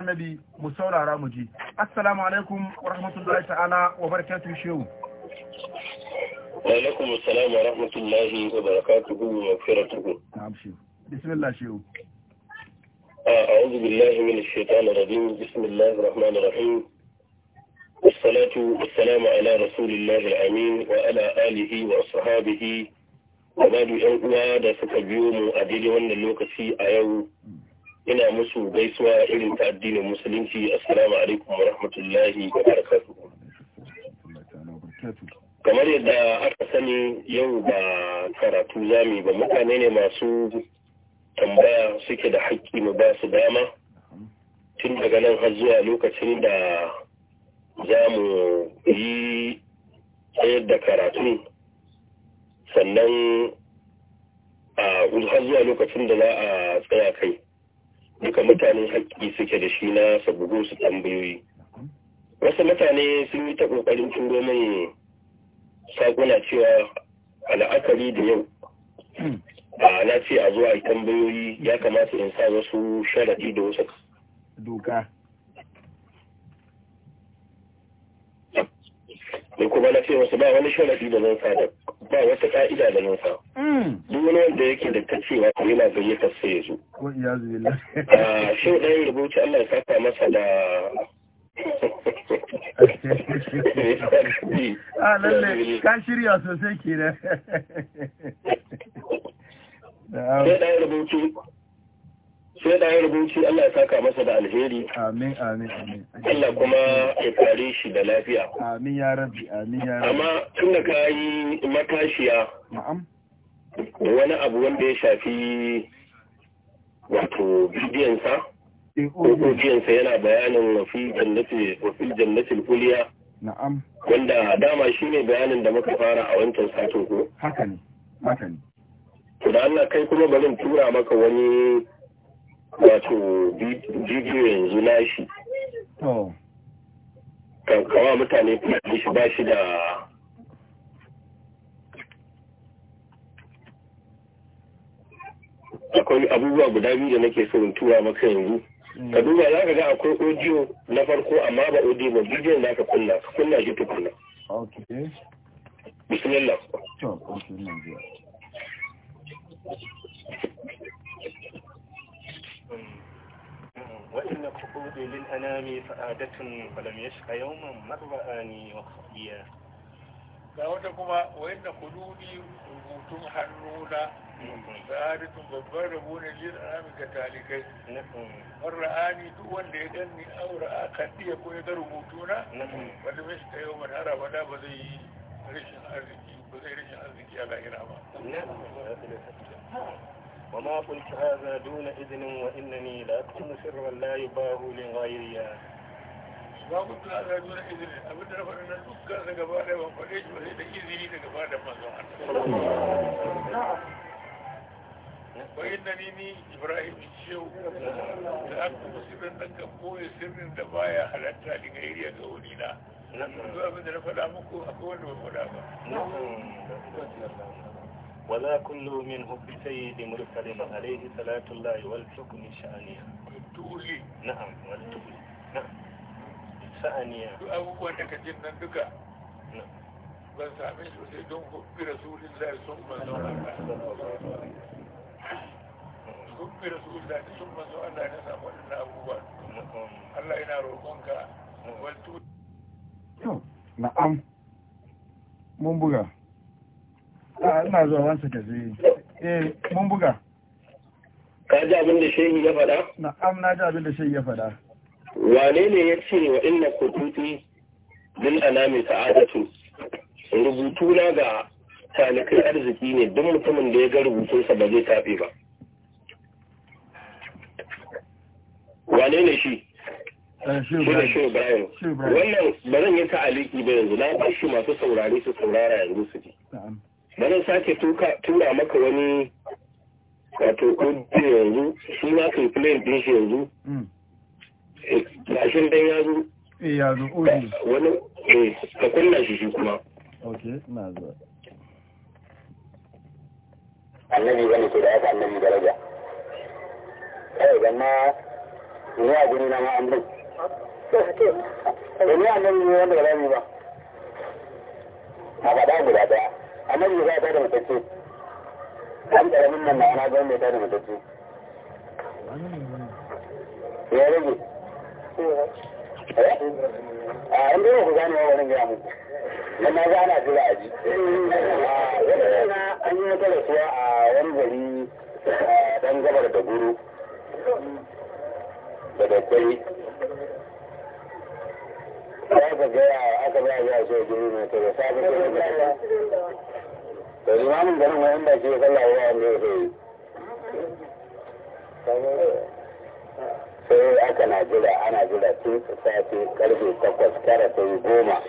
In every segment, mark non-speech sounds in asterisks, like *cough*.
النبي مستولى رامجي السلام عليكم ورحمة الله تعالى وبركاته شو وعليكم السلام ورحمة الله وبركاته وبركاته نعم شو بسم الله شو أعوذ بالله من الشيطان الرجيم بسم الله الرحمن الرحيم والصلاة والسلام على رسول الله الأمين وعلى آله وأصحابه وبعد أن أعاد سكبيوم أدلي ون اللوكسي أيو ina musu gaisuwa irin ta addinin musulunci assalamu alaikum wa rahmatullahi wa barakatu kamar yadda aka sani yau ba karatu zami ba mutane ne masu tambaya suke da haƙƙi mu ba su dama tun daga nan har zuwa lokacin da za mu yi tsayar da karatu sannan a har zuwa lokacin da za a tsaya kai duka mutane haƙƙi suke da shi na su su tambayoyi wasu mutane sun yi ta ƙoƙarin turo mai sakuna cewa al'akari da yau a na ce a zuwa tambayoyi ya kamata in sa wasu sharaɗi da wasu doka kuma na ce wasu ba wani sharaɗi da zan sa da ba wata ka'ida da nufa. Hmm. duk wani wanda yake da ta cewa ko yana gayyatar sai ya zo ko iya zuwa a *laughs* ah, shi dan rubuci Allah ya saka masa da a *laughs* ah, lalle ka shirya sosai ke kenan sai dan rubuci sai da ya rubuci Allah ya saka masa da alheri amin amin amin Allah kuma ya kare shi da lafiya amin ya rabbi amin ya rabbi amma tun da kai matashiya na'am wani abu wanda ya shafi wato bidiyon sa eh, ko bidiyon sa yana bayanin wafi jannati jannati al uliya na'am wanda dama shine bayanin da muka fara a wancan satin ko haka ne haka ne to da Allah kai kuma bari tura maka wani wato bidiyo yanzu nashi kan mutane fadi shi ba shi da akwai abubuwa guda biyu da nake so in tura maka yanzu mm. ka duba za ka ga akwai audio na farko amma ba audio ba bidiyo za ka kunna ka kunna shi tukuna bismillah وإن فقود للأنام فآدة فلم يشق يوما مرآني وخطيا ga wata kuma wayan da kududi rubutun hannu na sa'adatun babban rabo ne lil alami ga talikai ra'ani duk wanda ya ganni aure a kan iya ko ya ga rubutuna. na wanda mai shi tayo man haraba da ba zai yi rashin arziki ba zai rashin arziki a lahira ba وما قلت هذا دون إذن وإنني لا أكتم سرا لا يباه لغيري ba ku tuna da nuna izini abin da na faɗi na dukkan daga ba da ban faɗe shi ba sai da izini da manzon da ni ni Ibrahim Shehu da aka kuma sirrin ɗan kan boye sirrin da baya halarta daga iriya ga wuri na. Yanzu da na faɗa muku akwai wanda ban ba. ولا كل منه بسيد مرسل عليه صلاة الله والحكم شأنيا والتولي نعم والتولي نعم شأنيا أبو أنك جنة دقاء نعم بس عميش وسيدون برسول الله ثم حب رسول الله ثم سؤال الله نسأل ولنا أبوان الله إنا روحونك والتولي نعم من بقى a ah, ina zuwa wansa ka zai eh mun buga ka ji abin da shehi ya faɗa am na ji abin da shehi ya fada wane ne ya ce wa inna kututi ana mai sa'adatu rubutu na ga talikai arziki ne duk mutumin da ya ga rubutunsa ba zai tafi ba wane ne shi eh, wannan ba zan yi ta'aliki ba yanzu na ba shi masu saurari su saurara yanzu su ji bana sake tura maka wani wato kudi yanzu shi ma ka plane plain din shi yanzu mm. eh, gashin dan ya eh ya oh, wani eh ka kunna shi shi kuma okay na zo annabi wani ke da aka annabi daraja kai da ma ni a gani na ma an bin da ni annabi ne wanda ba za mu ba a faɗa guda daya annabi ya ta da matacce an karamin nan ma'ana zan wanda ta da matacce ya rage eh? a ah, an dole ku gane wani muku na ga ana jira a ji eh, an yi wata rasuwa a wani gari eh, dan gabar da guru da ya ka gaya aka ba ya so jini mai ta da sabi ta da ba ke wa ne yi sai aka na jira ana jira tun safe karfe takwas tara ta yi goma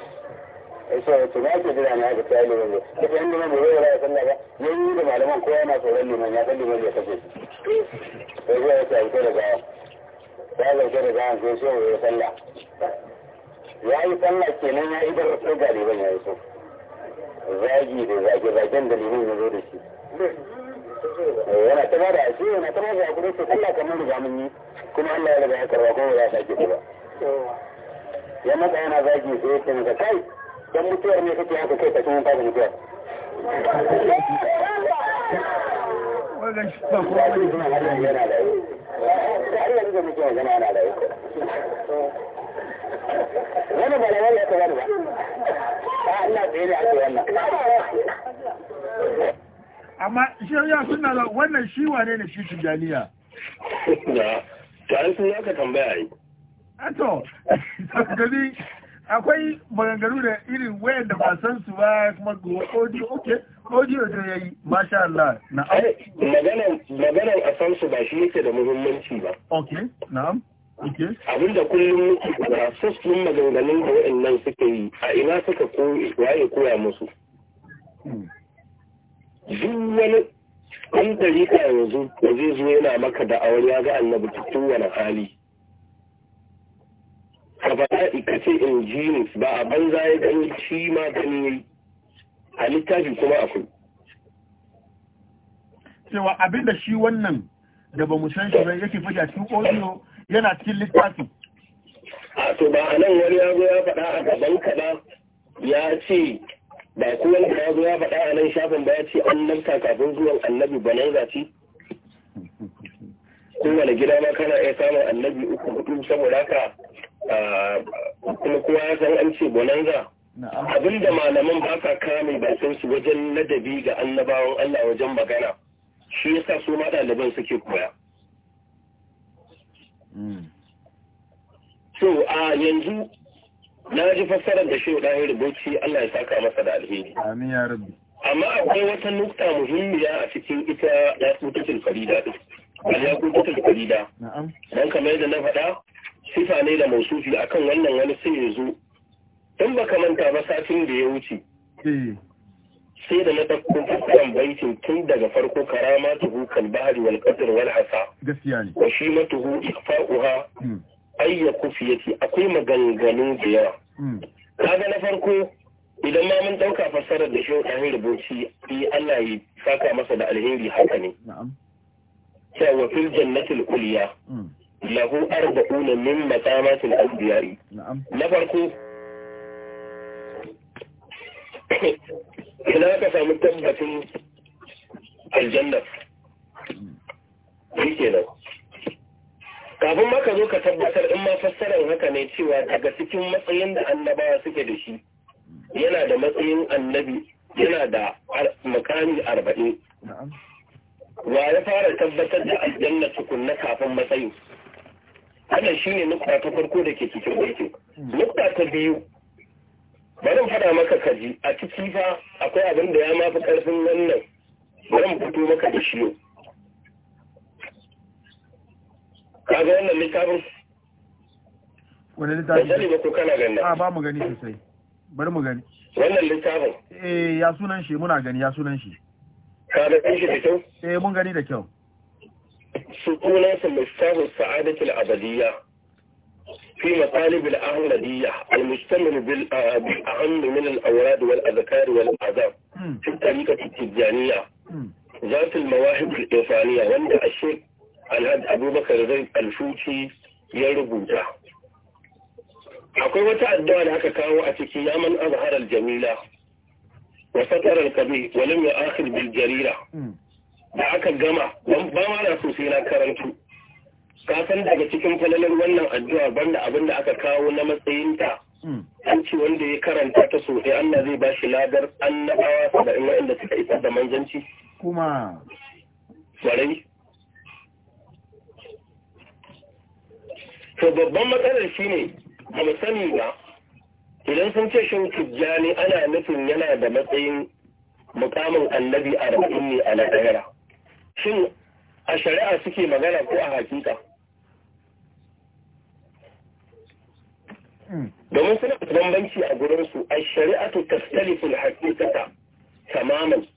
ishe wace ma ke jira na aka ta liman ne ta da zai raya sallah ba ya yi da malaman kowa na tsoron liman ya san liman ya kashe sai zai wace a fito da gawa ya zauke da gawa sai shi ya sallah ya yi sallah kenan ya da sai ga liman ya yi so zagi da zagi zagen da liman ya zo da shi eh, yana ta ba da shi yana ta ba da kuma sai Allah kamar riga mun yi kuma Allah ya riga ya karba kuma ya sake ba ya matsa yana zagi sai ya ce maka kai dan mutuwar ne kake haka kai kashin ta mutuwar yana da yi. Ta hanyar da muke yana da yi. wani ba wani ya ta wani ba a ina tsaye ne ake wannan amma shirya suna da wannan shi wane ne shi tijaniya tare suna ka tambaya yi ato gani akwai maganganu da irin wayan da ba san su ba kuma audio oke audio da ya yi masha Allah na eh, maganan a san su ba shi yake da muhimmanci ba ok na'am Abin da kullum muke kula sassun maganganun da waɗannan suka yi a ina suka waye koya musu hmm. duk wani an tarika yanzu da zai zo yana maka da awar ya ga annabi cikin wani hali ka faɗa ka ikace in ba a banza ya gani shi ma gani a littafi kuma akwai cewa abin da shi wannan da ba mu san shi ba yake fita cikin audio yana cikin littafin a to ba a nan wani yazo ya faɗa a gaban ba ya ce ba kuma ya zo ya faɗa a nan shafin ba ya ce an nanta kafin zuwan annabi banaiza ce kowane gida ma kana iya samun annabi uku hudu saboda haka kuma kowa ya san an ce bonanza abinda malaman ba ka kame bakin su wajen ladabi ga annabawan Allah wajen magana shi yasa su ma ɗaliban suke koya Mm. so a yanzu na ji fassarar da shehu ɗahir rubuci Allah ya saka masa da alheri amin ya rabbi amma akwai wata nukta muhimmiya a cikin ita ya da farida din ya kututul farida dan kamar yadda na faɗa sifa ne da mausufi akan wannan wani sai ya zo in baka manta ba satin da ya wuce eh. sai da na ɗauko baitin tun daga farko karama tuhu kalbahari wal qadr wal hasa gaskiya ne wa shi matuhu ifa'uha hmm. ayya kufiyati akwai maganganu da yawa hmm. kaga na farko idan ma mun ɗauka fassarar da shehu ɗan rubuci yi Allah yi saka masa da alheri haka ne cewa fil jannatil uliya hmm. lahu arba'una min maqamatil anbiya'i na farko Ina ka samu tabbacin aljanna shi kenan kafin maka zo ka tabbatar in ma fassarar haka ne cewa daga cikin matsayin da annabawa suke da shi yana da matsayin annabi yana da makami arba'in wa ya fara tabbatar da aljanna tukunna kafin matsayin wannan ne nukta ta farko da ke cikin aikin hmm. nukta ta biyu bari faɗa maka kaji a ciki fa akwai abin da ya mafi ƙarfin wannan bari mu fito maka da shi yau kaga wannan littafin wani littafin da ba ko kana gani. a ba mu gani sosai bari mu gani wannan littafin eh ya sunan shi muna gani ya sunan shi ka da shi da kyau eh mun gani da kyau sunan sa mustahil sa'adatul abadiyya في مطالب الأغلبية المشتمل بالأهم من الأولاد والأذكار والأعذاب في الطريقة التجانية ذات المواهب الإنسانية وعند الشيخ الهد أبو بكر زيد الفوتي ya rubuta akwai wata addu'a da aka kawo a cikin ya man azhar al-jamila wa satar al-qabi wa jarira da aka gama ban ba na na karantu ka san daga cikin falalar wannan addu'a banda abin da aka kawo na matsayinta hmm. an ce wanda ya karanta ta so sai Allah zai ba shi ladar annabawa saba'in waɗanda suka isa da manzanci kuma sarai to babban matsalar shine ba a sani ba idan sun ce shin tijjani ana nufin yana da matsayin mukamin annabi arba'in ne a lahira shin a shari'a suke magana ko a hakika domin suna da bambanci a gurinsu a shari'atu tastalifin hakikata tamaman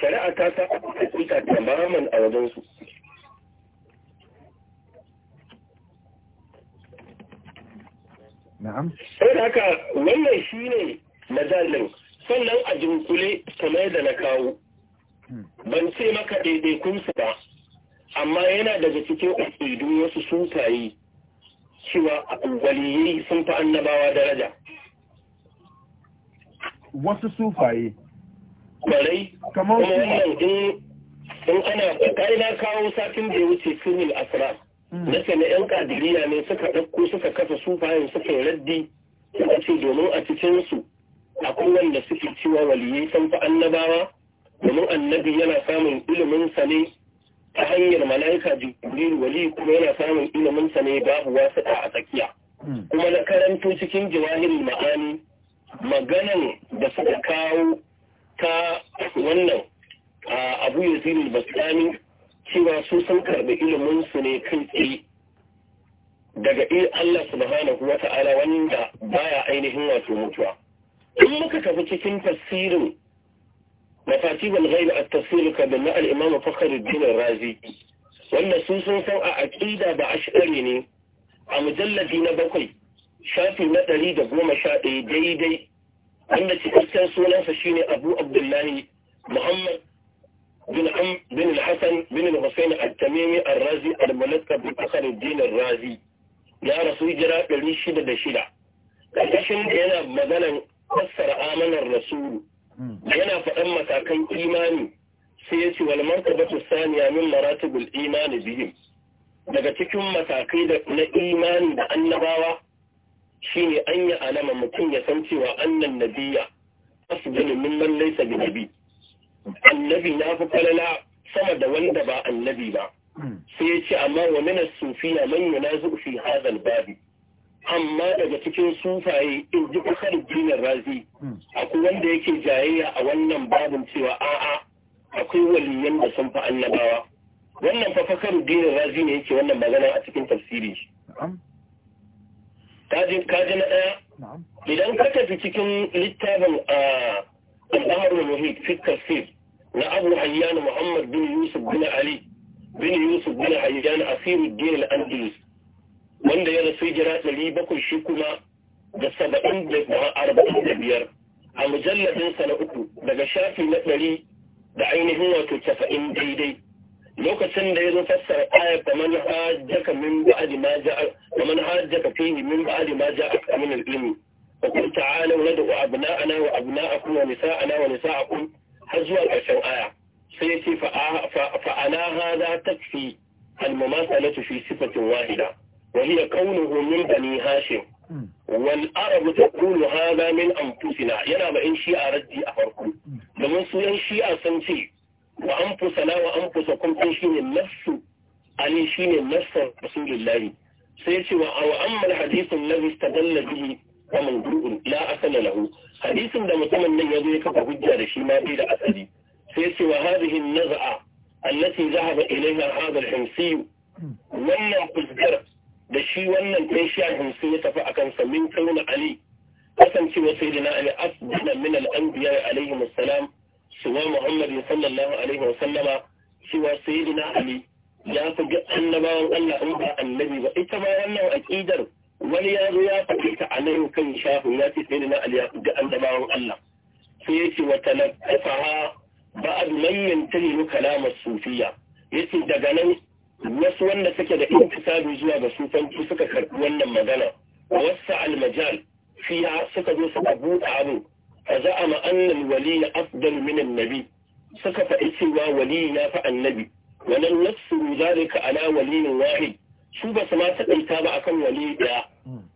shari'a ta sa hakika tamaman a wajensu na'am sai da haka wannan shine majalin sannan a jinkule kamar da na kawo ban ce maka daidaikunsu ba amma yana daga cikin ƙasidu wasu suntaye cewa sun fi annabawa daraja wasu sufaye Kwarai, kuma wannan in in ana kai na kawo satin da ya wuce sunil asra hmm. na na yan kadiriya ne suka ɗauko suka kafa sufayen suka yi raddi suka ce domin a cikinsu akwai wanda suke cewa waliyai sun fi annabawa domin annabi yana samun ilimin sa ne ta hanyar mala'ika jibril wali kuma yana samun ilimin sa ne babu wasu a tsakiya hmm. kuma na karanto cikin jawahir ma'ani maganan da suka kawo ta wannan abu da basami cewa su sun karɓi ilimin su ne kan tsaye daga Allah subhanahu wa ta'ala wanda baya ainihin wato mutuwa in muka tafi cikin tasirin mafatib al-ghaib at-tafsir kamar na al-imam Fakhruddin Razi wanda su sun san a aqida da ash'ari ne a mujalladi na bakwai shafi na ɗari da goma sha ɗaya daidai wanda cikakken sunansa shine Abu Abdullahi Muhammad بن عم بن الحسن بن الحسين التميمي الرازي الملقب بفخر الدين الرازي يا رسول جرى للي شدة شدة ƙarƙashin da yana maganan fassara amanar rasulu Mm. yana faɗan matakan imani sai ya ce wal martabatu saniya min maratibul imani bihim daga cikin matakai na imani da annabawa shine an yi alama mutum ya san cewa annan nabiya asbinu mimman laysa bi nabi annabi na fi falala sama da wanda ba annabi ba mm. sai ya ce amma wa min as-sufiya man yunazu fi hadha al-babi amma daga cikin sufaye in ji kusa da razi hmm. akwai wanda yake jayayya a wannan babin cewa a'a akwai waliyan da sun fi annabawa wannan fa fakar dinin razi ne yake wannan magana a cikin tafsiri shi kaji na ɗaya idan ka tafi cikin littafin ah, al'ahar muhit fi tafsir na abu hayyan muhammad bin yusuf bin ali bin yusuf bin hayyan asiruddin al-andalus wanda ya rasu jira ɗari bakwai shi kuma da saba'in da arba'in da biyar a mujalladinsa na uku daga shafi na ɗari da ainihin wato casa'in daidai lokacin da ya zo fassara ayar da man hajjaka min ba'di ma ja'a da man hajjaka fihi min ba'di ma ja'a min al-ilmi wa qul ta'alu nad'u abna'ana wa abna'akum wa nisa'ana wa nisa'akum har zuwa ƙarshen aya sai yace fa fa ana hadha takfi al-mumasalatu fi sifatin wahida وهي كونه من بني هاشم والعرب تقول هذا من أنفسنا ينا ما إن شيء أردي أفركم لمن سو إن شيء أسنتي وأنفسنا وأنفسكم إن شيء النفس أن شيء النفس رسول الله سيتي وأما الحديث الذي استدل به ومن جرء لا أصل له حديث ده متمن من يدي كفر حجة لشي ما بيد أسلي سيتي وهذه النزعة التي ذهب إليها هذا الحمصي ولم تذكر da shi wannan ɗan shi hamsin ya tafi akan sa min kauna ali kasancewa sai da ali asdana min al'anbiya alaihi musallam suwa muhammad sallallahu alaihi wa sallama cewa sai da na ali ya fi ga annabawan allah in ba annabi ba ita ma wannan aƙidar wani ya zo ya faɗi ta a nan kan shafin ya ce sai da ali ya fi ga annabawan allah sai ya ce wata na ƙafa ba'ad man yantani kalamas sufiya yace daga nan wasu wanda suke da intisabi zuwa ga sufanci suka karɓi wannan magana wasu almajal fiya suka zo suka buɗe abu a za'ama annal waliya afdal minan nabi suka faɗi cewa waliyi ya fi annabi wannan nassu zalika ala waliyin wahid su ba su ma taɗaita ba akan wali ɗaya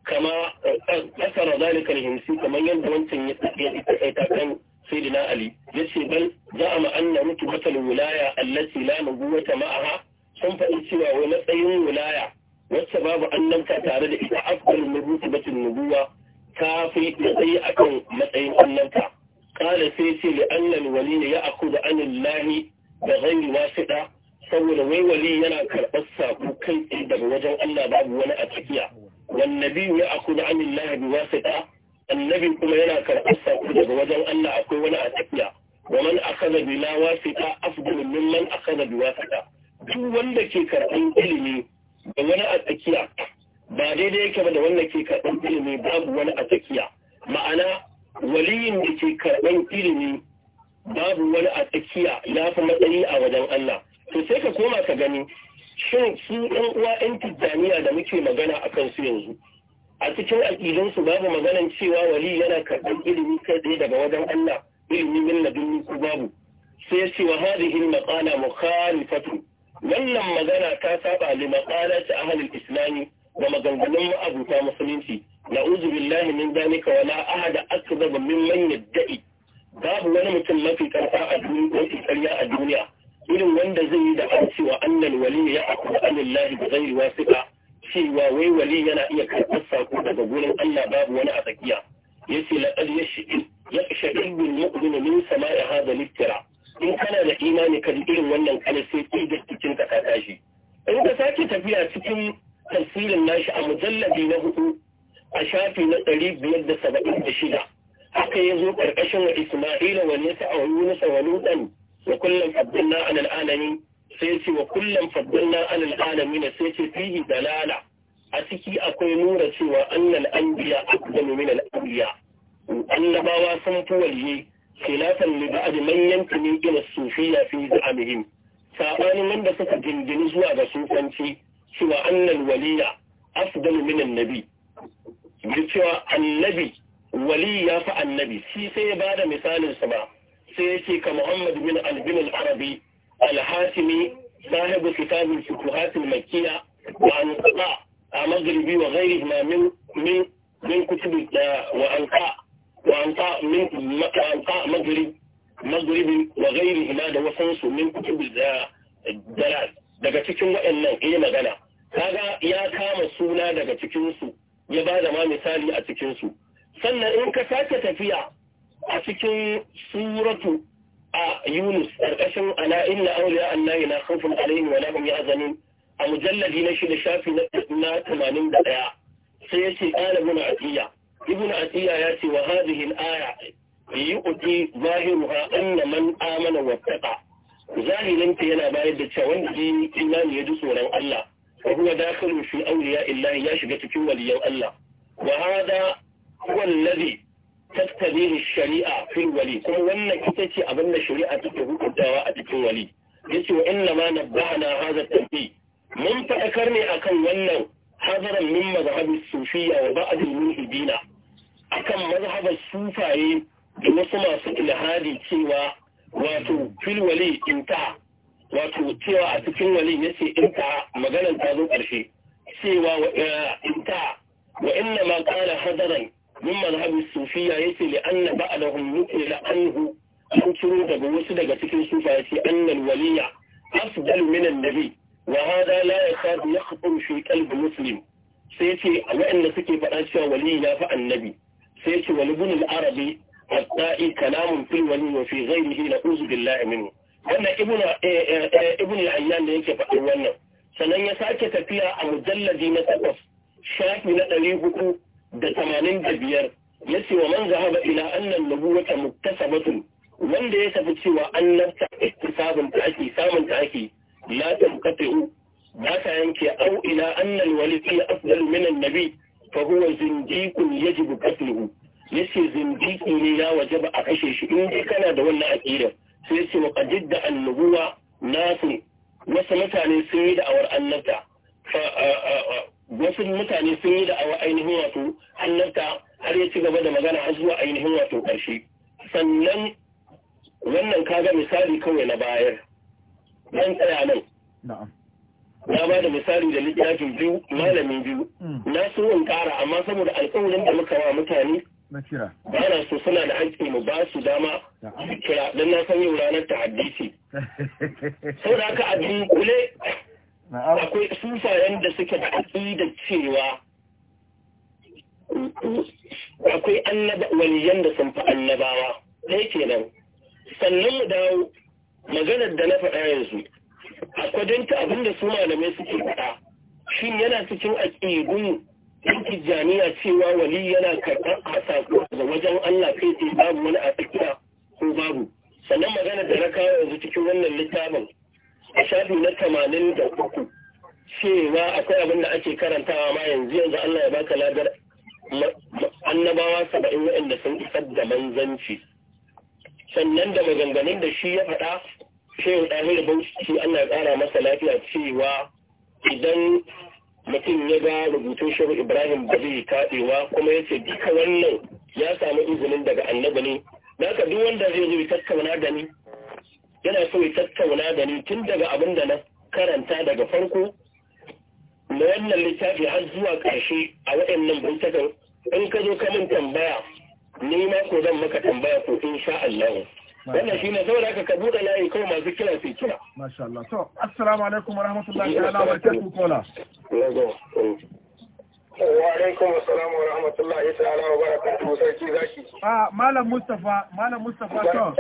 kama eh, eh, asara zalika himsi kamar yadda wancan ya taɗaita kan sayyidina ali yace bal za'ama anna rutubatal wilaya allati la nubuwata ma'aha sun faɗi cewa wai matsayin wilaya wacce babu annabta tare da ita afdal nubuwati batin nubuwa ta fi matsayi akan matsayin annabta kala sai ce li annal wali ya akudu anillahi da ghairi wasida saboda wai wali yana karɓar sako kai tsaye daga wajen Allah babu wani a tsakiya wan nabi ya akudu anillahi da? wasida annabi kuma yana karɓar sako daga wajen Allah akwai wani a tsakiya wa man akhadha bila wasida afdalu mimman akhadha bi wasida duk wanda ke karɓar ilimi da wani a tsakiya ba daidai yake ba da wanda ke karɓar ilimi babu wani a tsakiya ma'ana waliyin da ke karɓar ilimi babu wani a tsakiya ya fi matsayi a wajen Allah to sai ka koma ka gani shin su ɗan uwa ɗan tijjaniya da muke magana a su yanzu a cikin aƙidunsu babu maganan cewa wali yana karɓar ilimi kai tsaye daga wajen Allah ilimi min ladunni ko babu sai ya ce wa mu al-maqala mukhalifatu wannan magana ta saba li maqalati ahli ahalin islami wa maganganun ma'abuta musulunci na'udhu billahi min zalika wa la ahada akbar mimman yadda'i babu wani mutum mafi karfa a duniya karya a duniya irin wanda zai yi da an cewa annal wali ya aku anillahi bi ghairi wasiqa cewa wai wali yana iya karɓar sako daga gurin Allah babu wani a tsakiya yace laqad yashqi yashqi bil mu'min min sama'i hadha al-iftira in kana da imani kan irin wannan alisai da cikin ka tashi in ka sake tafiya cikin tafsirin nashi a mujallabi na hudu a shafi na ɗari biyar da saba'in da shida haka ya zo ƙarƙashin wa isma'ila wani ya sa'a wani sa wani ɗan wa kullum faddalna alal alamin sai ce wa kullum faddalna alal alamin sai ce fihi dalala a ciki akwai nura cewa annal anbiya akdamu min al anbiya annabawa sun fi waliyi khilafan li ba'd man yantami ila sufiyya fi za'amihim sabanin wanda suka dingini zuwa ga sufanci cewa annal waliya afdal min annabi bi cewa annabi wali ya fi annabi shi sai ya bada misalin sa ba sai yake ka Muhammad bin Albin al-Arabi al sahibu kitab al-fuqahat al-makkiyya wa an qala al wa ghayrihima min min kutub eh, wa وأنقاء من مكة أنقاء مغرب مغرب وغيرهما ده وسنسو من كتب الدلال daga cikin waɗannan eh magana kaga ya kama suna daga cikinsu ya ba da ma misali a cikinsu sannan in ka sake tafiya a cikin suratu a yunus ƙarƙashin ana inna auliya annahi na khawfun alaihim wa lahum yahzanun a mujalladi na shi da shafi na 81 sai yace qala ibn atiya ibn atiya ya ce wa hadhihi al-aya yu'ti zahiruha anna man amana wattaqa zahirinta yana bayar da cewa wanda ji imani ya ji tsoron Allah wa huwa dakhilu fi awliya illahi ya shiga cikin waliyan Allah wa hada huwa alladhi tattabihi shari'a fil wali kuma wannan ita ce abin da shari'a take hukuntawa a cikin wali yace wa inna ma nabbahana hadha tanfi mun fadakar ne akan wannan hadaran min mazhabi sufiya wa ba'd al-mulhidina akan mazhabar sufaye da wasu masu ilhadi cewa wato fil wali inta wato cewa a cikin wali yace inta maganar ta zo ƙarshe cewa eh, inta wa inna ma qala hadaran min mazhabi sufiya yace li anna ba'dahum nukila anhu an daga wasu daga cikin sufaye ce annal waliya afdal min annabi wa hada la yakhadu yakhطر fi qalbi muslim sai ce a waɗanda suke faɗa cewa wali ya fi annabi sai ce wani ibn arabi at-ta'i kalamun fil wani wa fi ghayrihi la uzu billahi minhu wannan ibn eh, eh, eh, ibn da yake faɗin wannan sannan ya sake tafiya a mujalladi na takwas shafi na ɗari hudu da tamanin da biyar ya ce wa man zahaba ila annan nubuwata muktasabatun wanda ya tafi cewa an iktisabun ta ake samun ta la tamqatu ba ta yanke au ila annal wali fi afdal min annabi fa huwa zindiqun yajibu qatluhu yace zindiki ne ya wajaba a kashe shi in dai kana da wannan aqida sai yace wa qad da annubuwa nasu wasu wasu mutane sun yi da'awar ainihin wato annabta har ya ci gaba da magana har zuwa ainihin wato ƙarshe sannan wannan kaga misali kawai na bayar dan tsaya nan na ba da misali da littafin biyu malamin biyu hmm. na so in kara amma saboda alƙawarin da muka wa mutane ba na so suna da hankali mu ba su dama kira don na san yau ranar ta hadisi *laughs* sau da aka a dunkule akwai sufayen da suke da cewa akwai annaba waliyan da sun fi annabawa ɗaya kenan sannan mu dawo maganar da na faɗa yanzu kwadanta abin da su malamai suke faɗa shin yana cikin aƙidun yan tijjaniya cewa wali yana karɓar hasa daga wajen Allah kai ce babu wani a tsakiya ko babu sannan magana da na kawo yanzu cikin wannan littafin a shafi na tamanin da uku cewa akwai abin da ake karantawa ma yanzu yanzu Allah ya baka ladar annabawa saba'in wa'anda sun isar da manzanci sannan da maganganun da shi ya faɗa shehu ɗahir bauchi Allah ya ƙara masa lafiya cewa idan mutum ya ga rubutun shehu ibrahim ba zai kaɗewa kuma ya ce duka wannan ya samu izinin daga annabi ne da haka duk wanda zai zo ya tattauna da ni yana so ya tattauna da ni tun daga abin da na karanta daga farko na wannan littafi har zuwa ƙarshe a waɗannan bincikan in ka zo ka min tambaya ni ma ko zan maka tambaya ko in sha Allah. wannan shine saboda haka ka buɗe layi kawai masu kira sai kira masha Allah to assalamu alaikum warahmatullahi ta'ala wa barakatuh kola wa alaikum assalamu wa rahmatullahi ta'ala wa barakatuhu sarki zaki ah malam Mustapha malam Mustapha. to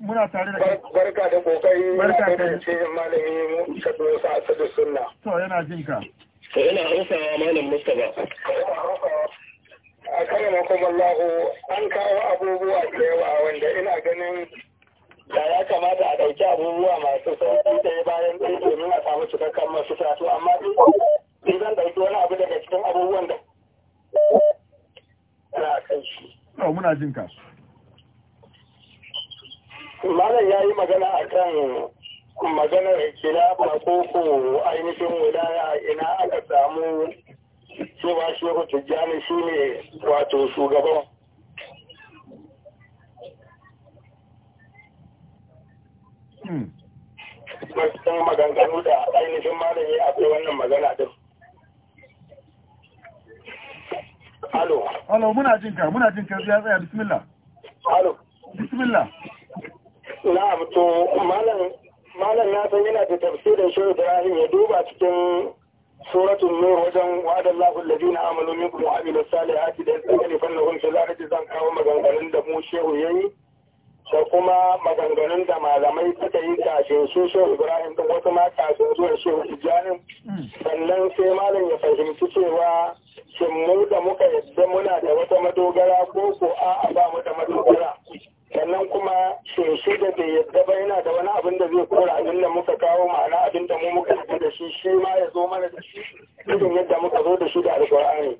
muna tare da barka da kokari barka da ce malami mu ka dosa asadu sunna to yana jin ka to yana hausawa malam Mustapha. a kalama kuma Allah an kawo abubuwa da yawa wanda ina ganin da ya kamata a ɗauki abubuwa masu sauƙi da ya bayan ɗaya domin a samu cikakken masu sato amma in zan ɗauki wani abu daga cikin abubuwan da na kan shi. muna jin ka. Malam ya yi magana a kan maganar kilafa ko ko ainihin wulaya ina aka samu cewa shehu tijjani shi ne wato shugaban cikin maganganu da ainihin malami akwai wannan magana din Alo. Alo, muna jin ka, muna jin ka ya tsaya bismillah. Alo. Bismillah. Na'am to malam malam na san yana da tafsirin shi Ibrahim ya duba cikin suratul nur wajen wa'adallahu alladhina amanu minkum wa amilus salihati da yastakhlifannahum fil ardi zan kawo maganganun da mu shehu yayi. da kuma maganganun da malamai suka yi kafin su so ibrahim din wasu ma kafin zuwa so ijanin hmm. sannan sai malam ya fahimci cewa shin mu da muka yadda muna da wata madogara ko ko a ba mu da madogara sannan kuma shi da bai yadda ba yana da wani abin da zai kora abin da muka kawo ma'ana abin da mu muka yadda da shi shi ma ya zo mana da shi irin yadda muka zo da shi da alƙur'ani.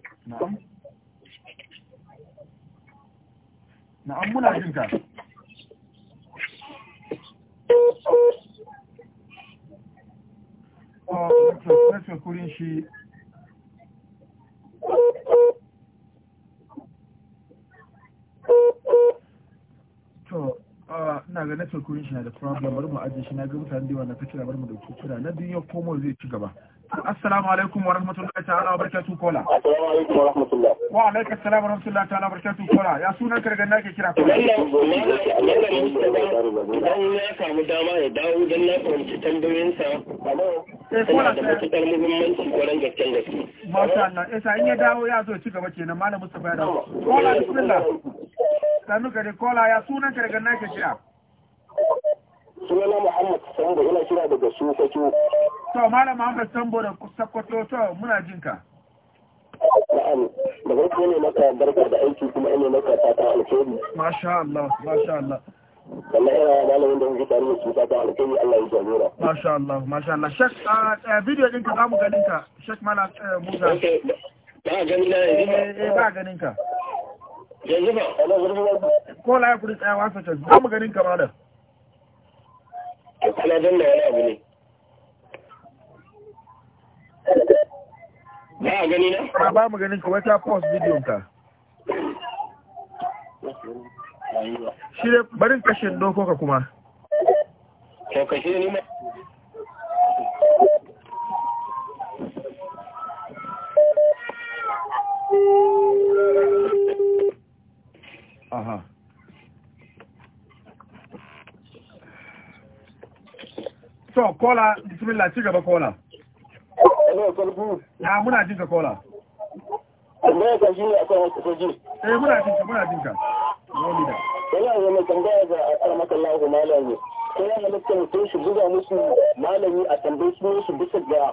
Na'am muna jin ka. Na kurin ga network kurin shi na da problem bari mu ajiye shi na ga mutane da yawa na ta bari mu dauki kira na duniya komo zai ci gaba assalamu alaikum wa rahmatullahi ta'ala wa barakatuh kola assalamu alaikum wa rahmatullah wa alaikum assalam wa rahmatullahi ta'ala wa barakatuh kola ya sunan ka daga na ke kira kola Allah ya samu dama ya dawo dan na fahimci tambayoyin sa eh kola da matukar muhimmanci Allah eh sai in ya dawo ya zo ci gaba kenan malam Mustafa ya dawo kola bismillah sanu ka kola ya sunan ka daga na ke kira suna Muhammad Sambo ina kira daga Sokoto. To Malam Muhammad Sambo da Sokoto to muna jin ka. Na'am, da gaske ne maka barka da aiki kuma ina maka fata alheri. Masha Allah, masha Allah. Wallahi ina malamin da kuke tare da su fata alheri Allah ya jagora. Masha Allah, masha Allah. Shek a video din ka zamu ganin ka. Shek Malam eh, Musa. Ba ganin na yanzu ba. Eh, eh, ganin ka. Yanzu ba. Ko la ya kuri tsayawa sa ta. Zamu ganin ka malam. to kana danna wani abu ne ba a gani na ba mu ganin ka wata post bidiyon ka shi ne barin kashin ka kuma to kashe ni ma to kola bismillah ci gaba kola na muna jinka kola tambaya ka shi ne akwai wasu soji eh muna jinka muna jinka wani da yana zama tambaya ga almakallahu malam ne ko ya halitta mutum shi buga musu malami a tambayi su su bisa ga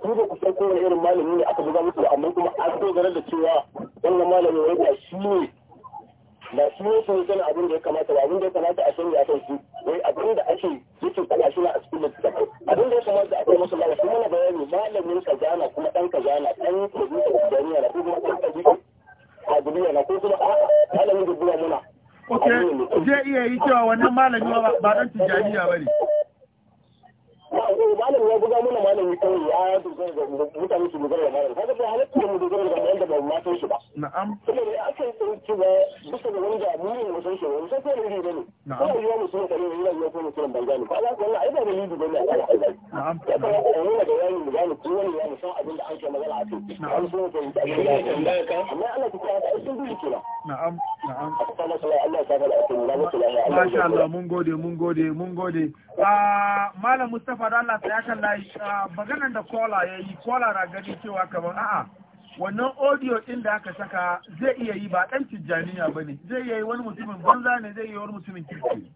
ku da kusa kowane irin malami ne aka buga musu amma kuma an dogara da cewa wannan malami wanda shi ne ba shi ne su ne abin da ya kamata ba abin da ya kamata a sani a kan su wai abin da ake yake faɗa shi na a cikin littattafai abin da ya kamata a kai masa malami kuma mana bayani malamin ka jana kuma ɗan kazana ɗan kazana kazaniya na ko kuma ɗan a duniya na ko kuma a'a malamin da duniya muna. zai iya yi cewa wannan malami ba don tijjaniya ba ne. malam ya buga mana malam ya kawai ya dogara mutane su dogara da malam kaga ba halatta da mu dogara da malam da ba ma shi ba na'am kuma ne ake tsinci ba bisa da wani mu ne mu san shi ba sai ko ne ne kuma yiwa wani san kare yi yiwa ko mu kiran banza ne kaga wannan ai ba da lidi bane a kai na'am ya fara da wani da da ni kuma ne san abin da magana a kai na'am da amma Allah ta kawo sun na'am na'am Allah ta da Allah ta ah, malam Mustafa Allah ya kalla ah, maganar da kola ya yi kola na gani cewa kamar a'a wannan audio din da aka saka zai iya yi ba dan tijjaniya ba ne zai iya yi wani mutumin banza ne zai iya wani mutumin kirki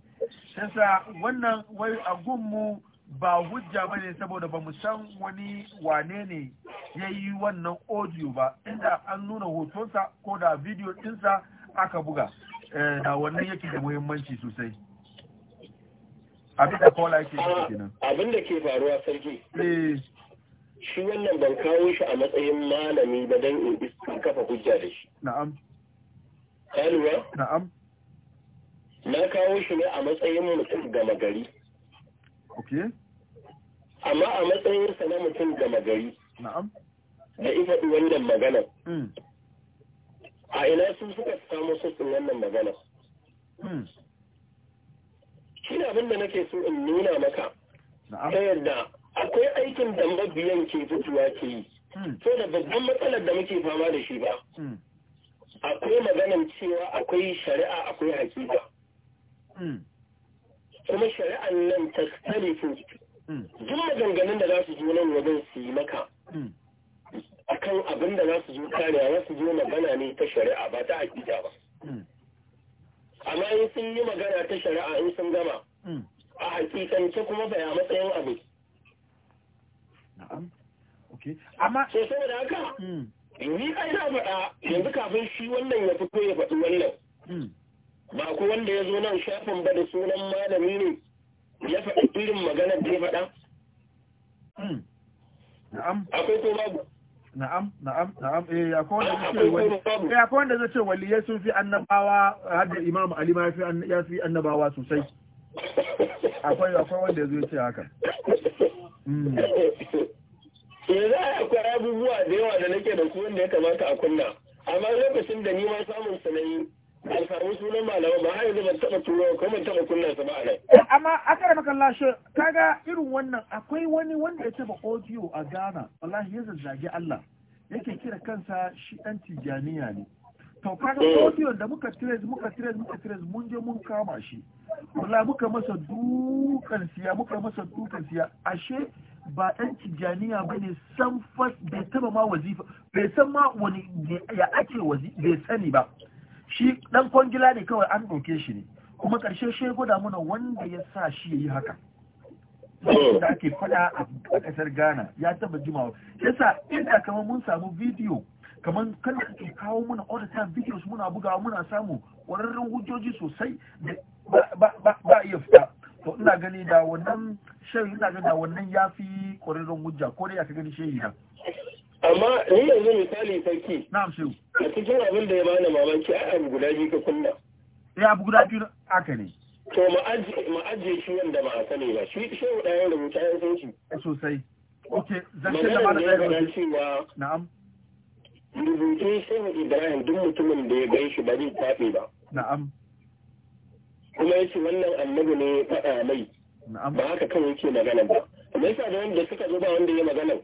yasa wannan wai a gunmu ba hujja ba ne saboda ba mu san wani wane ne ya yi wannan audio ba inda an nuna hotonsa ko da video dinsa aka buga eh, da wannan yake da muhimmanci sosai abin da kola yake kenan abin da ke faruwa sarki eh. shi wannan ban kawo shi a matsayin malami ba dan in kafa hujja da shi na'am kaluwa na'am na kawo shi ne a matsayin mutum gama gari okay amma a matsayinsa na mutum gama gari na'am da ifaɗi wannan magana hmm. a ina sun suka samu sosin wannan magana hmm. shi ne abin da nake so in nuna maka ta yadda akwai aikin da mabiyan ke fitowa ke yi hmm. so da babban matsalar da muke fama da shi ba hmm. akwai maganin cewa akwai shari'a akwai hakika hmm. kuma shari'an nan ta tarifu duk maganganun da za su zo nan wajen su yi maka akan abin da za su zo kariya za su zo magana ne ta shari'a ba ta hakika ba amma in sun yi magana ta shari'a in sun gama hmm. a hakikance kuma bai a matsayin abu na'am okay amma so saboda haka hmm. ni kai na faɗa yanzu kafin shi wannan ya fito ya faɗi wannan hmm. ba ku wanda ya zo nan shafin ba da sunan malami ne ya faɗi irin maganar da ya faɗa akwai ko babu na'am na'am na'am eh akwai wanda zai ce wali eh ko wanda zai ce waliyai sun fi annabawa hadda imamu ali ma ya fi annabawa sosai akwai akwai wanda zai ce haka mm eh, yanzu akwai abubuwa da yawa da nake da ku wanda ya kamata a kunna amma lokacin da ni ma samun sanayi Ban sunan malama ba har yanzu ban taɓa turo ko ban taɓa kunna sa ba a nan. Eh, amma a kare maka lashe kaga irin wannan akwai wani wanda ya taɓa audio a Ghana wallahi ya zazzage Allah yake kira kansa shi ɗan tijaniya ne. To kaga eh. audio da muka trace muka trace muka trace mun je mun kama shi. Wallahi muka masa dukan siya muka masa dukan siya ashe ba ɗan tijjaniya ba ne san fas bai taɓa ma wazifa bai san ma wani ya ake wazi bai sani ba shi dan kwangila ne kawai an ɗauke shi ne kuma karshe shi gwada muna wanda ya sa shi ya yi haka oh. da ake faɗa a kasar ghana ya taba jimawa yasa inda kamar mun samu bidiyo kamar kan ake kawo muna all the time videos muna bugawa muna samu ƙwararrun hujjoji sosai da ba iya fita to ina gani da wannan shehi ina gani da wannan ya fi ƙwararrun hujja ko dai aka gani shehi na amma ni yanzu misali sarki a cikin abin da ya bani mamaki a abu guda biyu ka kunna ya eh, abu guda biyu haka ne to ma'ajiye shi wanda ba a sani ba shi shi da ya rubuta ya san shi eh, sosai okay zance da mana da rubuta na'am rubutu shehu ibrahim duk mutumin da ya gan shi ba zai tafi ba na'am kuma yace wannan annabi ne faɗa mai ba haka kawai yake magana ba amma yasa da wanda suka zo ba wanda ya magana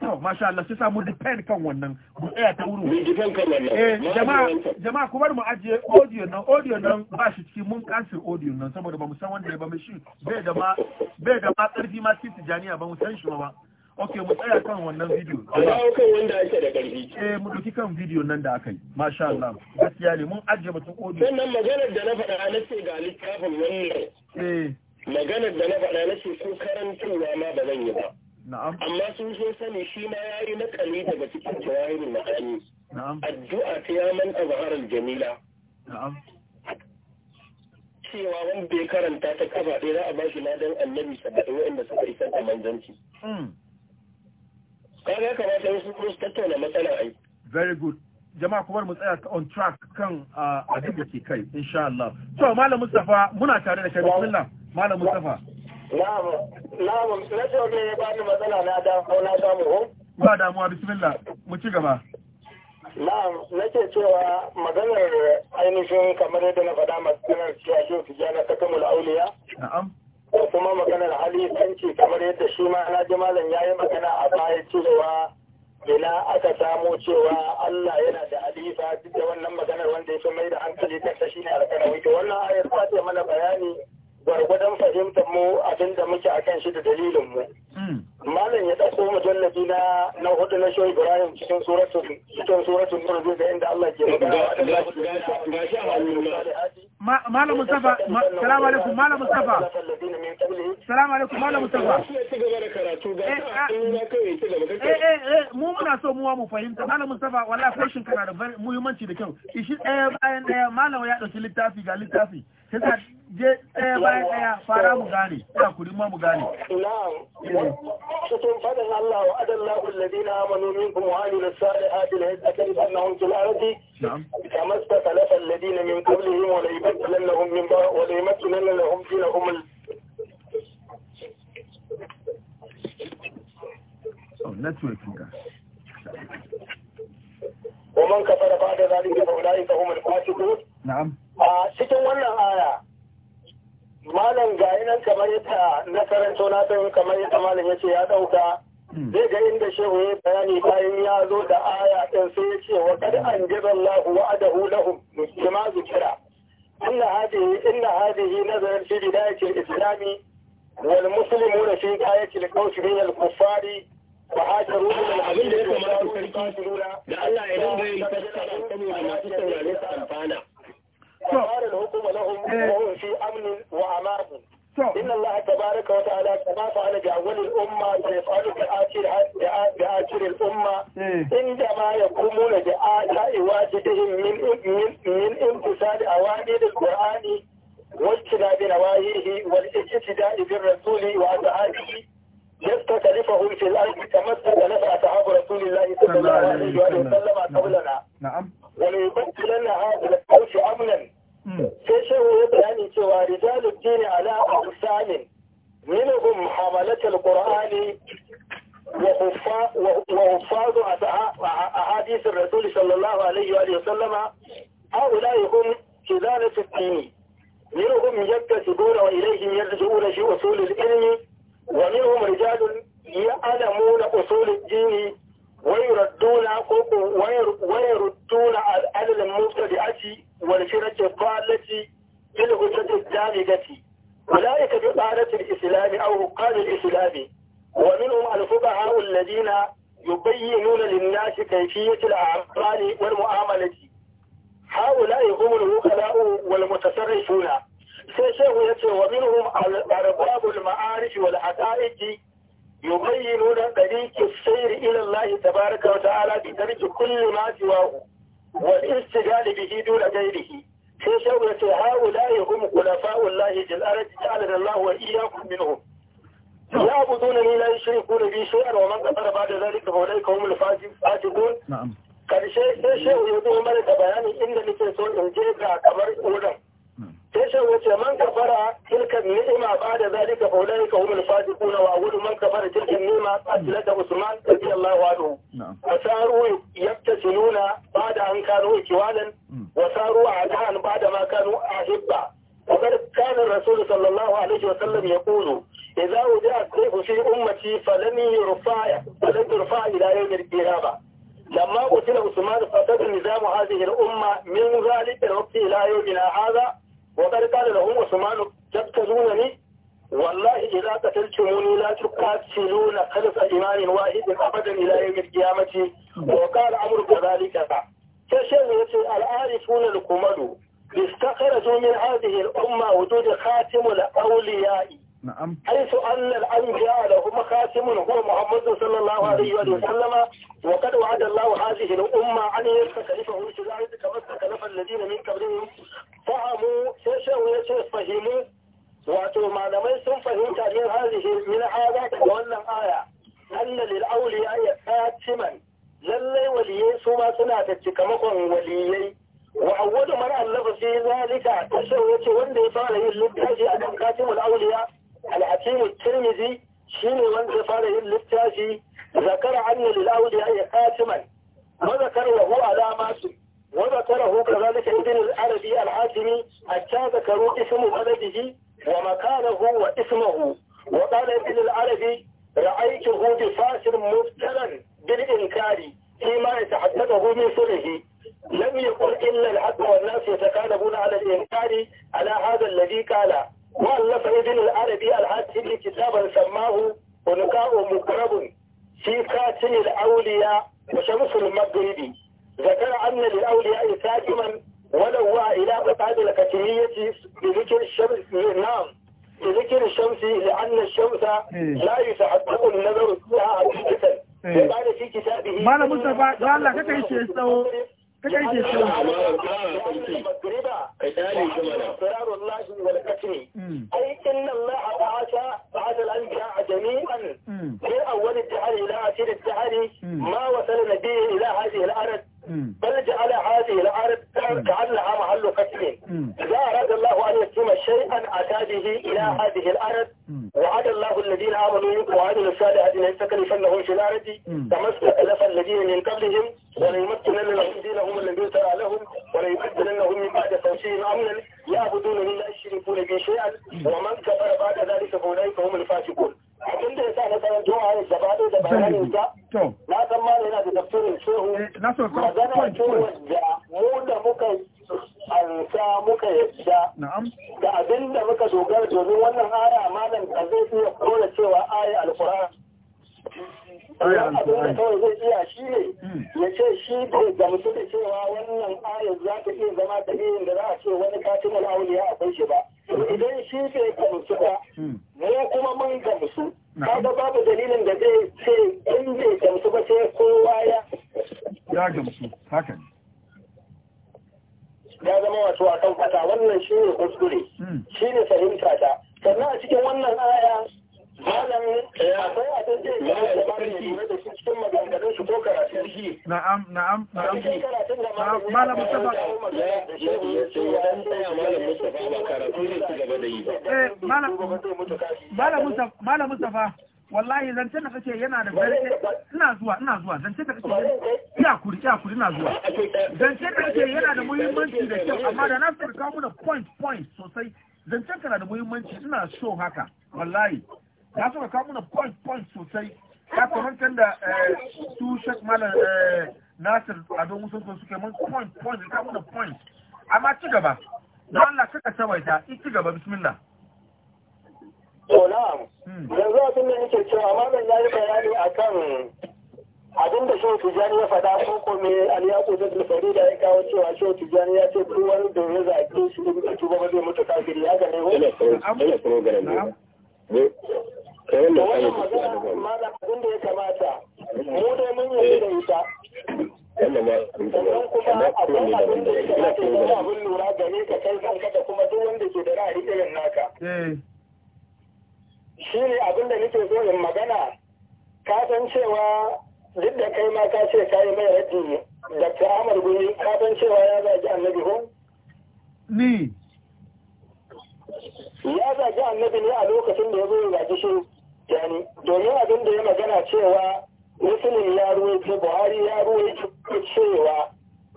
to masha Allah sai samu depend kan wannan mu tsaya ta wuri mun depend kan wannan eh jama'a jama'a ku bar mu ajiye audio nan audio nan ba shi cikin mun cancel audio nan saboda ba mu san wanda ya ba shi bai da ma bai da ma karfi ma cikin tijaniya ba mu san shi ba Okay, mu tsaya kan wannan video. Dawo okay wanda ake da ƙarfi. Eh, mu duki kan video nan da aka yi. Masha Allah. Gaskiya ne mun ajiye batun audio. Sannan maganar da na faɗa na ce ga littafin wannan. Eh. Maganar da na faɗa na ce ko karantarwa ma ba zan yi ba. amma sun so sani shi ma ya yi nakali daga cikin jawahirin ma'ani addu'a ta ya manta azharar jamila cewa wanda bai karanta ta kafa ɗaya za a ba shi ladan annabi saba'in waɗanda suka isar a manzanci hmm. kaga ya kamata wasu kuma su tattauna matsala ai very good jama'a kuma mu tsaya on track kan abin da ke kai insha Allah to malam Mustafa muna tare da kai bismillah malam Mustafa na'am Na'am, ya bani matsala na Ba damuwa bismillah, mu ci gaba. Na'am, nake cewa maganar ainihin kamar yadda na faɗa maganar cewa shi tijana ta kamul auliya. Na'am. Ko kuma maganar halifanci kamar yadda shi ma na ji malam yi magana a baya cewa ina aka samo cewa Allah yana da halifa duk da wannan maganar wanda ya fi mai da hankali ta shi ne alƙalawi. Wannan ayar ta ce mana bayani gwargwadon fahimtar mu abin da muke a kan shi da dalilin mu. Hmm. Malam ya ɗauko mujallabi na na hudu na Shoyi Ibrahim cikin suratun cikin suratun Nur zai ga inda Allah ke Malam Mustafa, salamu alaikum, Malam Mustafa. Salamu alaikum, Malam Mustafa. Eh, ah, eh, eh, eh, mu muna so muwa mu fahimta. Malam Mustafa, wallahi fashin kana da muhimmanci da kyau. Ishi ɗaya bayan ɗaya, Malam ya ɗauki littafi ga littafi. sai je ɗaya bayan ɗaya fara mu gane ina kuri ma mu gane cikin eh. fadin Allah wa adallahu alladhina amanu minkum wa amilu salihati la yastakbir annahum fil ardi kama istaqalafa alladhina min qablihim wa la yubaddilannahum min ba wa la yumakkinannahum dinahum oh, network ومن كفر بعد ذلك فأولئك هم الفاسقون نعم a cikin wannan aya malam ga nan kamar yadda na karanto na san kamar yadda malam ya ce ya ɗauka hmm. zai ga inda shehu ya bayani bayan ya zo da aya ɗin sai ya ce wa kad an jira Allahu wa adahu lahum bima zikira inna hadhihi inna hadhihi nazarin fi bidayatil islami wal muslimuna fi ayatil qawli min al kuffari wa hajaru min abin da ya kamata ku da Allah ya dinga yin fassara saboda masu saurare su amfana وقال الحكم لهم وهو في أمن وأمان إن الله تبارك وتعالى كما فعل بأول الأمة سيفعل بآخر الأمة عندما يقومون بآداء واجبهم من من من امتثال أوامر القرآن واجتناب نواهيه والاقتداء بالرسول وأصحابه يستخلفهم في الأرض كما استخلف أصحاب رسول الله صلى الله عليه وسلم قبلنا وليبدلن هذا القول أمنا Hmm. sai shi wani bayani cewa rizalin dini ala amsalin minuhum hamalatul qur'ani wa huffa wa hufadu ahadith ar-rasul sallallahu alayhi wa sallam haulai hum kizalat ad-din minhum yaktasibuna wa ilayhim yarji'una shi usul al-ilm wa minhum rijalun ya'lamuna usul ad-din wayarudula ko ko wayarudula al'adal mustadi ati wal shirati qalati ila kutati jamigati ulaika bi a al-islam aw qali al-islam wa minhum al-fuqaha alladhina yubayyinuna lin-nasi kayfiyati al-a'mali wal mu'amalati haula hum al-ukhala'u wal mutasarrifuna sai shehu yace wa minhum al-arbab al-ma'arij wal hadaiji يبينون طريق السير إلى الله تبارك وتعالى بترك كل ما سواه والاستدلال به دون غيره في شوية هؤلاء هم خلفاء الله في الأرض جعلنا الله وإياكم منهم يعبدونني لا يشركون بي شيئا ومن كفر بعد ذلك فأولئك هم الفاسقون نعم karshe sai shehu ya zo mana da bayani inda nake so in je ga kamar wurin sai wace man kafara tilka ni'ima ba da zalika fa ulaika humul fasiqun wa awwalu man kafara tilka ni'ima qatlaka usman radiyallahu anhu wa saru yaktasiluna ba'da an kanu kiwalan hmm. wa saru adahan ba'da ma kanu ahibba وقد كان الرسول صلى الله عليه وسلم يقول إذا وجع السيف في أمتي فلن يرفع فلن يرفع إلى يوم القيامة لما قتل عثمان فسد نظام هذه الأمة من ذلك الوقت إلى يومنا هذا وقد قال لهم عثمان تبتزونني والله إذا قتلتموني لا تقاتلون خلف إمام واحد أبدا إلى يوم القيامة وقال عمرو كذلك تشهدت العارفون الكمل استخرجوا من هذه الأمة وجود خاتم الأولياء na'am ai su annal an ja da kuma kasimun huwa muhammadu sallallahu alaihi wa sallam wa kad wa'ada Allah hadhihi al umma an yaska kalifa ushu la yaska masa kalafa alladina min qablihim fahamu sai sai wa fahimu wa malamai sun fahimta ne hadhihi min hada da wannan aya anna lil awliya ay qatiman lalle waliyai suma suna da cikamakon waliyai wa awwalu man allafa fi zalika sai wace wanda ya fara yin littafi akan kasimul awliya al'asiru tirmizi shi ne wanda ya fara yin littafi zakara anna lil awliya ya a wa zakarahu alamatu wa zakarahu kadhalika ibn al-arabi al-hatimi hatta zakaru ismu baladihi wa makanahu wa ismuhu wa qala inkari فيما يتحدثه من صلحه لم يقل إلا الحق والناس يتكالبون على الإنكار على هذا الذي قال وألف ابن العربي الحاسبي كتابا سماه ونقاء مقرب في كاتم الأولياء وشمس المغرب ذكر أن للأولياء كاتما ولو إلى بقاد الكتمية بذكر الشمس نعم بذكر الشمس لأن الشمس لا يتحقق النظر فيها حقيقة وقال في كتابه ما مصطفى قال لك كيف ta karfe shi aikin nan la a ba'ata ba'ata al'anbiya a jami'an hmm. min awwal ad-dahri ila akhir ad-dahri hmm. ma wasala nabiyyi ila hadhihi al-ard بل جعل هذه الأرض كأنها محل قتل إذا أراد الله أن يتم شيئا أتى به إلى هذه الأرض وعد الله الذين آمنوا وعملوا الصالحات ليستكلفنهم في الأرض كما استكلف الذين من قبلهم وليمكنن لهم دينهم الذي ترى لهم وليبدلنهم من بعد توسيعهم أمنا يعبدونني لا يشركون بي شيئا ومن كفر بعد ذلك فأولئك هم الفاسقون abin da ya sa na karanto a gaba da bayanin sa And that's what I'm talking ina da ina zuwa ina zuwa zance da kake ya kuri ya kuri ina zuwa zance da kake yana da muhimmanci da kyau amma da na furka mu da point point sosai zancen na da muhimmanci ina so haka wallahi na so ka kawo mana point point sosai ya kamantar da eh, su shek malam eh, nasir adon musun ko suke mun point point ka kawo mana point amma ci gaba don Allah kaka tawaita ci gaba bismillah to na'am yanzu abin da nake cewa malam ya yi bayani a kan abin da shehu tijjani ya faɗa ko ko me aliyaku da alfari da ya kawo cewa shehu tijjani ya ce duk wani da ya zaƙi shi in ka tuba ba zai mutu kafiri ya ga ne wani da wannan magana malam abin da ya kamata mu dai mun yi da eh. ita sannan kuma akwai abin da ya kamata ya zama abin lura gare ka kai kanka da kuma duk wanda ke da ra'ayi irin naka eh. shi ne abin da nake so in magana ka san cewa duk da kai ma ka ce ka yi mai raddi Dr. Ahmad guri ka san cewa ya zagi annabi ko? Ni. Ya zagi annabi ne a lokacin da ya zo zagi shi yani domin abin da ya magana cewa Musulun ya ruwaito Buhari ya ruwaito cewa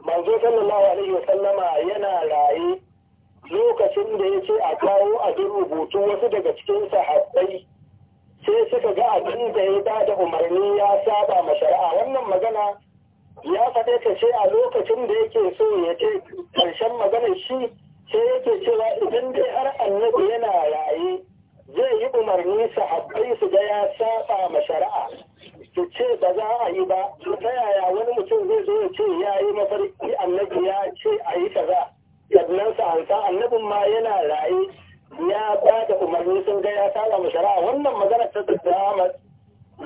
manzo sallallahu alaihi wa sallama yana raye lokacin da ya ce a kawo abin rubutu wasu daga cikin sahabbai sai suka ga abin da ya ba da umarni ya saba ma shari'a wannan magana ya faɗe ka ce a lokacin da yake so ya ce ƙarshen maganar shi sai yake cewa idan dai har annabi yana raye zai yi umarni sahabbai su ga ya saba ma shari'a su ce ba za a yi ba ta yaya wani mutum zai zo ya ce ya yi mafarki annabi ya ce a yi kaza sannan su annabin ma yana raye ya ba da umarni sun ga ya saba mu shari'a wannan magana ta tsada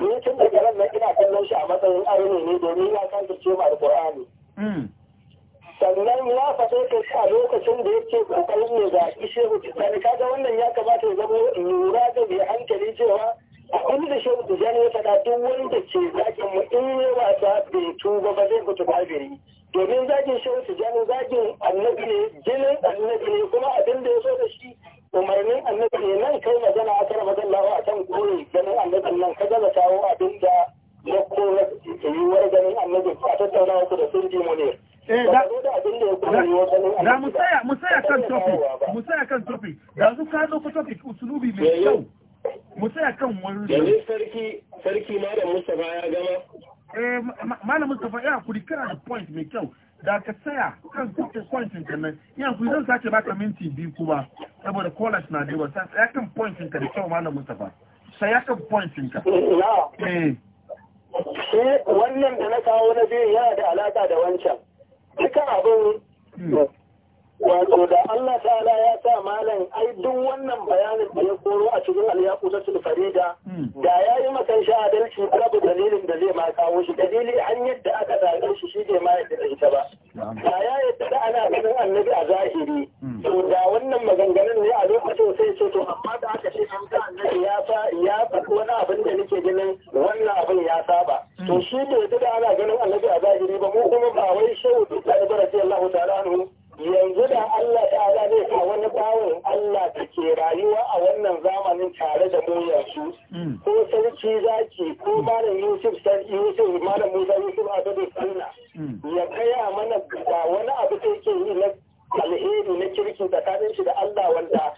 ni tun da garan na ina kallon shi a matsayin arni ne domin ya san su cewa alqur'ani hmm. sannan ya faɗo ka a lokacin da yake kokarin ne ga shehu sani kaga wannan ya kamata ya zama lura da bai hankali cewa a kuma da shehu tijjani ya faɗa duk wanda ce zakin mu in yi wasa bai tuba ba zai mutu biri. domin zagin shehu tijjani zagin annabi ne jinin annabi ne kuma abin da ya zo da shi umarnin annabi ne nan kai magana a kan mazallawa a kan kore ganin annabin nan ka gaza kawo abin da ya kora yiwuwar ganin annabi a tattauna wasu da sun mu ne. Eh, da mu tsaya mu tsaya kan topic mu tsaya kan topic da su ka dauko topic usulubi mai kyau mu tsaya kan wani. Yanzu sarki sarki malam Mustapha ya gama eh malam Mustafa ya kuri kana da point mai kyau da ka tsaya kan kuke point din nan ya kuri zan sake baka minti biyu kuma saboda college na da yawa tsaya kan point din ka da kyau malam Mustafa tsaya kan point din ka eh. eh wannan da na kawo na biyu yana da alaka da wancan duka abin hmm. wato da Allah ta'ala ya sa malam ai duk wannan bayanin da ya koro a cikin alyaku ta fareda hmm. da ya yi makan sha adalci babu dalilin da zai ma kawo shi dalili an yadda aka zaɓe shi shi ne ma yadda zai ita ba da ya yadda da ana ganin annabi a zahiri hmm. to da wannan maganganun ne a lokacin sai ce to amma da aka ce an ga annabi ya fa ya fa wani abin da nake ganin wannan abin ya saba hmm. to shi ne da ana ganin annabi a zahiri ba mu kuma ba wai shehu da ta Allah ta'ala anhu yanzu da Allah ta zai ka wani bawon Allah da ke rayuwa a wannan zamanin tare da mu yanzu hmm. ko sarki zaki ko malam Yusuf san Yusuf malam Musa Yusuf a gado Sanna, ya kaya mana ga wani abu da yake yi na alheri na kirki tsakanin shi da Allah wanda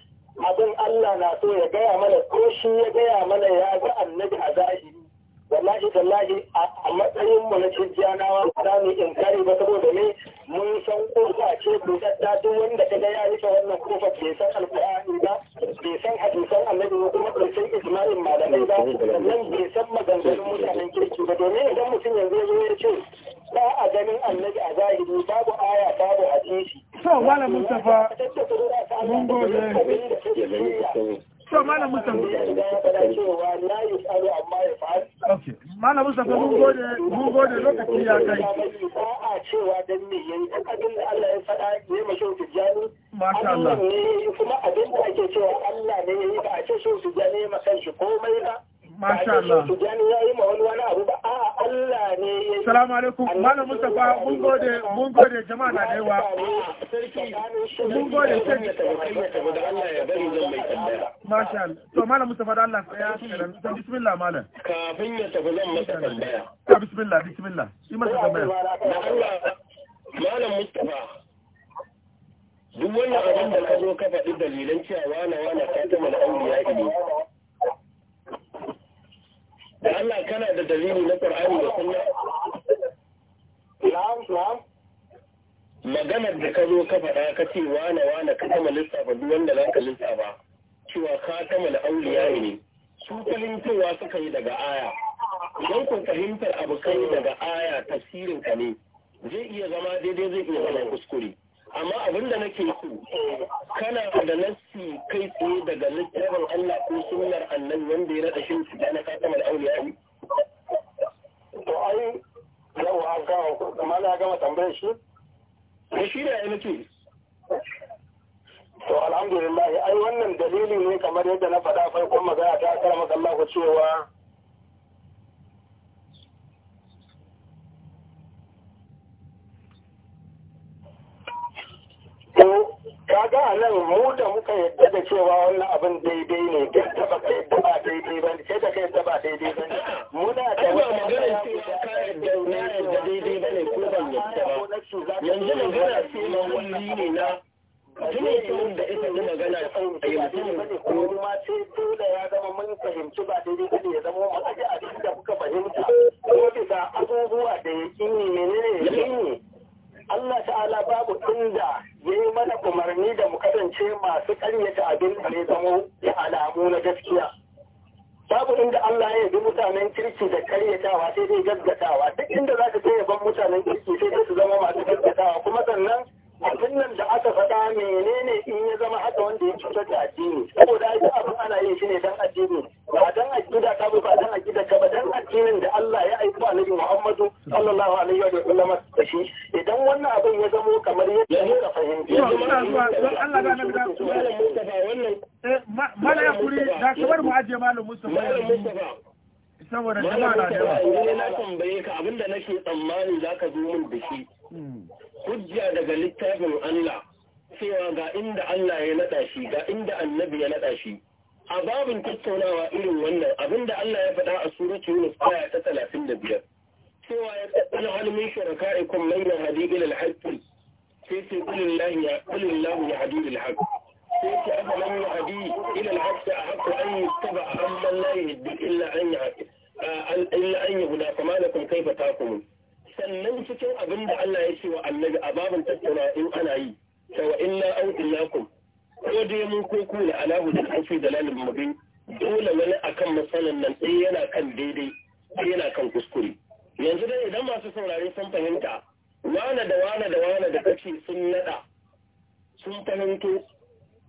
abin Allah na so ya gaya mana ko shi ya gaya mana ya ga annabi a zahiri wallahi wallahi a matsayin mu na kirjiyanawa ba za mu inkari ba saboda ne mun san kofa ce busatta duk wanda ta ga ya rufe wannan kofa bai san alkur'ani ba bai san hadisan annabi ba kuma bai san ijma'in malamai ba sannan bai san maganganun mutanen kirki ba domin idan mutum yanzu ya zo ya ce ba a ganin annabi a zahiri babu aya babu hadisi. Sau Malam Mustapha mun gode. to malam mustafa okay malam mustafa mun gode mun gode lokaci ya kai a cewa dan me yayi abin da Allah ya faɗa ne ma shehu tijani masha Allah kuma abin da ake cewa Allah ne ya yi ba a ce shehu tijani ma makan shi komai ba Masha Allah. Tijjani ya yi ma wani wani abu ba, a Allah ne ya yi. Salamu alaikum, Malam Mustapha, mun gode, mun gode jama'a na da yawa. Mun gode ce. Masha Allah. To Malam Mustapha da Allah tsaya, to bismillah Malam. Kafin ya tafi zan masa tambaya. Ka bismillah, bismillah. Shi masa tambaya. Malam Mustapha, duk wannan abin da ka zo ka faɗi dalilan cewa wane wane fatan ya ne Allah kana da dalili na Qur'ani da Sunna na'am na'am maganar da ka zo ka faɗa ka ce wane wane ka kama lissafa duk wanda za ka lissafa cewa ka kama da auliya ne su falintowa suka yi daga aya idan ku fahimtar abu kai daga aya tafsirin ka ne zai iya zama daidai zai iya zama kuskure amma abin da nake so kana da nassi kai tsaye daga littafin Allah ko sunnar annan wanda ya rada shin da na katamar aure ai to ai yau an ga kuma na gama tambayar shi ne shi da ya nake to alhamdulillah ai wannan dalili ne kamar yadda na faɗa farkon magana ta karama Allah cewa to kaga a nan mu da muka yadda da cewa wannan abin daidai ne kan taba ka yadda ba daidai ba kai da ka yadda ba daidai ba muna da wani magana cewa ka yadda na yadda daidai ba ne ko ban yadda ba yanzu gana shi ne wani ne na Tuna da ita ne magana a yanzu ko ma sai dole ya zama mun fahimci ba daidai ba ne ya zama mu aje abin da muka fahimta ko bisa abubuwa da yaƙini menene yaƙini Allah ta'ala babu inda ya yi mana umarni da mu kasance masu karyata abin da ne zamo ya alamu na gaskiya. Babu inda Allah ya yabi mutanen kirki da karyatawa sai dai gaggatawa duk inda za ka ban mutanen kirki sai dai su zama masu gaggatawa kuma sannan abin nan da aka faɗa menene in ya zama haka wanda ya cutar da addini saboda ai abin ana yin shi ne dan addini ba dan aqida ka ba dan aqida ka ba dan addinin da Allah ya aika Annabi Muhammadu sallallahu alaihi wa sallam da shi idan wannan abin ya zama kamar yadda ya fahimta Allah ya nabi da su Allah eh, ga da wannan mala ya kuri da kabar mu aje malam Mustafa saboda jama'a da yawa na tambaye ka abin da nake tsammani za ka zo min da shi hmm. hujja daga littafin Allah cewa ga inda Allah ya nada shi ga inda annabi ya nada shi a babin tattaunawa irin wannan abinda Allah ya faɗa a suratu Yunus aya ta 35 cewa ya tsana hal min shuraka'ikum man yahdi ila al-haqq sai sai kulillahi ya kulillahu yahdi ila al-haqq sai ce afalan yahdi ila al-haqq ahqqu an yuttaba amma la yahdi illa an yahdi illa an yi guda kama da kun kai kuma. sannan cikin abin da Allah ya ce wa annabi a babin tattauna in ana yi cewa illa an illakum ko dai mun ko ku da alahu da kafi dalalin dole wani akan matsalan nan ɗaya yana kan daidai ɗaya yana kan kuskure yanzu dai idan masu saurare sun fahimta wane da wane da wane da kace sun nada sun fahimto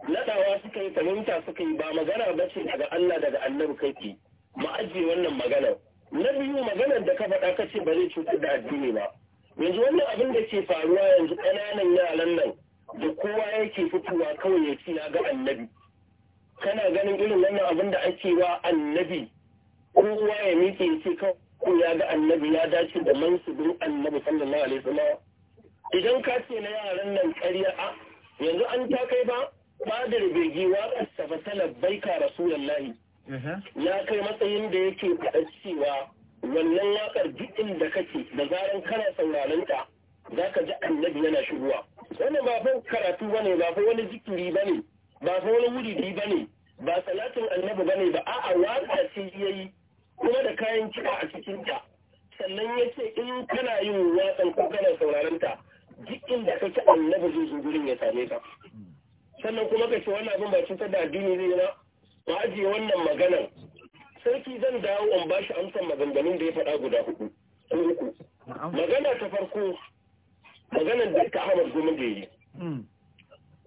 nadawa suka yi fahimta suka yi ba magana ba ce daga Allah daga annabi kai mu ajiye wannan maganar na biyu maganar da ka faɗa ka ce ba zai cutar da addini ba yanzu wannan abin da ke faruwa yanzu ƙananan yaran nan da kowa yake fitowa kawai ya ci ya ga annabi kana ganin irin wannan abin da ake wa annabi kowa ya miƙe ya ce kawai ya ga annabi ya dace da mansubin annabi sallallahu alaihi wasallam idan ka ce na yaran nan karya a yanzu an ta kai ba ba da rubegi wa ƙasa fa talabbaika rasulullahi na mm-hmm. kai matsayin da yake faɗa cewa wannan waƙar duk inda kake da zaran kana sauraron ta za ka ji annabi yana shigowa wannan ba fa karatu bane ba fa wani zikiri bane ba fa wani wuridi bane ba salatin annabi bane ba a'a waƙa ce yi kuma da kayan kiɗa a cikin ta sannan ce in kana yin waƙan ko kana sauraron ta duk inda kake annabi zai zo ya same ka mm. sannan kuma kace wannan abin ba cutar da addini zai ba Mu ajiye wannan maganar, sarki zan dawo in shi amsar maganganun da ya faɗa guda hudu uku magana ta farko maganar da ka hamar gumi da yi hmm.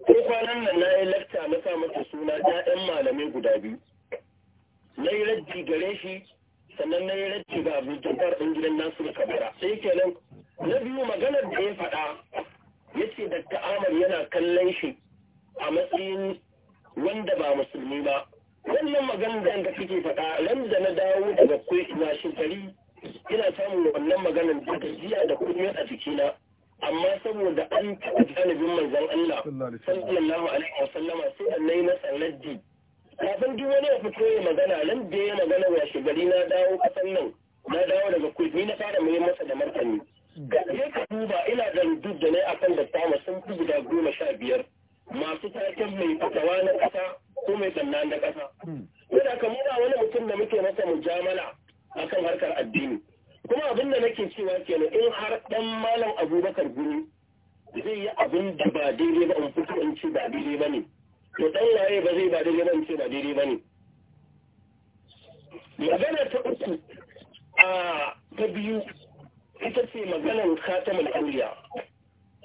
ko kwanan nan na yi lakta na sa masa suna ɗayan malamai guda biyu na yi rajji gare shi sannan na yi rajji ga abu jabbar ɗin gidan nasu kabara sai kenan na biyu maganar da ya faɗa ya ce da ta'amar yana kallon shi a matsayin wanda ba musulmi ba wannan maganar da kake faɗa ran da na dawo daga kuwait na shekari ina samun wannan maganar da jiya da kuma a jikina amma saboda an taɓa janibin manzon Allah sallallahu alaihi wa sallama sai annai na sanaddi kafin duk wani ya fito ya magana nan da ya magana wa shigari na dawo kasan nan na dawo daga kuwait ni na fara mai masa da martani ga ka duba ina da duk da na akan da tama sun fi guda goma sha biyar masu taken mai fatawa na ƙasa ko mai sanna na ƙasa. Yana ka ba wani mutum da muke masa mujamala a kan harkar addini. Kuma abin da nake cewa kenan in har ɗan malam Abubakar Guri zai yi abin da ba daidai ba in fito in ce ba daidai ba ne. To ɗan waye ba zai ba daidai ba in ce ba daidai ba ne. Magana ta uku a ta biyu ita ce maganar khatamul auliya.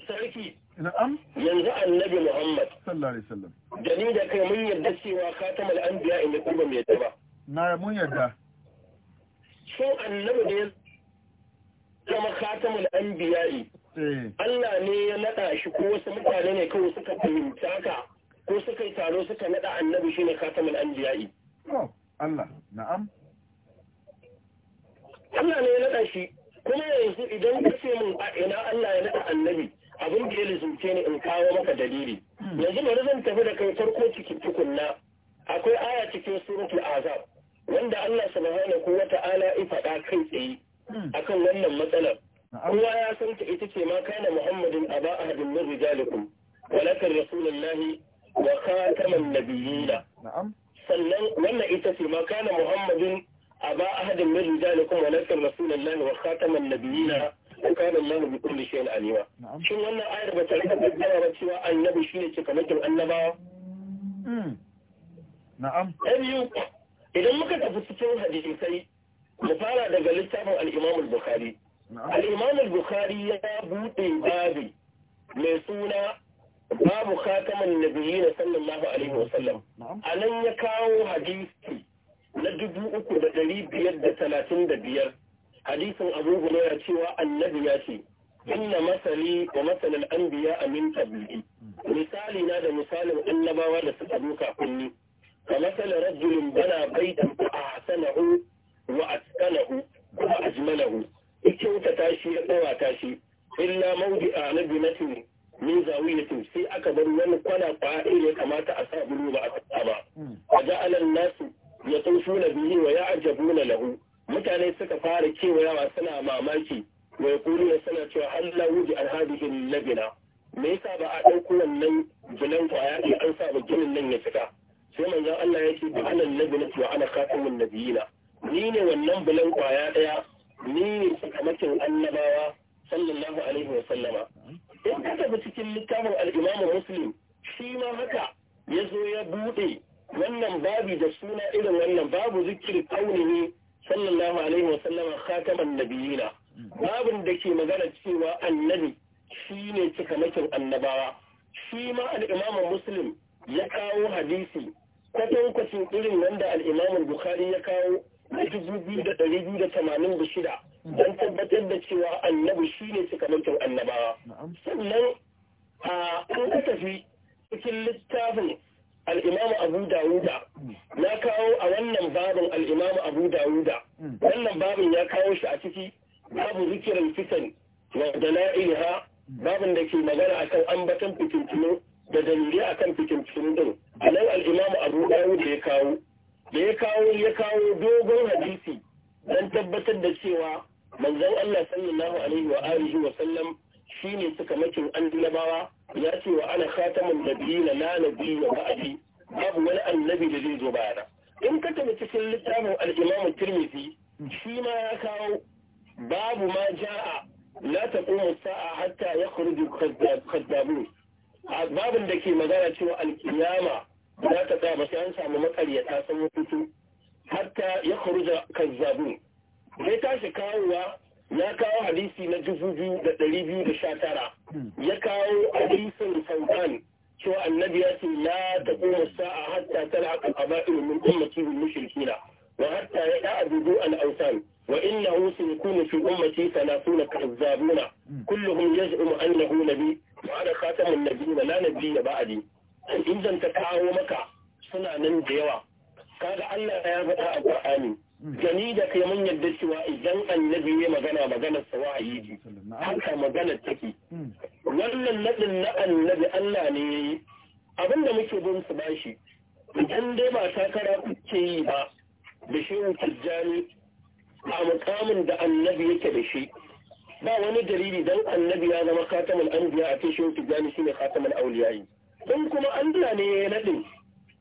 Sarki na'am yanzu annabi muhammad sallallahu alaihi wasallam dani da kai mun yarda cewa katamal an biya in kuma mai yarda ba na mun yarda shin annabi da ya zama khatamul anbiya eh. Allah ne ya naɗa shi ko wasu mutane ne kawai suka fahimta ka, ko suka yi taro suka naɗa annabi shine khatamul anbiya oh Allah na'am Allah ne ya naɗa shi kuma yanzu idan ka ce mun a ina Allah ya naɗa annabi abin da ya lizumce ni in kawo maka dalili hmm. yanzu bari zan tafi da kai farko cikin tukunna akwai aya cikin suratul azab wanda Allah subhanahu wata'ala ya faɗa kai tsaye hmm. akan wannan matsalar kowa ya san ta ita ce ma kana muhammadin aba ahadin min rijalikum walakin rasulullahi wa khataman nabiyina sannan wannan ita ce ma kana muhammadin aba ahadin min rijalikum walakin rasulullahi wa khataman nabiyina shin wannan ayar ba ta rika gaggara ba cewa annabi shine cikamakin annabawa hmm. na'am idan muka tafi cikin hadisi mu fara daga littafin al-Imam al-Bukhari al-Imam al-Bukhari ya bude babu mai suna babu khataman nabiyyi sallallahu alaihi wasallam anan ya kawo hadisi na dubu uku da ɗari biyar da talatin da biyar hadisin abu ya cewa annabi ya ce inna masali wa masalal a amin tabi'i misali na da misalin annabawa da suka duka kunni ka masalar rajulin bana baitan a hasanahu wa atqanahu wa ajmalahu ikinta tashi ya tsawa tashi illa maudi a na binatin min zawiyatin sai aka bar wani kwana kwaɗe ya kamata a sa bulu ba a kasa ba hmm. a ja'alan nasu ya taushu na biyu wa ya ajabuna lahu mutane suka fara kewayawa suna mamaki mai ya suna cewa Allah wuji alhadihin labina me yasa ba a ɗauko wannan ginan kwaya ne an sa ba ginin nan ya fita sai manzon Allah ya ce ba anan labina wa ana khatamun nabiyina ni ne wannan bulan kwaya ɗaya ni ne sakamakon annabawa sallallahu alaihi wa sallama in ka tafi cikin littafin al-Imam Muslim shi ma haka ya zo ya buɗe wannan babi da suna irin wannan babu zikirin ne. sallallahu alaihi wasallama khataman nabiyina babin da ke magana cewa annabi shine cikamakin annabawa shi ma al-imamu muslim ya kawo hadisi kwatankwacin irin wanda al-imamu bukhari ya kawo na dubu biyu da biyu da tamanin da shida don tabbatar da cewa annabi shine cikamakin annabawa sannan a an tafi cikin littafin al'imamu abu dawuda na kawo a wannan babin al'imamu abu dawuda wannan babin ya kawo shi a ciki babu zikirar fitan wa dala'iha babin da ke magana akan ambaton fitintunu da dalilai akan fitintunu din a nan al'imamu abu dawuda ya kawo da ya kawo ya kawo dogon hadisi don tabbatar da cewa manzon Allah sallallahu alaihi wa alihi wa sallam shine suka makin annabawa ya ce wa ana khatamun nabiyina la nabiyya ba'di babu wani annabi da zai zo bayana in ka tafi cikin littafin al-Imam Tirmidhi shi ma ya kawo babu ma ja'a la taqumu sa'a hatta yakhruju kadhabun babin da ke magana cewa al-qiyama za ta tsaya ba sai an samu makaryata sun ya hatta yakhruja kazzabun Zai tashi kawowa ya kawo hadisi na dubu biyu da ɗari biyu da sha tara hmm. ya kawo hadisin sautan cewa annabi ya ce la ta kuma sa'a hatta talhaqa qaba'il min ummati bil mushrikina wa hatta ya'budu al awsan wa innahu sayakunu fi ummati thalathuna kazzabuna hmm. kulluhum yaz'umu annahu nabi wa ana khatamun nabiyina la nabiyya ba'di in zan ta kawo maka suna nan da yawa kaga Allah ya faɗa a Qur'ani gani da kai mun yarda cewa idan annabi ya magana maganar sa wahayi ji haka maganar take wannan nadin na annabi Allah ne yayi abin da muke bin su bashi idan dai ba takara kuke yi ba da shi tijjani a mukamin da annabi yake da shi ba wani dalili dan annabi ya zama khatamul anbiya a cikin tijjani shine khatamul awliya don kuma Allah ne ya nadin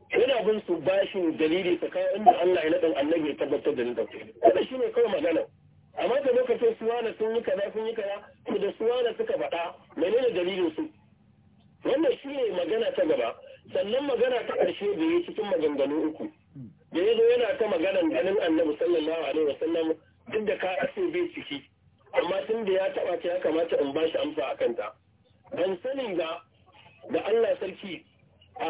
yana bin su bashi dalili ta kawo inda Allah ya naɗin annabi ya tabbatar da ni naɗin wanda shi ne kawai magana amma da lokacin suwana sun yi kaza sun yi kaza to da suwana suka faɗa menene dalilin su wannan shi ne magana ta gaba sannan magana ta ƙarshe da ya cikin maganganu uku da ya zo yana ta maganan ganin annabi sallallahu alaihi wasallam duk da ka ase bai ciki amma tun da ya taɓa ta ya kamata in bashi amsa a kanta ban sanin ga da Allah sarki a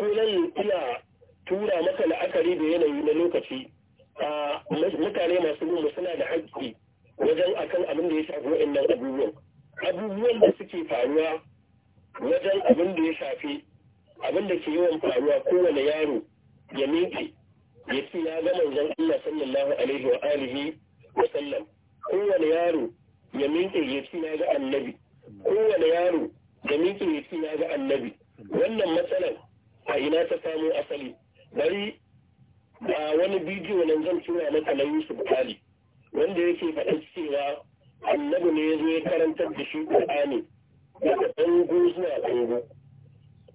nan ina tura maka la'akari da yanayi na lokaci a mutane masu mu suna da haƙƙi wajen akan abin da ya shafi nan abubuwan abubuwan da suke faruwa wajen abin da ya shafi abin da ke yawan faruwa kowane yaro ya miƙe ya ce ya ga manzon Allah sallallahu alaihi wa alihi wa sallam kowane yaro ya miƙe ya ce ya ga annabi kowane yaro ya miƙe ya ce ya ga annabi wannan matsalar a ina ta samo asali bari ba wani bidiyo nan zan tura maka na Yusuf Ali wanda yake faɗa cewa annabi ne ya zo ya karantar da shi Qur'ani daga ɗango zuwa ɗango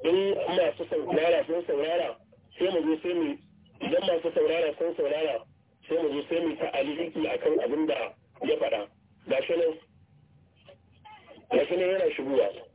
in masu saurara sun saurara sai mu zo sai mu idan masu saurara sun saurara sai mu zo sai mu ta aliki akan abin da ya faɗa gashi nan nan yana shigowa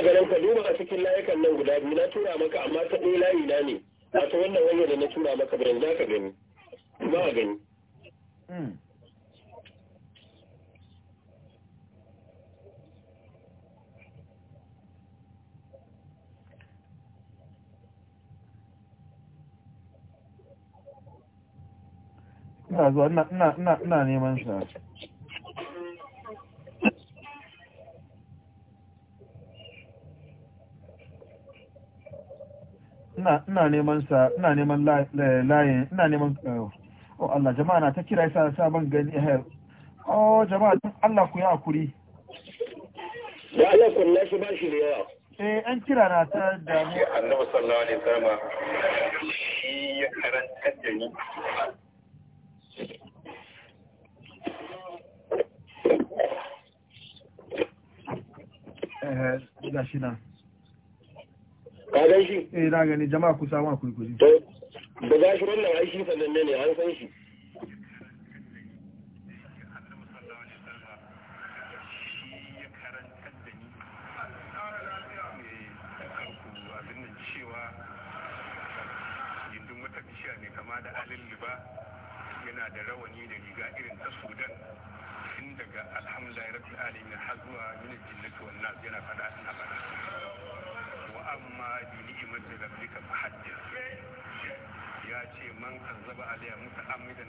ina ganin ka duba a cikin layukan nan guda biyu na tura maka amma ta ɗaya layi na ne ta wannan wani da na tura maka bayan za ka gani ba a gani hmm. ina zuwa ina neman shi ina neman sa ina neman layin ina neman eh, oh Allah jama'a na ta kira sa sabon gani eh oh jama'a don Allah ku yi hakuri ya Allah kullu shi ba shi da yawa eh an kira na ta da mu Annabi sallallahu alaihi wasallam shi ya karanta da ni eh shi na ka gan shi eh na gani jama'a ku samu kurkuri to da shi wannan ai shi sanan ne an san shi kama da liba eh, yana da rawani da riga irin ta sudan alhamdulillah rabbil alamin har zuwa min jinnati yana fada ina fada amma bi ni'imati rabbika fahaddith ya ce man kan zaba alaya amidan kazzaba wa muta'ammidan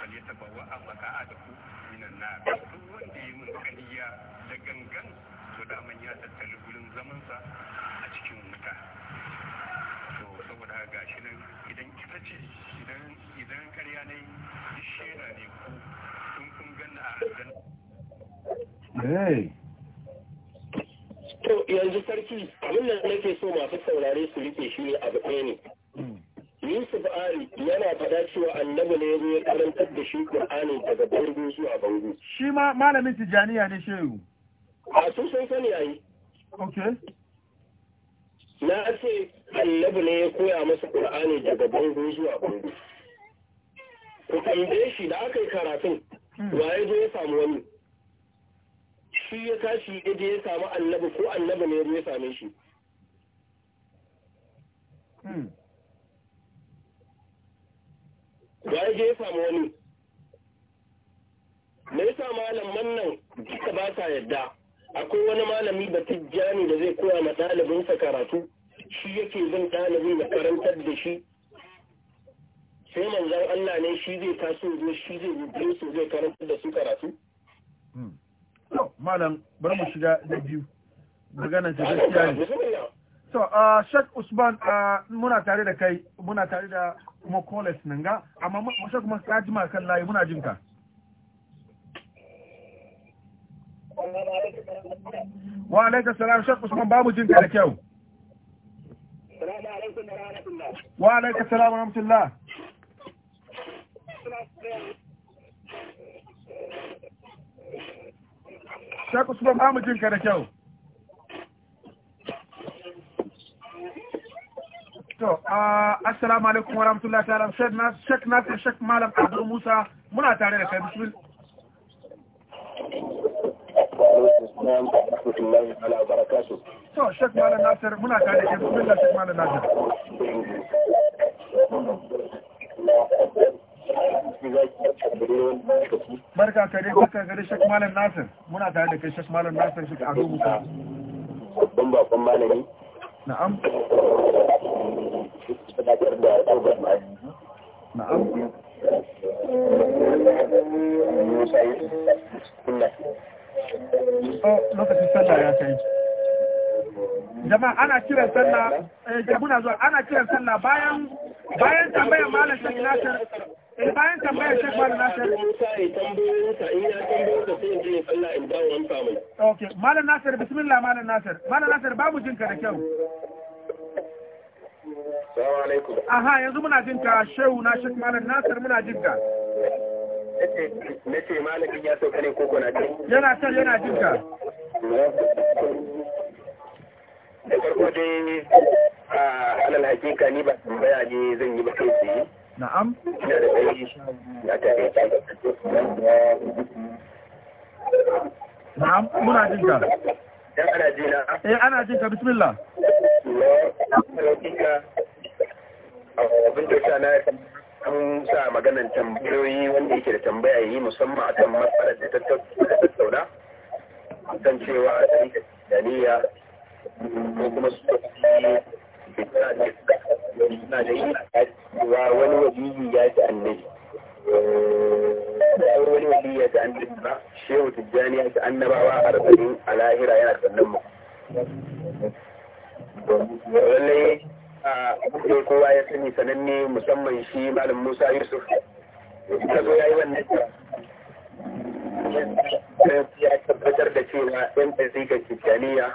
falyatabawa maqa'adahu minan na duk wanda yi mun kariya da gangan to da man ya tattali gurin zamansa a cikin wuta to saboda gashi nan idan kika ce idan idan kariya ne shera ne ku kun kun ganna a aljanna To yanzu sarki abin da nake so masu saurare su rike shi ne abu ɗaya ne. Yusuf Ali yana faɗa cewa annabi ne ya karantar da shi Qur'ani daga bango zuwa bango. Shi ma malamin Tijaniya ne shehu. A su sun sani yayi. Okay. Na ce annabi ne ya koya masa Qur'ani daga bango zuwa bango. Ku tambaye shi da aka yi karatun. Hmm. Waye zo ya samu wani? shi ya tashi ya je ya samu annabi ko annabi ne ya same shi ga hmm. ya je ya samu wani me yasa malaman nan duka ba sa yadda akwai wani malami ba tijjani da zai koya ma ɗalibinsa karatu shi yake zan ɗalibin da karantar da shi sai manzan Allah ne shi zai taso zai shi zai su zai karantar da su karatu hmm. to malam bari mu shiga da biyu magana ta gaskiya ne to a shek usman muna tare da kai muna tare da kuma koles nan ga amma shek kuma ka jima kan layi muna jin ka wa alaikum salam shek usman babu jin ka da kyau wa alaikum salam wa rahmatullah Shaka su ba mu jin ka da kyau. To, assalamu alaikum wa rahmatullahi ta'ala. Shek Nasir Shek Malam Abdul Musa muna tare da kai bismil. To, Shek Malam Nasir muna tare da kai bismillah Shek Malam Nasir. barka ka dai barka ka malam nasir muna tare da kai shek malam nasir shi a ka babban bakon malami na'am na'am Oh, lokacin sallah ya kai. jama'a ana kiran sallah eh muna ana kiran sallah bayan bayan tambayar malam Sheikh Nasir Eh, bayan tambayar shek malam nasir okay malam nasir bismillah malam nasir malam nasir babu jinka da kyau Salamu alaikum. Aha yanzu muna jinka shehu na shek malam nasir muna jinka. Nace malamin ya sauka ne koko na kai. Yana can yana jinka. Da farko dai a alal hakika ni ba tambaya ne zan yi ba kai tsaye. na'am na'am muna jin ka ana eh ana jin ka bismillah abin da na an sa maganan tambayoyi wanda yake da tambaya yi musamman a kan matsalar da tattauna kan cewa da niyya ko kuma su cewa wani waliyi ya ji annabi da wani waliyi ya ji annabi ba shehu tijjani ya ji annabawa arba'in a lahira yana sannan mu lallai a kuɗin kowa ya sani sananne musamman shi malam musa yusuf ka zo ya yi wannan ya tabbatar da cewa yan tsaye ga tijjaniya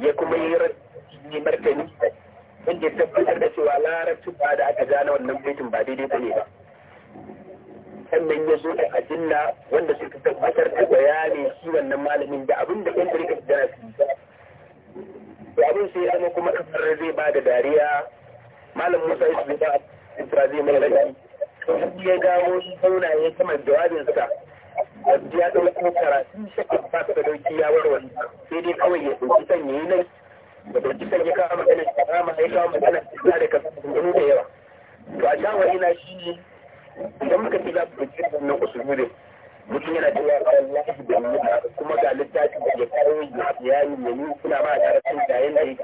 ya kuma yi martani inda ya tabbatar da cewa larabcin ba da aka gane wannan baitin ba daidai ba ne ba sannan ya zo da adilla wanda suka tabbatar da bayani shi wannan malamin da abin da yan tarika da na da abin sai zama kuma kafar zai ba da dariya malam musa isu da isra zai mai rage ya gawo sauna ya kama jawabinsa yanzu ya ɗauko karatu shi kan ba su dauki ya warware sai dai kawai ya ɗauki san ya yi nan da ɗauki san ya kawo magana ya kawo ya kawo magana ya da kasa gano da yawa to a shawari na shi ne idan muka ce za mu ɗauki wannan usulure mutum yana cewa wallahi da mu kuma ga littafi da ya kawo ya bayani ne ni kuna ma da rasin da yake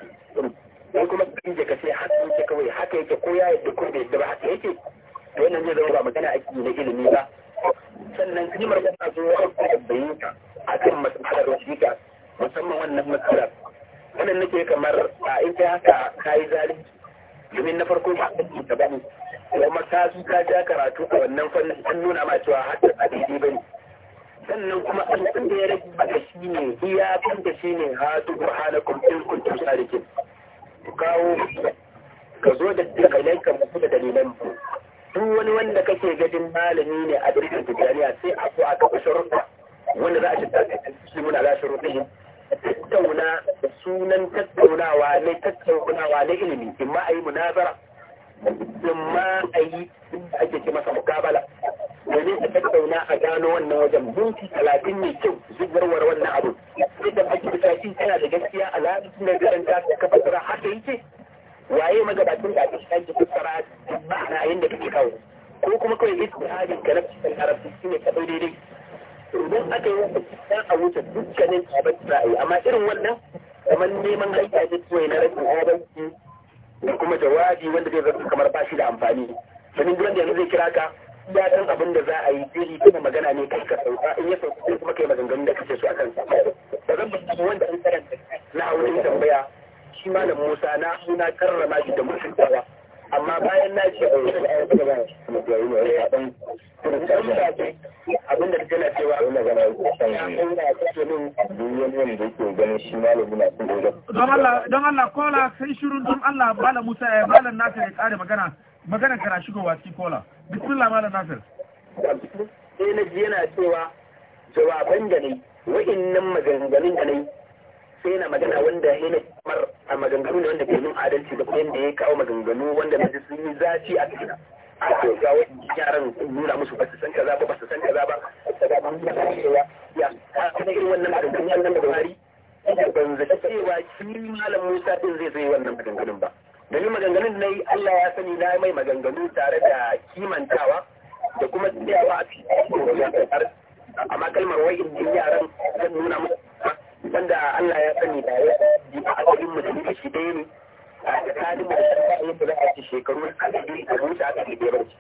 sai kuma kin je ka haka yake kawai haka yake ko ya yadda ko bai yadda ba haka yake to wannan zai zama ba magana ake na ilimi ba sannan kimar da ta zo a kan ka akan matsalar wasiƙa musamman wannan matsalar wannan nake kamar a ita haka ka yi zalunci domin na farko ba a ta ba ne kuma ta su ka ja karatu a wannan fannin an nuna ma cewa hatta a daidai ba ne sannan kuma an san da ya rage da shi ne iyakan da shi ne hatu burhanakum in kuntum sadiqin ku kawo ka zo da dalilan ka mutu da dalilan mu. duk wani wanda kake gadin malami ne a birnin tijjaniya sai a ko a kafa sharuɗa wanda za a shiga shi muna za sharuɗin tattauna sunan tattaunawa ne tattaunawa ne ilimi in ma a yi munazara in ma a yi ake ce masa mukabala domin a tattauna a gano wannan wajen minti talatin ne kyau zubarwar wannan abu sai da ake bisa shi tana da gaskiya a lalacin da garin ta kafa tsara haka yake waye magabacin da ake shi ku a ma'ana da kake kawo ko kuma kawai istihadin ka na cikin larabci shi ne kaɗai daidai idan aka yi wata za a wuce dukkanin abin ra'ayi amma irin wannan kamar neman haita ne kawai na rashin adalci da kuma jawabi wanda zai zama kamar ba shi da amfani domin duk wanda yanzu zai kira ka ya san abin da za a yi jiri kuma magana ne kai ka sauka in ya sauka kuma kai maganganun da kake so a sa. ba zan bi wanda an karanta na wurin tambaya shi malam Musa na suna karrama shi da mutuntawa amma bayan na ce a yanzu a yanzu ba abin da tana cewa a wani gana don Allah don Allah kola kai shirin don Allah malam Musa ya eh, malam Nasir ya kare magana magana kana shigowa cikin kola bismillah malam Nasir sai na ji yana cewa jawaban da ne wa'annan maganganun da ne sai yana magana wanda yana kamar a maganganu ne wanda ke nun adalci da kuma yadda ya kawo maganganu wanda na ji sun yi zafi a cikin a ko ga wani yaran nuna musu ba su san kaza ba ba su san kaza ba daga ban da cewa ya kuma irin wannan maganganun annan da Buhari ban zaci cewa shi malam Musa din zai zai wannan maganganun ba domin maganganun nayi Allah ya sani na mai maganganu tare da kimantawa da kuma tsayawa a cikin amma kalmar wai in yaran zan nuna musu wanda Allah ya sani da ya bi a cikin mutum da shi ɗaya ne a tsakanin da shi ba za a ake shekaru aka bi a zuci aka bi ɗaya barci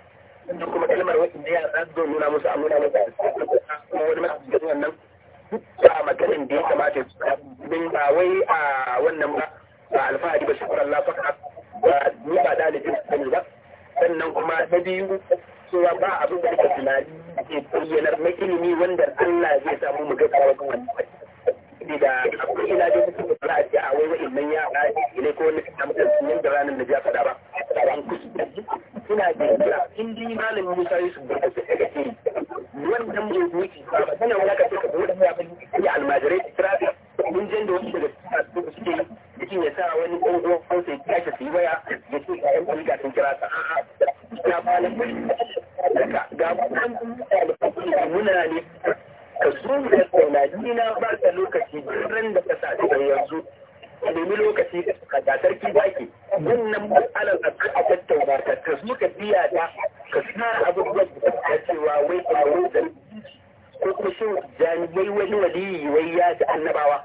inda kuma kalmar wasu da yara zo nuna musu an nuna musu a cikin wani masu da wannan ba a maganin da ya kamata din ba wai a wannan ba ba alfahari ba shukur Allah faka ba ni ba dalibin sani ba sannan kuma na biyu cewa ba abin da nake tunani ke bayyanar na ilimi wanda Allah zai samu mu gaggawa kan wannan saboda akwai ila dai mutum da fara a a wai wa'in nan ya ne ko wani kamar yin da ranar da ya faɗa ba an kusa ina da yadda in dai malam musa yusuf da ake daga ce wannan mai zuci ba ba sanar wani ka ce ka bude ya bani ya almajirai da kira mun jan da wasu daga suke mutum ya sa wani ɗan uwan kansa ya kashe su yi waya ya ce ga 'yan kwalika sun kira sa a'a ya malam daga ga kuma muna ne ka zo da kauna ni na ba ka lokaci ran da ka sadu da yanzu a nemi lokaci ka da sarki baki wannan matsalar a kan tattauna ta ka zo ka biya ta ka sa abubuwan da ka cewa wai ka ko kuma shin jami'ai wani waliyi wai ya ji annabawa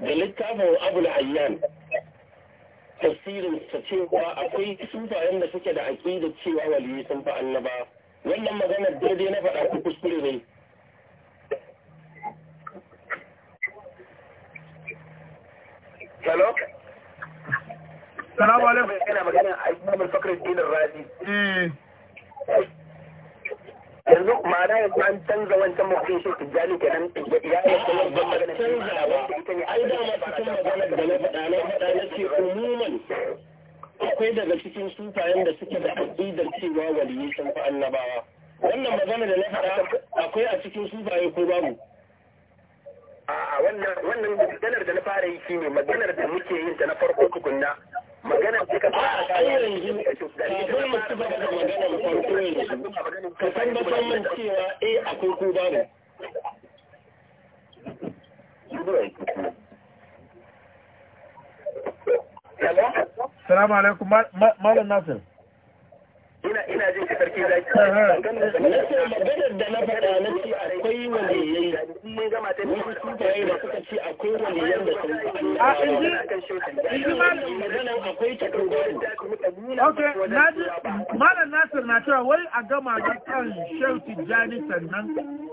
da littafin abul hayyan tafsirin sa cewa akwai sufayen da suke da da cewa waliyi sun fi annaba wannan maganar daidai na faɗa ku kuskure ne Hello? Salamu alaikum. Ina Dinin Razi. Eh. yanzu ma'ana yanzu an canza wancan mafi shi tijjani kenan ya yi kuma ban magana shi ma'ana wanda ita ne ai masu cikin magana da na faɗa na faɗa na ce umuman akwai daga cikin sufayen da suke da aƙidar cewa waliyi sun fi annabawa wannan magana da na faɗa akwai a cikin sufaye ko babu a'a wannan wannan maganar da na fara yi shine maganar da muke yin ta na farko tukunna maganar da fara kayan yanzu kafin mu ci gaba da maganar farko yanzu ka tabbatar min cewa eh, a ko Salamu alaikum, Malam Nasir. ina ina jin ka sarki zaki nake maganar da na faɗa na ci akwai waliyayi mun gama ta ni su kai da suka ci akwai waliyan da sun a inji inji malam akwai ta okay naji malam nasir na cewa wai a gama da kan shehu tijjani sannan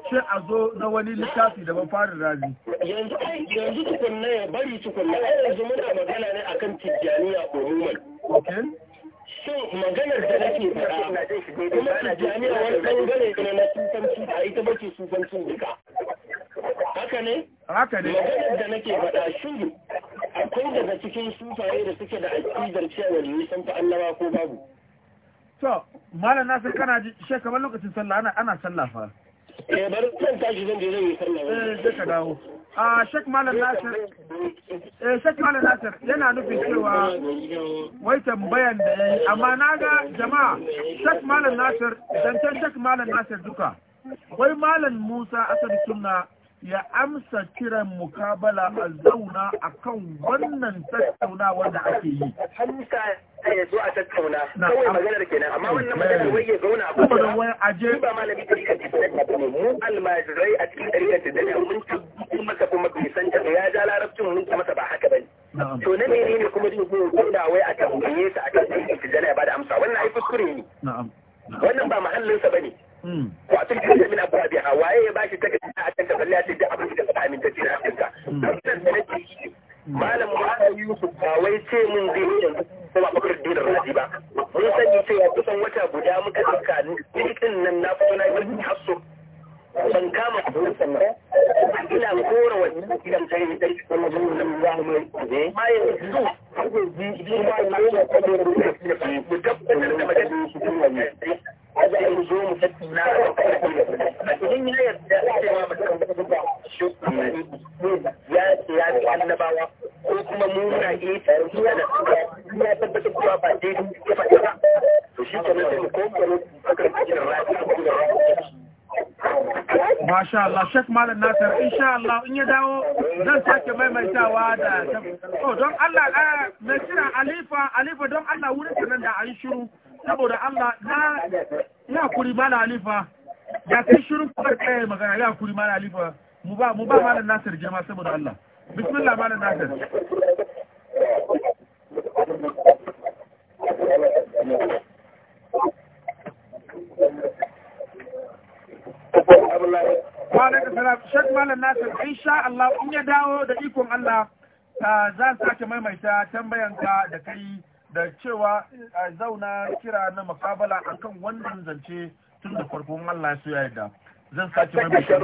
shi a zo na wani littafi da ban fara rami. yanzu yanzu tukunna ya bari tukunna yanzu muna magana ne akan tijjaniya a okay shin maganar da nake faɗa kuma jami'a wani ɓangare ne na sufanci a ita ba ce sufancin duka haka ne haka ne maganar da nake faɗa shin akwai daga cikin sufaye da suke da aƙidar cewa ne sun fi annaba ko babu to malam nasir kana ji she kamar lokacin sallah ana ana sallah fa eh bari zan tashi zan je zan yi sallah eh sai ka dawo a ah, shek eh, malam nasir yana nufin cewa wai tambayan da yayi amma na ga jama'a shek malam nasir zancen shek malam nasir duka wai malam musa asadu sunna ya amsa kiran mukabala a zauna a kan wannan tattaunawa da ake yi. Hamsa ya zo a tattauna, kawai maganar kenan, amma wannan maganar wai ya zauna a kuma wani aje. Ba malami ɗarikar da mu almajirai a cikin ɗarikar da da mun ci masa kuma kusanta da ya ja larabcin mun ci masa ba haka ba ne. To na mene ne kuma jin zuwa zauna wai a tambaye sa a kan ɗarikar da ya ba da amsa, wannan ai kuskure ne. Wannan ba mahallinsa ba ne. ko a san kanta min abuwa biya waye ya bashi ta kanta a kanta balle a ce duk abin da ka aminta hmm. ce na kanta wannan da nake yi malam Muhammad Yusuf ba wai ce min zai yi yanzu ko ba bakar dinar raji ba mun sani cewa kusan wata guda muka tsaka ni din nan na fito na yi har ban kama kuɗin sannan ina kora wannan gidan kuma a kan idan ya yarda da ya ce annabawa ko kuma mu na iya tarihiya da ya tabbatar cewa ba daidai ya faɗa ba to shi kenan kuma mu kokoro akan cikin rafi da rafi Masha Allah, Sheikh Malam Nasir, insha Allah in ya dawo zan sake maimaitawa da Oh, don Allah ah, mai kira Alifa, Alifa don Allah wurin nan da an shiru saboda Allah na ya kuri mala Alifa. Ya kai shiru kuma kai magana ya kuri mala Alifa. Mu ba mu ba Malam Nasir jama'a saboda Allah. Bismillah Malam Nasir. Thank you. Kwanakan salam, Sheikh Malam Nasir, insha Allah, in ya dawo da ikon Allah, za sake maimaita tambayanka da kai da cewa zauna kira na makabala akan wannan zance tun da farkon Allah su ya yarda. Zan sake maimaita.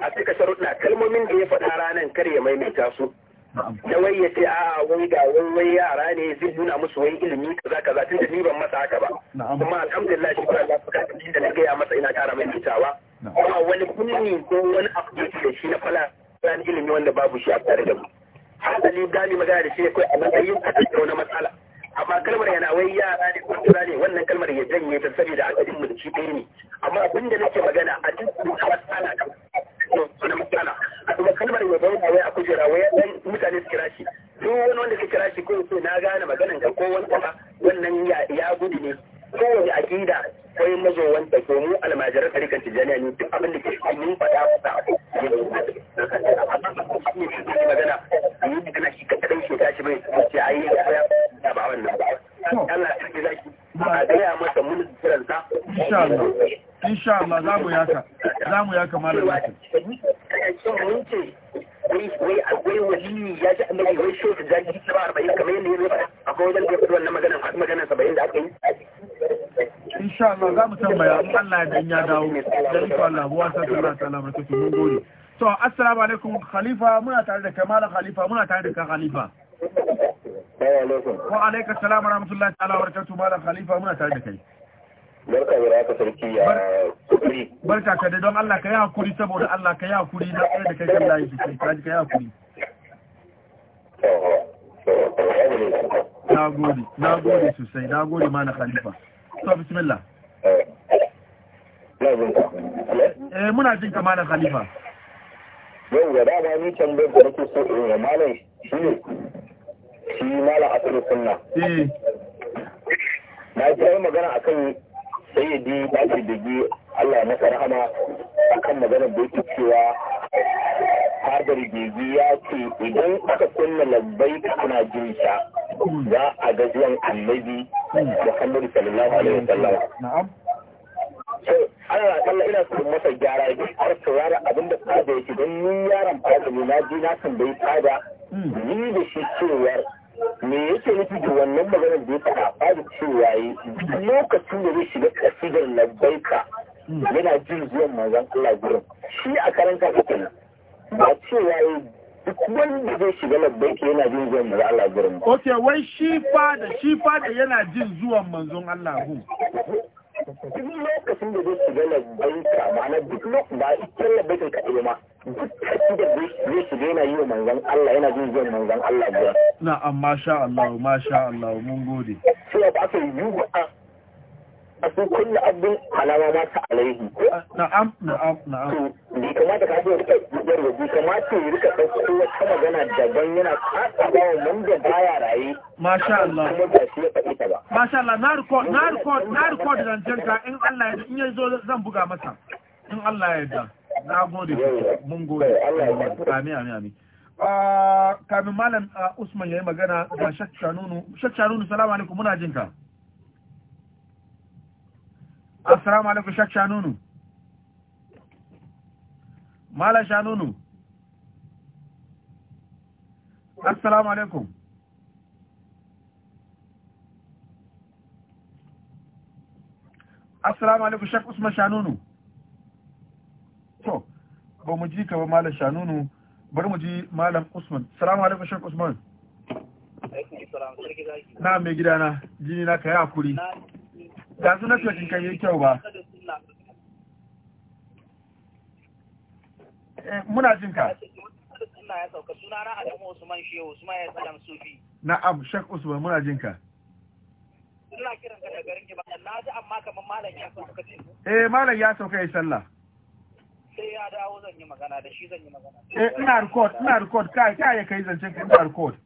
A cika sharuɗa, kalmomin da ya faɗa ranar kar ya maimaita su. Da wai ya ce a'a wai ga wai wai yara ne zai nuna musu wai ilimi kaza kaza tun da ni ban masa haka ba. Kuma alhamdulillah shi ba Allah da na gaya masa ina ƙara maimaitawa. kuma wani kunni ko wani abu da shi na fala ran ilimi wanda babu shi a tare da mu hasali gani magana da shi ne kai a matsayin a tattauna matsala amma kalmar yana wai yara ne tura ne wannan kalmar ya janye ta saboda asalin mu shi ɗaya ne amma abin da nake magana a duk wata matsala na matsala a kuma kalmar ya bayyana wai a kujera wai dan mutane su kira shi duk wani wanda ka kira shi ko na gane maganan ka ko wani kuma wannan ya gudu ne kowace aƙida sai mazowanta ko mu almajirar tarikan tijjaniya ne duk abin da ke shi mun faɗa a magana a yi magana shi kaɗan shi ta shi bai ce a yi ya ba wannan ba. Allah ya zaki ba insha Allah za mu yaka za mu yaka malam Nasir ce ya yi Allah za mu tambaya Allah ya dan ya dawo da insha Allah wa sallallahu alaihi wa sallam mun gode to assalamu alaikum khalifa muna tare da kamala khalifa muna tare da ka khalifa Wa alaikar salamu rahmatullahi ta'ala wa rakatu malam Khalifa muna tare da kai. Barka da raka sarki ya kuri. Barka ka da don Allah ka yi hakuri saboda Allah ka yi hakuri na tsaye da kai kan layi sosai ka ji ka yi hakuri. Na gode, na gode sosai, na gode malam Khalifa. To bismillah. Eh, eh muna jin ka malam Khalifa. Yau ga dama ni tambayar da nake so in malam shi ne shi mala a kuma sunna eh. na ji yi magana akan sayyidi baki digi Allah masa rahama akan magana da yake cewa hadar gigi ya ce idan aka kunna labbai ana jin za a ga zuwan annabi Muhammadu sallallahu alaihi wasallam ana kalla ina son masa gyara duk har saurara abinda fada yake don ni yaron fada ne na ji na tambayi fada Hmm. ni da shi cewar me yake nufi da wannan maganar da ya faɗa da cewa yi lokacin da zai shiga kasidar labbaika hmm. yana jin zuwan manzon Allah shi a karanta kake ba cewa yi duk wanda zai shiga labbaika yana jin zuwan manzon Allah gurin ok wai shi fada da shi fada yana jin zuwan manzon Allah duk lokacin da zai shiga labbaika ma'ana duk lokacin ba ikin labbaikan kaɗai ma duk da zai shiga yana yi wa manzan Allah yana zai zuwan manzan Allah Na amma masha Allah sha Allah mun gode. Sai ba ka yi wa akwai kulle abin alama ma ta alaihi. Ah, na'am, na'am, na'am. Bai kamata ka haɗe rika yarwa, bi kamata ya rika ɗauko wata magana daban yana kasa ba wa wanda baya raye. Masha Allah. Kuma ba shi ya faɗi ta ba. Masha Allah, na record, na record, na record da ka in Allah ya in ya zo zan buga masa. In Allah ya da. Na gode, mun gode. Allah ya Amin, amin, amin. Ah, kamin Malam ah, Usman ya yi magana ga Shakka Nunu. Shakka Nunu, salamu alaikum, muna jinka. asalamu alaikum shak shanunu malam shanunu asalamu alaikum assalamu alaikum shak usman shanunu to ba mu ji ka ba malam shanunu bari mu ji malam usman asalamu alaikum shak usman na mai gidana jini na ka yi hakuri da su na tsokin kai yi kyau ba eh, muna jin ka am shek usman muna jin ka ina kiran ka da garin ba na ji amma kamar malam ya sauka ce eh malam ya sauka yi sallah sai ya dawo zan yi magana da shi zan yi magana eh ina record ina record kai kai ya kai zancen ina record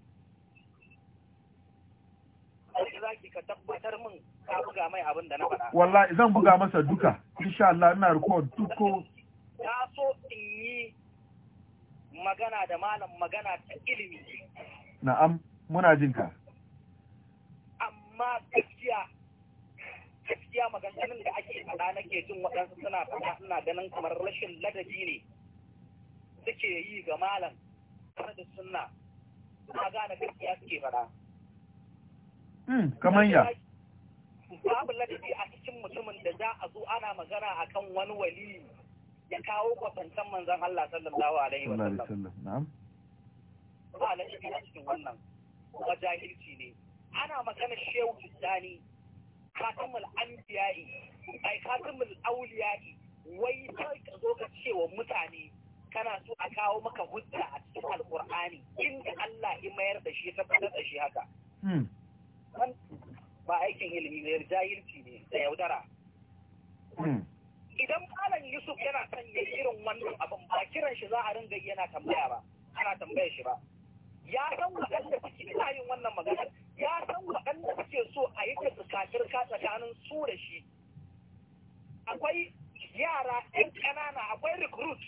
sai zaki ka tabbatar min ka buga mai abin da na faɗa wallahi zan buga masa duka insha Allah ina rikon duko na so in yi magana da malam magana ta ilimi na'am muna jin ka amma gaskiya gaskiya maganganun da ake faɗa nake jin waɗansu suna faɗa suna ganin kamar rashin ladabi ne suke yi ga malam tare da sunna na gane gaskiya suke faɗa. Hmm, kamar ya. babu ladabi a cikin mutumin da za a zo ana magana a kan wani wali ya kawo kwatantan manzan Allah sallallahu alaihi wa sallam ba ladabi a cikin wannan kuma jahilci ne ana magana shehu islami katamul anbiya'i ai katamul auliya'i wai sai ka zo ka ce wa mutane kana so a kawo maka hujja a cikin alkur'ani inda Allah ya mayar da shi ta fitar da shi haka hmm. ba aikin ilimi ne jahilci ne da yaudara hmm. idan malam yusuf yana son ya irin wannan abin ba kiran shi za a ringa yana tambaya ba ana tambaya shi ba ya san waɗanda suke ina yin wannan magana ya san waɗanda suke so a yi ta tsakatir ka tsakanin su da shi akwai yara ɗin ƙanana akwai recruit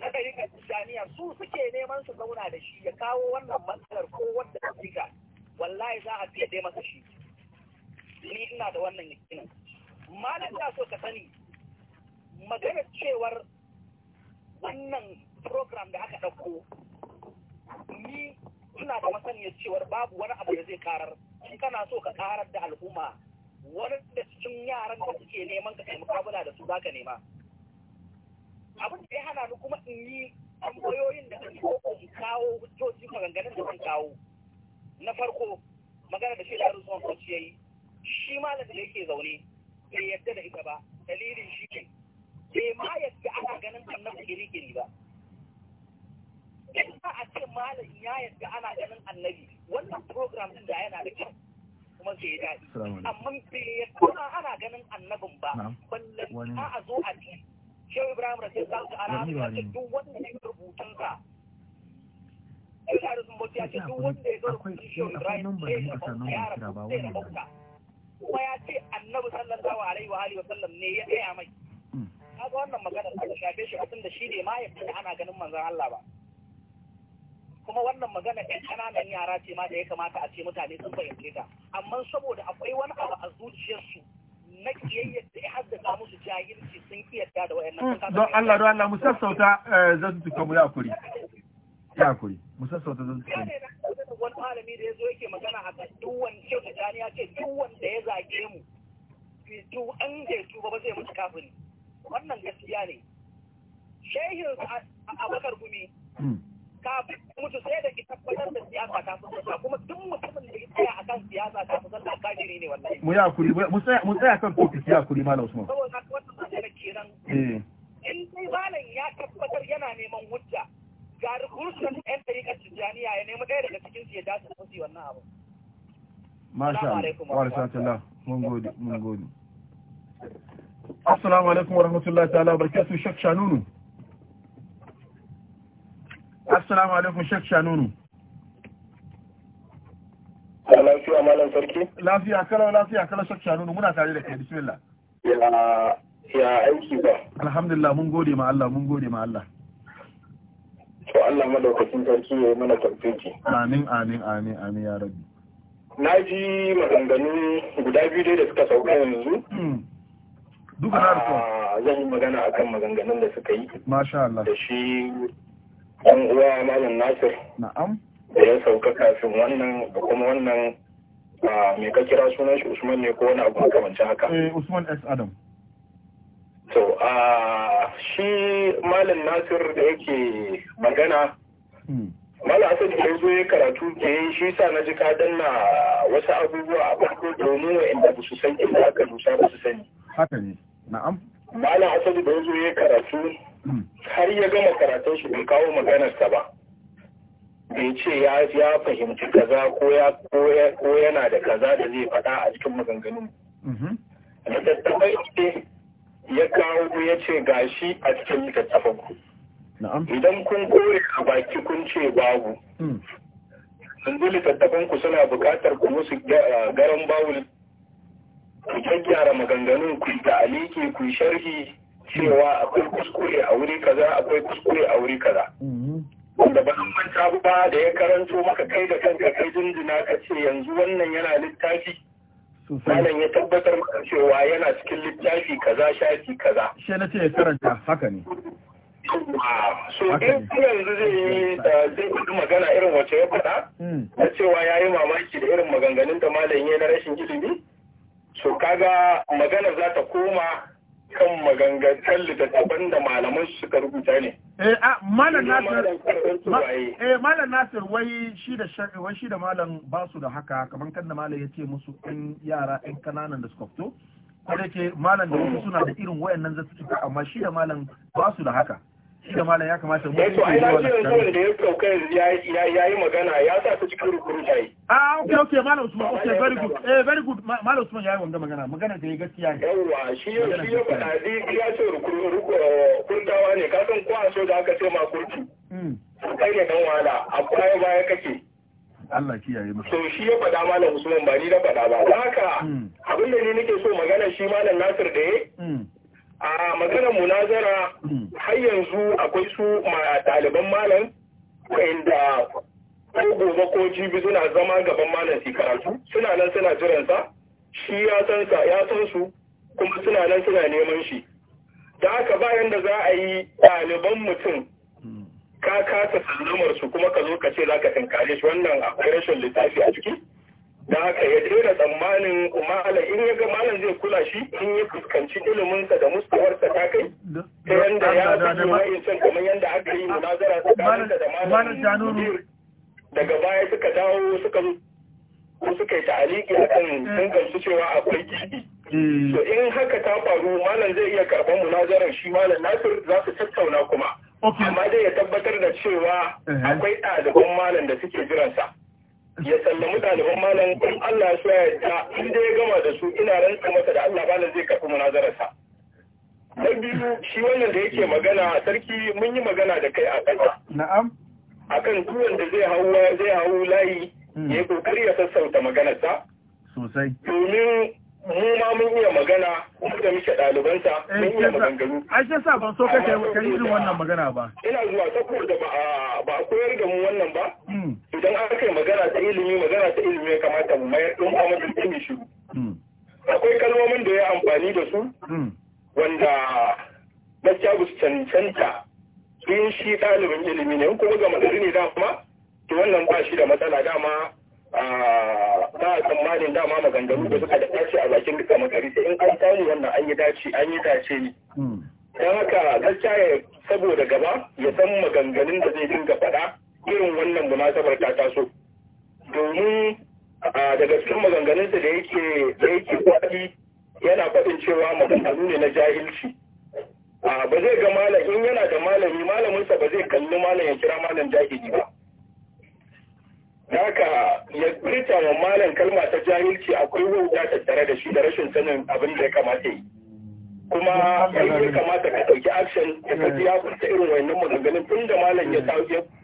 na ɗarika jami'a su suke neman su zauna da shi ya kawo wannan matsalar ko wanda ta wallahi za a fiye masa shi ni ina da wannan yakinin malam ta so ka sani maganar cewar wannan program da aka ɗauko ni ina da masaniyar cewar babu wani abu da zai karar in kana so ka karar da al'umma wani da cikin yaran da suke neman ka taimaka bula da su za ka nema abin da ya hana ni kuma in yi tambayoyin da kan ko in kawo hujjoji maganganun da zan kawo na farko magana da shi da arzuwan kwanci ya yi shi malam da yake zaune bai yadda da ita ba dalilin shi ne bai ma yadda ana ganin annabi kirikiri ba in a ce malam ya yadda ana ganin annabi wannan program din da yana da kyau kuma sai ya daɗi amma bai yadda ana ganin annabin ba balle a zo a ji shi ibrahim rasul ta su alamu da duk wanda ya rubutun sa Akwai ce da muka ya rubutun shehu ba wani ce kuma ya ce annabi sallallahu alaihi wa alihi wa sallam ne ya kai mai hmm. kaga wannan magana ta shafe shi abin da shi ne ma ya fita ana ganin manzon Allah ba kuma wannan magana ɗan ƙananan yara ce ma da ya kamata a ce mutane sun fahimce ta amma saboda akwai wani abu a zuciyarsu na kiyayya da ya haddasa musu jahilci sun kiyarta da wayannan hmm. don Allah don Allah mu sassauta eh, zan tuka mu ya kuri ya kuri musassauta zan tsaye ne wani malami da ya zo yake magana a kan duk wani kyau da ya ce duk wanda ya zage mu Fitu an da ya tuba ba zai mutu kafin wannan gaskiya ne a bakar gumi hmm. kafin mutu sai da ki tabbatar da siyasa ta fi kuma duk mutumin da ya tsaya a kan siyasa ta fi sallah kafiri ne wallahi mu yi kuri mu tsaya kan kotu yi kuri malam usman saboda wannan kenan eh. in dai malam ya tabbatar yana neman hujja ga rukunan yan tariƙar tijjaniya ya nemi ɗaya daga cikin su ya dace da kusi wannan abu masha wa Allah mun gode mun gode assalamu alaikum wa rahmatullahi ta'ala barkatu shek shanunu assalamu alaikum shek shanunu lafiya malam sarki lafiya kala lafiya kala shek shanunu muna tare da kai bismillah ya ya aiki ba alhamdulillah mun gode ma Allah mun gode ma Allah to Allah madaukakin sarki ya yi mana tafiki amin amin amin amin ya na ji maganganu guda biyu dai da suka sauka yanzu hmm. duka na rufu. Ah, zan yi magana akan maganganun da suka yi masha Allah da shi ɗan uwa malam Nasir na'am da ya sauka kafin wannan da kuma wannan ah, me ka kira sunan shi Usman ne ko wani abu makamancin haka eh Usman S Adam to a shi malam nasir da yake magana hmm. malam asali da zo ya karatu ke yi shi sa na ji ka danna wasu abubuwa a farko domin wa'anda ba su san inda aka dusa ba su sani haka ne na'am malam asali da zo ya karatu hmm. har ya gama karatun shi bai kawo maganarsa ba bai ce ya fahimci kaza ko yana da kaza da zai faɗa a cikin maganganun da mm-hmm. tattabai ya kawo ya ce gashi a cikin littattafan ku idan kun kore a baki kun ce babu yanzu hmm. littattafan ku suna buƙatar ku musu garan bawul ku gyaggyara maganganun ku da aliki ku sharhi cewa akwai kuskure a wuri kaza akwai kuskure a wuri kaza hmm. wanda ba manta ba da ya karanto maka kai da kanka kai jinjina ka ce yanzu wannan yana littafi malam ya tabbatar maka cewa yana cikin littafi kaza shafi kaza shi na ce ya karanta haka ne so in yanzu zai yi eh, zai kudu magana irin wacce ya faɗa hmm. na cewa ya yi mamaki da irin maganganun da malam ya na rashin ilimi so kaga maganar za ta koma kan maganganun littattafan da malaman suka rubuta ne Eh, ah, eh, eh malam nasir wai shi da wai shi da malam ba su da haka kamar kan da malam ce musu yan yara yan kananan da suka fito ko da malam da wasu suna da irin wayannan zai amma shi da malam ba su da haka da malam ya kamata mu yi wani kan da ya ya yi magana ya sa ta cikin rukuru ah okay okay malam usman okay very good eh very good malam usman ya yi magana magana da ya gaskiya ne yawa shi ya shi ya ya ce rukuru eh, ne ka san ko a so da aka ce ma kurtu hmm. kai ne dan baya kake Allah kiyaye shi ya faɗa malam Usman ba ni da faɗa ba. Haka hmm. abin da ni nake so magana shi malam Nasir da ya hmm. a maganar munazara hmm. har yanzu akwai su ɗaliban malam inda ko gobe ko jibi suna zama gaban malam su karatu suna nan suna sa shi ya san sa ya san su kuma suna nan suna neman shi da haka bayan da za a yi ɗaliban mutum hmm. ka kasa sallamar su kuma ka zo ka ce za ka tinkare shi wannan akwai rashin littafi a ciki da haka ya daina tsammanin malam in ya ga malam zai kula shi in ya fuskanci iliminsa da mustawarsa ta kai ta yanda ya zama san kamar yanda aka yi munazara tsakaninsa da malam daga baya suka dawo suka ko suka yi ta'aliki a kan eh. sun gamsu cewa akwai kishi to eh. in haka ta faru malam zai iya karɓar munazarar shi malam nasir za su tattauna kuma amma dai ya tabbatar da cewa eh. akwai ɗaliban malam da suke jiransa ya sallami ɗaliban malam in Allah ya yarda in dai ya gama da su ina rantsa masa da Allah bala zai karɓi munazararsa na biyu shi wannan da yake magana sarki mun yi magana da kai a ƙasa na'am akan duk da zai hau zai hau layi hmm. ya kokari ya sassauta maganarsa sosai domin mu ma mun iya magana kuma da muke ɗalibanta eh, mun iya maganganu. Ai sai sa ban so ka kai irin wannan magana ba. Ina zuwa saboda ba ba a koyar da mu wannan ba. Hmm. Idan aka yi magana ta ilimi magana ta ilimi ya kamata mu mayar ɗin kuma mun tsini shi. Hmm. Akwai kalmomin da ya amfani da su. Hmm. Wanda gaskiya ba su cancanta. Sun shi ɗalibin ilimi ne kuma ga madari ne dama. To wannan ba shi da matsala dama Ah, ba a tsammanin dama maganganu da suka da dace a bakin duka makari sai in an samu wannan an yi dace an yi dace ne hmm. don haka gaskiya ya saboda gaba ya san maganganun da zai dinga faɗa irin wannan munasabar ta taso domin ah, daga cikin maganganunsa da yake da yake kwaɗi yana faɗin cewa maganganu ne na jahilci ah, ba zai ga malam in yana da malami malaminsa ba zai kalli malam ya kira malam jahili ba Daka ya furta wa malam kalma ta jahilci akwai wauta tattare da shi da rashin sanin abin da ya kamata yi kuma ya yi kamata ka ɗauki action ya kaji ya furta irin wannan maganganun tun da malam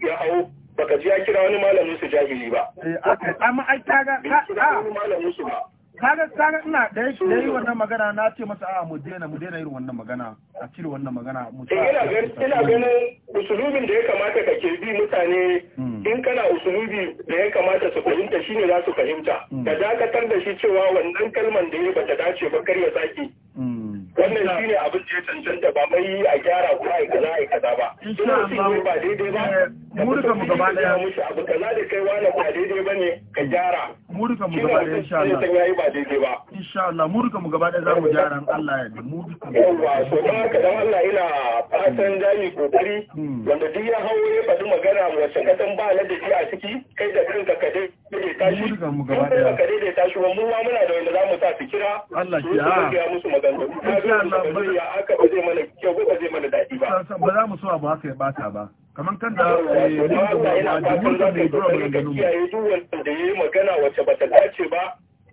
ya hau baka ji ya kira wani malamin su jahili ba. Eh, amma ai ta ga ka malamin su ba. kaga kaga ina da shi da yi wannan magana na ce masa a ah, mu daina mu daina irin wannan magana a cire wannan magana mu eh, ina ganin ina ganin usulubin da ya kamata ka ke bi mutane hmm. in kana usulubi da ya kamata su fahimta shine za su fahimta hmm. Ka dakatar da shi cewa wannan kalman da ya bata dace ba kar ya saki hmm. wannan shi ne abin da ya cancanta ba mai a gyara ko a kaza a kaza ba ina shi ba daidai ba eh, mu mu gaba daya mushi abu kaza da kai wani ba daidai ba ne ka gyara mu mu gaba daya insha Allah sai yayi ba daidai ba insha Allah mu mu gaba daya mu gyara Allah ya mu yawwa yawa so dan ka dan Allah ina fatan dai kokari hmm. wanda duk ya hawo ya faɗi magana mu ka san ba ladabi a ciki kai da kanka ka dai mu duka mu gaba daya ka dai da tashi mu ma muna da wanda za mu sa su kira Allah ah. ya musu magana wannan tambaya aka ba zai mana kyau ba zai mana daɗi ba ba za mu so abu haka ya bata ba kamar kan da kiyaye duk wanda ya yi magana wace ba ta dace ba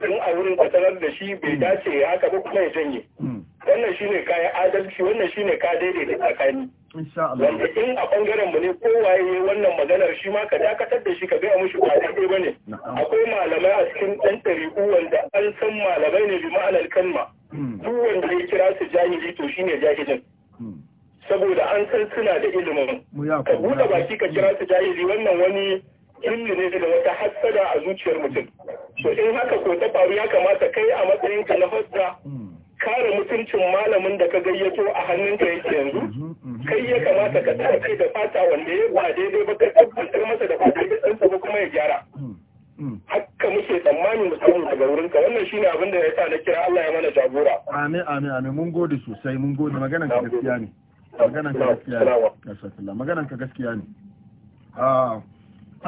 in a wurin kwatarar da shi bai hmm. dace ya haka ba kuma ya janye hmm. wannan shine kayan adalci wannan shine ka daidaita tsakani wanda in a bangaren mu ne kowaye wannan maganar shi ma ka dakatar da shi ka gaya mushi ba daidai bane akwai malamai a cikin ɗan ɗariku wanda an san malamai ne bi ma'anar kalma hmm. duk wanda ya kira su jahili to shine jahilin hmm. saboda an san suna da ilimin ka buɗe baki ka kira su jahili wannan wani ilmi ne da wata hassada a zuciyar mutum so hmm. in haka ko ta faru ya kamata kai a matsayinka na hasta kare mutuncin malamin da ka gayyato a hannunka yake yanzu mhm, mhm, mhm. kai ya kamata ka tace da fata wanda ya ba daidai ba ka tabbatar masa da fata ya ɗansa ba kuma ya gyara mm, mm. haka muke tsammanin mu samu daga wurin ka wannan shine abin da ya sa na kira Allah ya mana jagora amin amin amin mun gode sosai mun gode maganan ka gaskiya ne maganan ka gaskiya ne maganan ka gaskiya ne a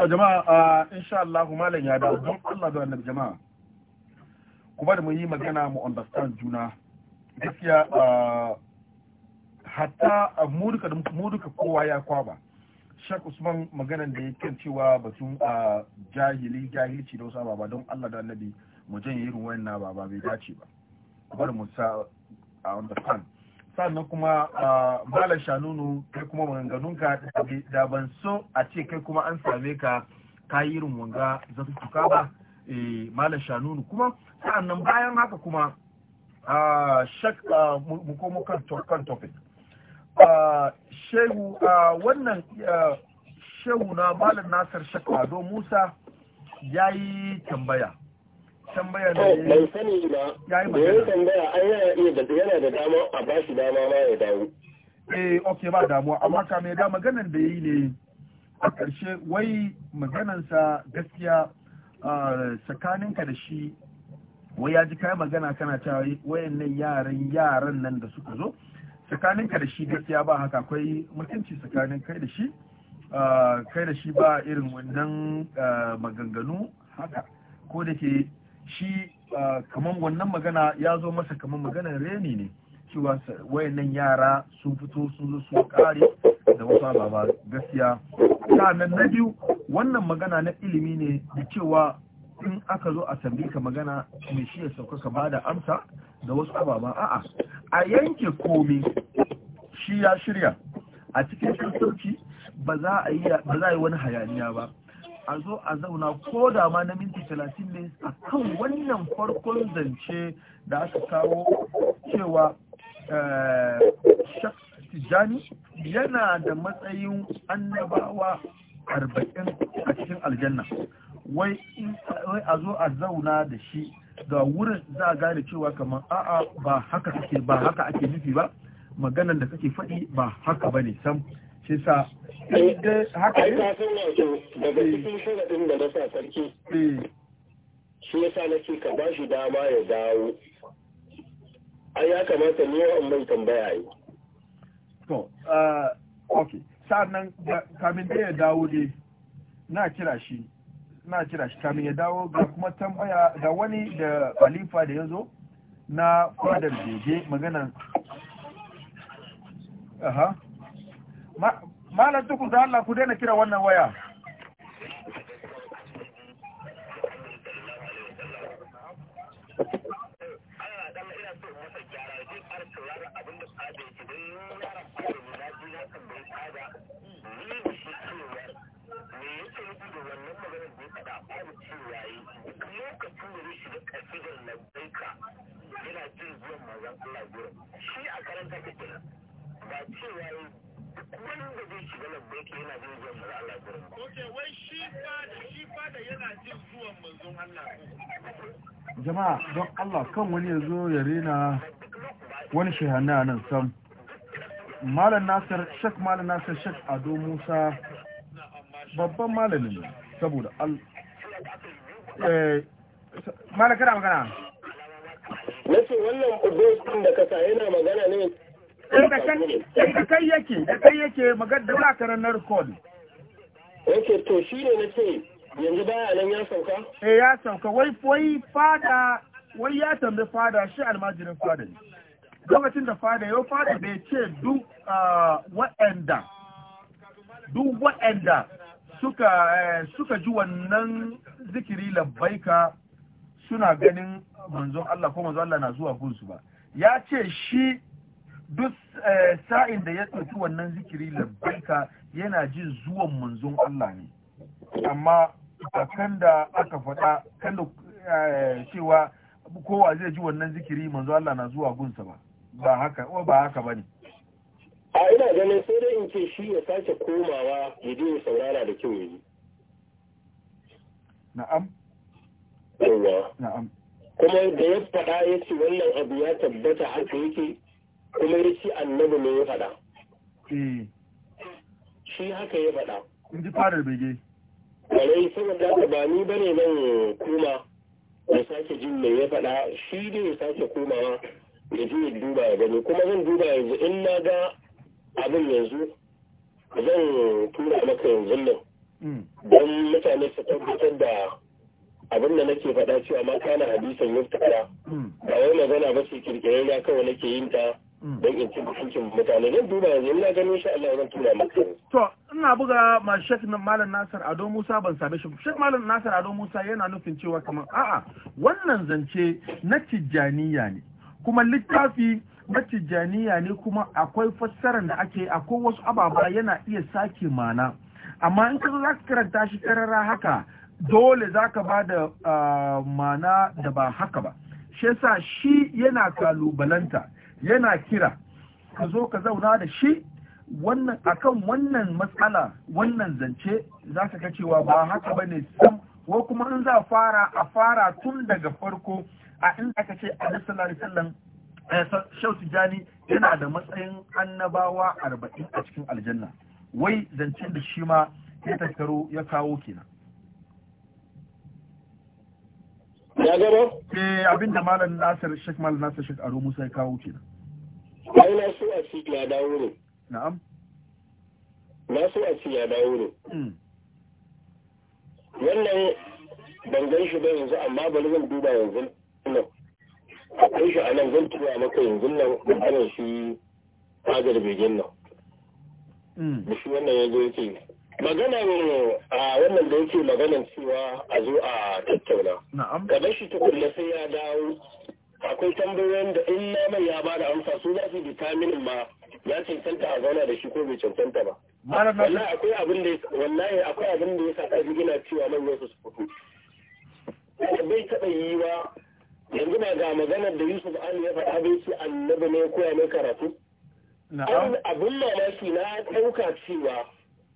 ah, jama'a ah, insha Allah malam ya da don Allah da wannan jama'a kuma da mu yi magana mu understand juna gaskiya hatta mu muduka da kowa ya kwaba shak Usman maganan da yake cewa batun a jahili jahilci da wasu ababa don Allah da Annabi mu janye irin ba ba bai dace ba bar mu sa a understand sannan kuma malam shanunu kai kuma ka da ban so a ce kai kuma an same ka yi irin wanga tuka ba eh, malam shanunu kuma sannan bayan haka kuma A ah, shak ah, mu komo kan topic ah, shehu wannan shehu na malam nasir shak ado musa ya yi tambaya tambaya na eh, ya sani ba ya yi tambaya an yana da dama a ba shi dama ma ya dawo eh ok ba damuwa amma ka mai da maganan da ya yi ne a ƙarshe wai maganansa gaskiya tsakaninka da shi wai ya ji kayan magana kana cewa wayannan yaran yaran nan da suka zo tsakanin ka da shi gaskiya ba haka akwai mutunci tsakanin kai da shi kai da shi ba irin wannan maganganu haka ko da ke shi kaman wannan magana ya zo masa kamar maganar reni ne cewa wayannan yara sun fito sun zo sun kare da wasu ababa gaskiya nan na biyu wannan magana na ilimi ne da cewa in aka zo a tambi ka magana me shi ya sauka ka bada amsa da wasu ababa a'a a yanke komi shi ya shirya a cikin sassauci ba za a yi wani hayaniya ba a zo a zauna ko da ma na minti talatin ne a kan wannan farkon zance da aka kawo cewa eh, shak tijjani yana da matsayin annabawa arba'in a cikin aljanna wai a zo a zauna da shi ga wurin za a gane cewa kamar a'a ba haka kake ba haka ake nufi ba maganar da kake faɗi ba haka ba ne sam shi sa eh, haka ne daga eh. cikin sharaɗin da na sa sarki eh. shi na nake ka ba shi dama ya dawo ai ya kamata ne wa mai tambaya yi to ah, okay sa'annan kamin da ya dawo ne na kira shi na kira shi kamin ya dawo ga kuma tambaya ga wani da khalifa da ya zo na kwadar jeje magana aha malar tukun da Allah ku daina kira wannan waya me yake nufi da wannan maganar da ya faɗa babu cewa yi duk lokacin da zai shiga ƙasidar na baika yana jin zuwan manzon Allah gurin shi a karanta ta kenan ba cewa yi duk wanda zai shiga nan baika yana jin zuwan manzon Allah gurin ok wai shi fada shi fada yana jin zuwan manzon Allah jama'a don Allah kan wani ya zo ya rena wani shehana nan sam Malam Nasir, Shek Malam Nasir, Shek Ado Musa, babban malamin ne saboda al eh malaka magana nace wannan ubangijin da kasa yana magana ne eh, da kai yake da kai yake magana da karan na record yake to shi ne nace yanzu baya nan ya sauka eh ya sauka wai wai fada wai ya tambe fada shi almajirin fada ne lokacin da fada yau fada bai ce duk ah, wa'anda duk wa'anda suka eh, suka ji wannan zikiri labbaika suna ganin manzon Allah ko manzon Allah na zuwa gunsu ba ya ce shi duk eh, sa'in da ya ɗauki wannan zikiri labbaika yana jin zuwan manzon Allah ne amma a kan da aka faɗa kan da eh, cewa kowa zai ji wannan zikiri manzon Allah na zuwa gunsa ba ba haka ba haka bane a ina ganin sai dai in ce shi ya sake komawa ya je ya saurara da kyau yi. na'am yawa na'am kuma da ya faɗa ya ce wannan abu ya tabbata haka yake kuma ya ce annabi ne ya faɗa eh. shi haka ya faɗa in ji fadar bege walai saboda haka ba ni bane nan kuma ya sake jin me ya faɗa shi dai ya sake komawa ya je ya duba ya gani kuma zan duba yanzu in na ga abin yanzu zan tura maka yanzu nan mm. don mutane su tabbatar da abin da nake faɗa cewa ma kana hadisan yin tara mm. ba wai magana ba ce kirkirar ya kawai nake yin ta mm. don in ci hukuncin mutane zan duba yanzu ina ganin insha Allah zan tura maka to ina buga ma Sheikh Malam Nasir Ado Musa ban same shi shek Malam Nasir Ado Musa yana nufin cewa kamar a'a wannan zance na tijjaniya ne kuma littafi matijaniya ne kuma akwai fassarar da ake akwai wasu ababa yana iya sake mana amma in ka za ka karanta shi karara haka dole za ka ba da ah, mana da ba haka ba shi yasa shi yana kalubalanta yana kira ka zo ka zauna da shi wannan akan wannan matsala wannan zance za ka ga cewa ba haka ba ne sam ko kuma in za fara a fara tun daga farko a inda aka ce a nasarar sallan Eh, shautu jani yana da matsayin annabawa arba'in a cikin aljanna wai zancen da shi ma ya tattaro ya kawo kenan ya gaba? eh abinda malam nasir shek malam nasir shek aro musa ya kawo kenan ai na so a ci ya dawo ne na'am na so a ci ya dawo ne hmm. wannan ban gan shi ba yanzu amma bari zan duba yanzu nan akwai shi a nan zan tura maka yanzu nan ana shi fadar begen nan hmm. da shi wannan ya zo yake magana a wannan da yake maganar cewa a zo a tattauna kamar shi ta kulle sai ya dawo akwai tambayoyin da in na mai ya da amsa su za su bitaminin ma ya cancanta a zauna da shi ko bai cancanta ba wallahi akwai abin da ya sa ka cewa manyan su su fito bai taɓa yi wa yanzu ba ga maganar da Yusuf Ali ya faɗa bai ce annabi ne koya mai karatu na'am abin mamaki na ɗauka cewa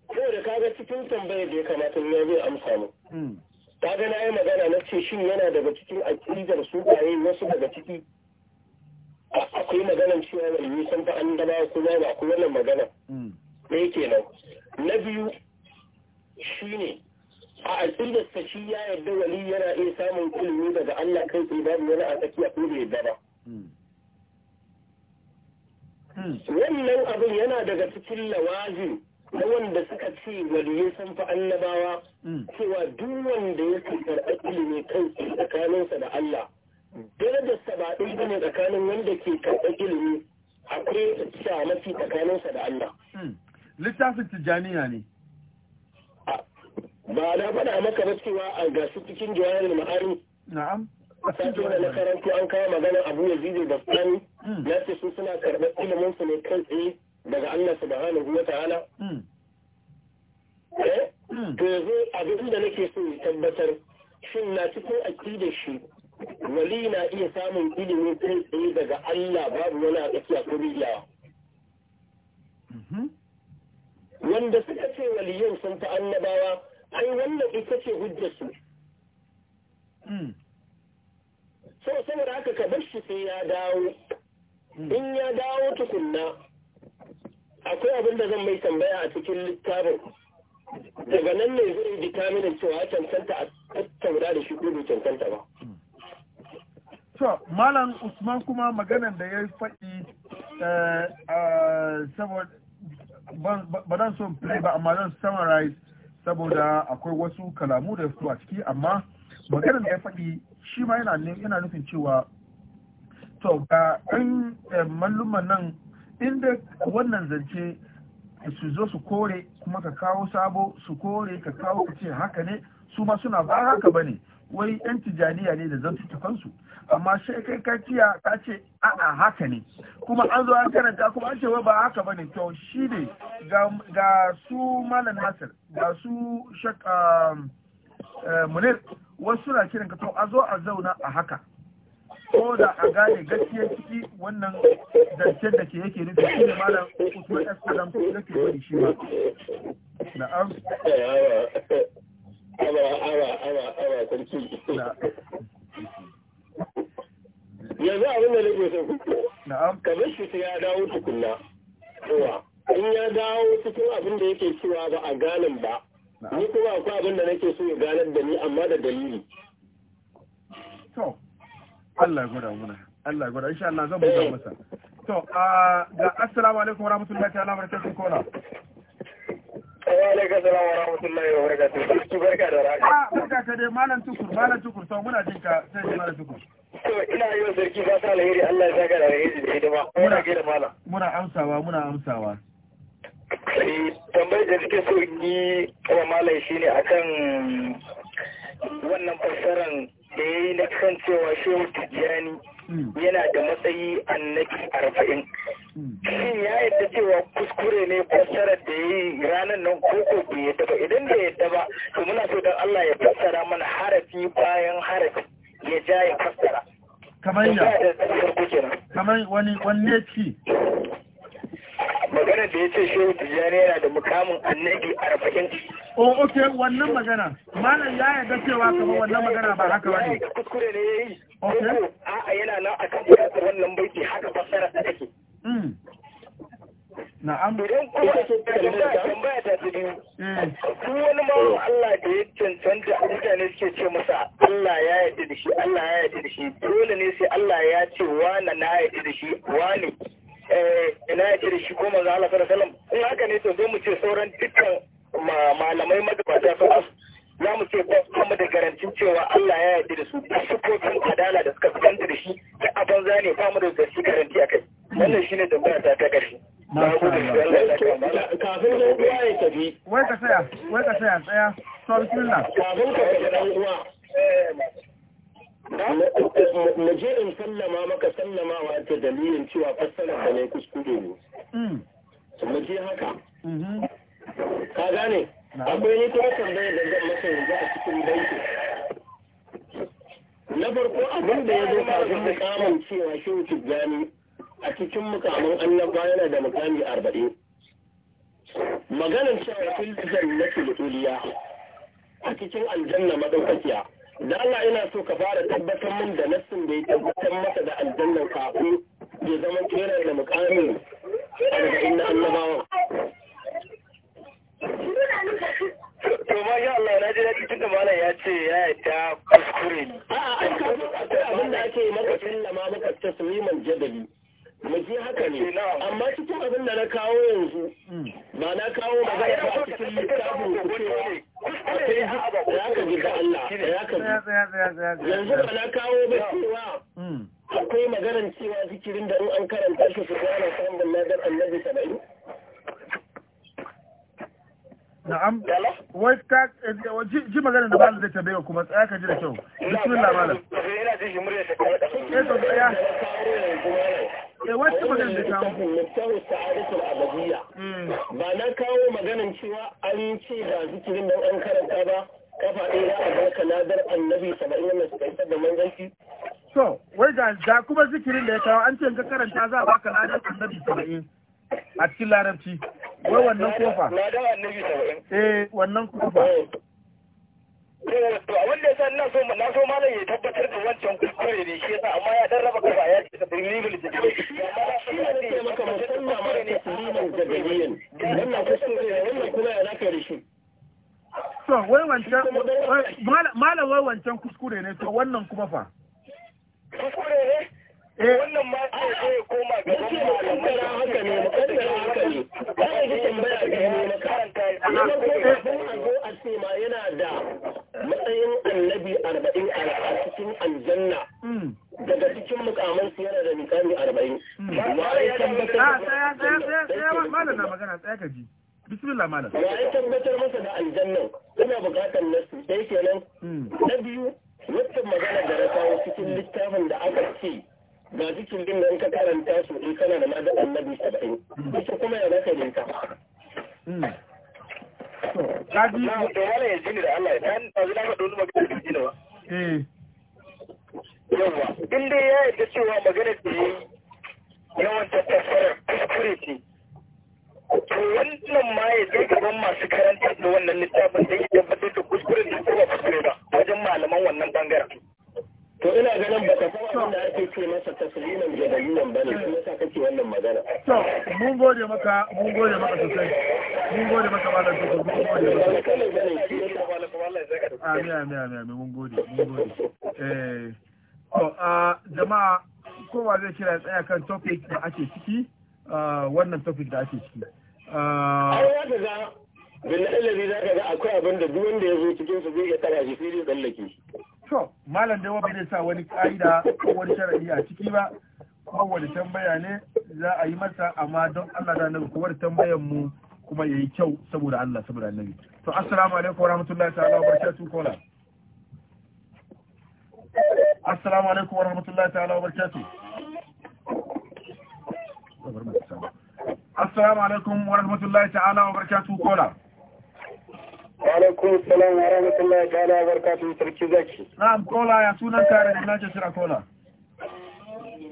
ko da kaga cikin tambayar da ya kamata ya zai amsa mu hmm. kaga na yi magana na ce shin yana daga cikin aƙidar sukaye wasu daga ciki akwai maganar cewa wani san ta an dama ko ba ba wannan magana me hmm. kenan na biyu shine a aƙidarsa shi ya yarda wali yana iya samun ilimi daga Allah kai tsaye babu wani a tsakiya ko da yarda ba hmm. Hmm. wannan abin yana daga cikin lawazi na wanda suka ce ya san fa annabawa hmm. cewa duk wanda ya karɓi ilimi kai tsaye tsakaninsa da Allah darajarsa ba ɗin bane tsakanin wanda ke karɓar ilimi akwai shamaki tsakaninsa da Allah littafin tijjaniya ne ba na faɗa maka ba cewa a ga su cikin jawarin ma'ani na'am da na an kawo maganar abu hmm. ya zide da fulani na ce su suna karɓar ilimin su ne kan tsaye daga Allah subhanahu wa ta'ala hmm. eh hmm. to yanzu abin da nake so ya tabbatar shin na cikin akidar shi wali na iya samun ilimin kai tsaye daga Allah babu wani a tsakiya ko bidiyawa mhm. wanda suka ce waliyan sun ta annabawa ai wannan ita ce hujjarsu hmm. so saboda haka ka bar shi sai ya dawo hmm. in ya dawo tukunna akwai abin da zan mai tambaya a cikin littafin daga nan ne zai ji kamilin cewa ya cancanta a tattauna da shi ko bai cancanta ba hmm. so malam usman kuma maganan da ya faɗi eh, ah, saboda ba zan so play ba amma zan summarize saboda akwai wasu kalamu da su a ciki amma maganar da ya faɗi shi ma yana nufin cewa to ga ɗan eh, malluman nan inda wannan zance su zo su kore kuma ka kawo sabo su kore ka kawo ka ce haka ne su ma suna ba haka ba ne. wai yan tijaniya ne da kansu amma sai kai ka ciya ka ce a'a haka ne kuma an zo an karanta kuma an ce wai ba haka bane to shi ne ga su malam nasir ga su shaka um, eh, munir wasu suna kiran ka to a zo a zauna a haka ko da a gane gaskiya ciki wannan zancen da ke yake nufi shi ne malam usman s adam yake bari shi ba na'am awa awa awa awa sarki yanzu abin da nake shi sai ya dawo tukunna yawa in ya dawo cikin abin da yake cewa ba a ganin ba ni kuma akwai abin da nake so ya ganar da ni amma da dalili to Allah gwada muna Allah gwada insha Allah zan buga eh. masa to ah, ga assalamu alaikum warahmatullahi ta'ala barakatuh barka ah, dai malam tukur malam tukur muna jin ka malam ina yi wa sarki alheri Allah ya da muna amsawa muna amsawa eh, tambayar da suke so yi kama malam shine akan wannan fassaran da ya yi na kan cewa shehu tijjani Mm. yana da matsayi annabi arba'in mm. shin ya yadda cewa kuskure ne fassarar da ya yi ranar nan ko bai yadda ba idan bai yadda ba to muna so don Allah ya fassara mana harafi bayan harafi ya ja ya fassara kamar ya kamar wani wanne ci magana da ya ce shehu tijjani yana da mukamin annabi arba'in o ok wannan magana malam ya yarda cewa kamar wannan magana ba haka ba ne kuskure ne yayi ok a'a yana nan akan bukatar wannan baiti haka fassara ta take hmm. na'am idan kuma tambaya ta ta biyu hmm. duk wani mawa Allah da ya cancanta mutane suke ce masa Allah ya yarda da shi Allah ya yarda da shi dole ne sai Allah ya ce wani na yarda da shi wani Eh, ina ya ce da shi ko manzo Allah sallallahu salam? in haka ne to mu ce sauran dukkan malamai magabata sauran za mu ce ba mu da garantin cewa Allah ya yarda da su ko sufofin adala da suka fitanta da shi da abin zane ba mu da gaske garanti a kai wannan shine da ta ta ƙarshe kafin ɗan ya tafi wai ka tsaya wai ka tsaya tsaya to ka muje je in sallama maka wa ta dalilin cewa fassara da ne kuskure ne mu hmm. je haka mm-hmm. ka gane akwai ni kuma tambayar da zan masa yanzu a cikin banki na farko abin da ya zo kafin da kamun cewa shi gani a cikin mukamin annaba yana da mukami arba'in maganar cewa na jannati da a cikin aljanna madaukakiya da Allah ina so ka fara tabbatar mun da nassin da ya tabbatar masa da aljannan kafu ya zama kera da mukamin arba'in na annabawan. to ma sha Allah na ji daɗi tunda malam ya ce ya ta kuskure A'a, a kaso akwai abin da ake maka sallama maka tasliman jadali. Mace haka ne, amma cikin abin da na kawo yanzu, hmm. ba na kawo ba zai a cikin littafin ku cewa ya ka ji ga Allah, ya ka ji. Yanzu ba na kawo ba cewa hmm. akwai maganar cewa zikirin da in an karanta shi su kwana samun ladar annabi saba'in. na'am wai ka eh, ji magana da malam zai tabe kuma tsaya ka ji da kyau bismillah malam ina ji shi murya ta kai da eh to tsaya eh wai ka magana da kawo mutawu sa'adatul abadiyya hmm. ba na kawo maganan cewa an ce ba zikirin da an karanta ba kafa ɗaya za a barka ladar annabi saba'in wanda suka isar da manzanci so wai ga kuma zikirin da ya kawo an ce ka karanta za a baka ladar annabi saba'in a cikin larabci wai wannan kofa eh wannan kofa oh. eh, to wanda yasa ina so na so malam ya tabbatar da wancan kuskure ne shi yasa amma ya dan raba kafa ya ce da dalilul jaddi shi ne maka musamman ne dalilul jaddiyin wannan kuskure ne wannan kuma ya zaka da to wai wancan malam wai wancan kuskure ne to wannan kuma fa kuskure ne Eh. wannan ma sai sai ya koma ga mukaddara haka ne mukaddara haka ne ba ya ji tambaya ga ne makaranta na ko da sun a a ce ma yana da matsayin annabi arba'in a cikin aljanna hmm. daga cikin mukamman su yana da mukami arba'in. Hmm. Wa ya tabbatar ah, magana tsaya ka ji. Bismillah malam. ya tabbatar masa da aljannan. ake ciki wannan topic da ake ciki billahi lalli za ka ga akwai abin da duk wanda ya zo cikin su zai iya kara shi sai tsallake to malam dai bai sa wani ka'ida ko wani sharadi a ciki ba kowane tambaya ne za a yi masa amma don Allah da annabi kowar tambayan mu kuma yayi kyau saboda Allah saboda annabi to assalamu alaikum warahmatullahi ta'ala wa barakatuh kola assalamu alaikum warahmatullahi ta'ala wa barakatuh assalamu alaikum wa rahmatullahi ta'ala wa barakatuhu kola Wa alaikum salam wa rahmatullahi ta'ala wa barakatuhu sarki zaki na'am kola ya sunan kare da nace sira kola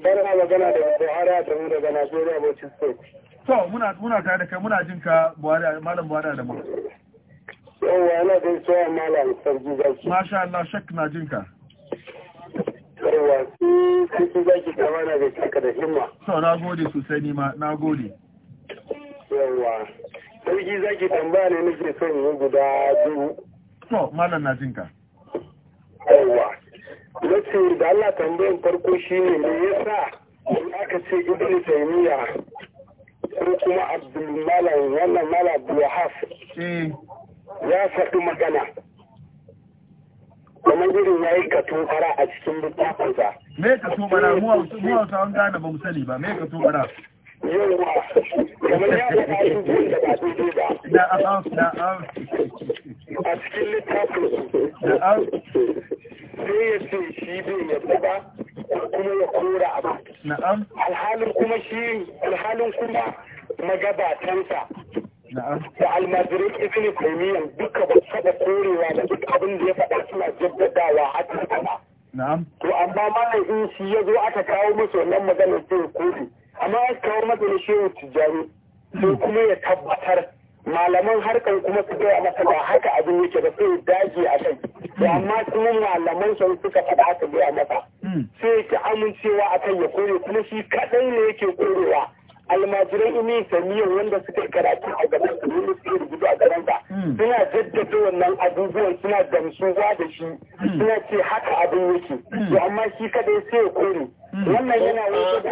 kana magana da Buhari da mu daga Najeriya Bauchi State to muna muna tare da kai muna jin ka Buhari malam Buhari da mu yawa ina jin tsoya malam sarki zaki masha Allah shak na jin ka yawa sai su zaki kama na zai cika da himma so na gode sosai ni ma na gode yawa sarki ki tambaya ne nake son yi guda biyu to malam na jinka yawa nace da Allah tambayan farko shi ne me yasa in aka ce ibnu taymiya ko kuma abdul malam wannan malam abdul wahab eh. ya faɗi magana kuma gudun ya yi katubara a cikin littafinsa. Me katubara mu hausa an gane ba mu sani ba me katubara. Yawwa, kamar ya da ƙasin jin da ƙasin ba. Da an, da A cikin littafin. su, an. Sai ya ce shi bai yadda ba, kuma ya kora ba, Na'am. Alhalin kuma shi, alhalin kuma magabatansa da almajirin ibn komiyan duka ba su da korewa da duk abin da ya faɗa suna jaddadawa a cikin To amma in shi ya zo aka kawo musu wannan maganar sai kore. Amma aka kawo masa na shehu tijjani. Sai kuma ya tabbatar malaman harkar kuma su gaya masa ba haka abin yake ba sai dage a kai. To amma kuma malaman sun suka faɗa aka gaya masa. Hmm. Sai yake amincewa kan ya kore kuma shi kaɗai ne yake korewa. almajirai imi samiya wanda suka yi karatu a gaban su wanda suka rubutu a gaban ba hmm. suna jaddada wannan abubuwan suna gamsuwa da shi hmm. suna ce haka abin yake hmm. to amma shi kada sai ya kore wannan yana wani ah, da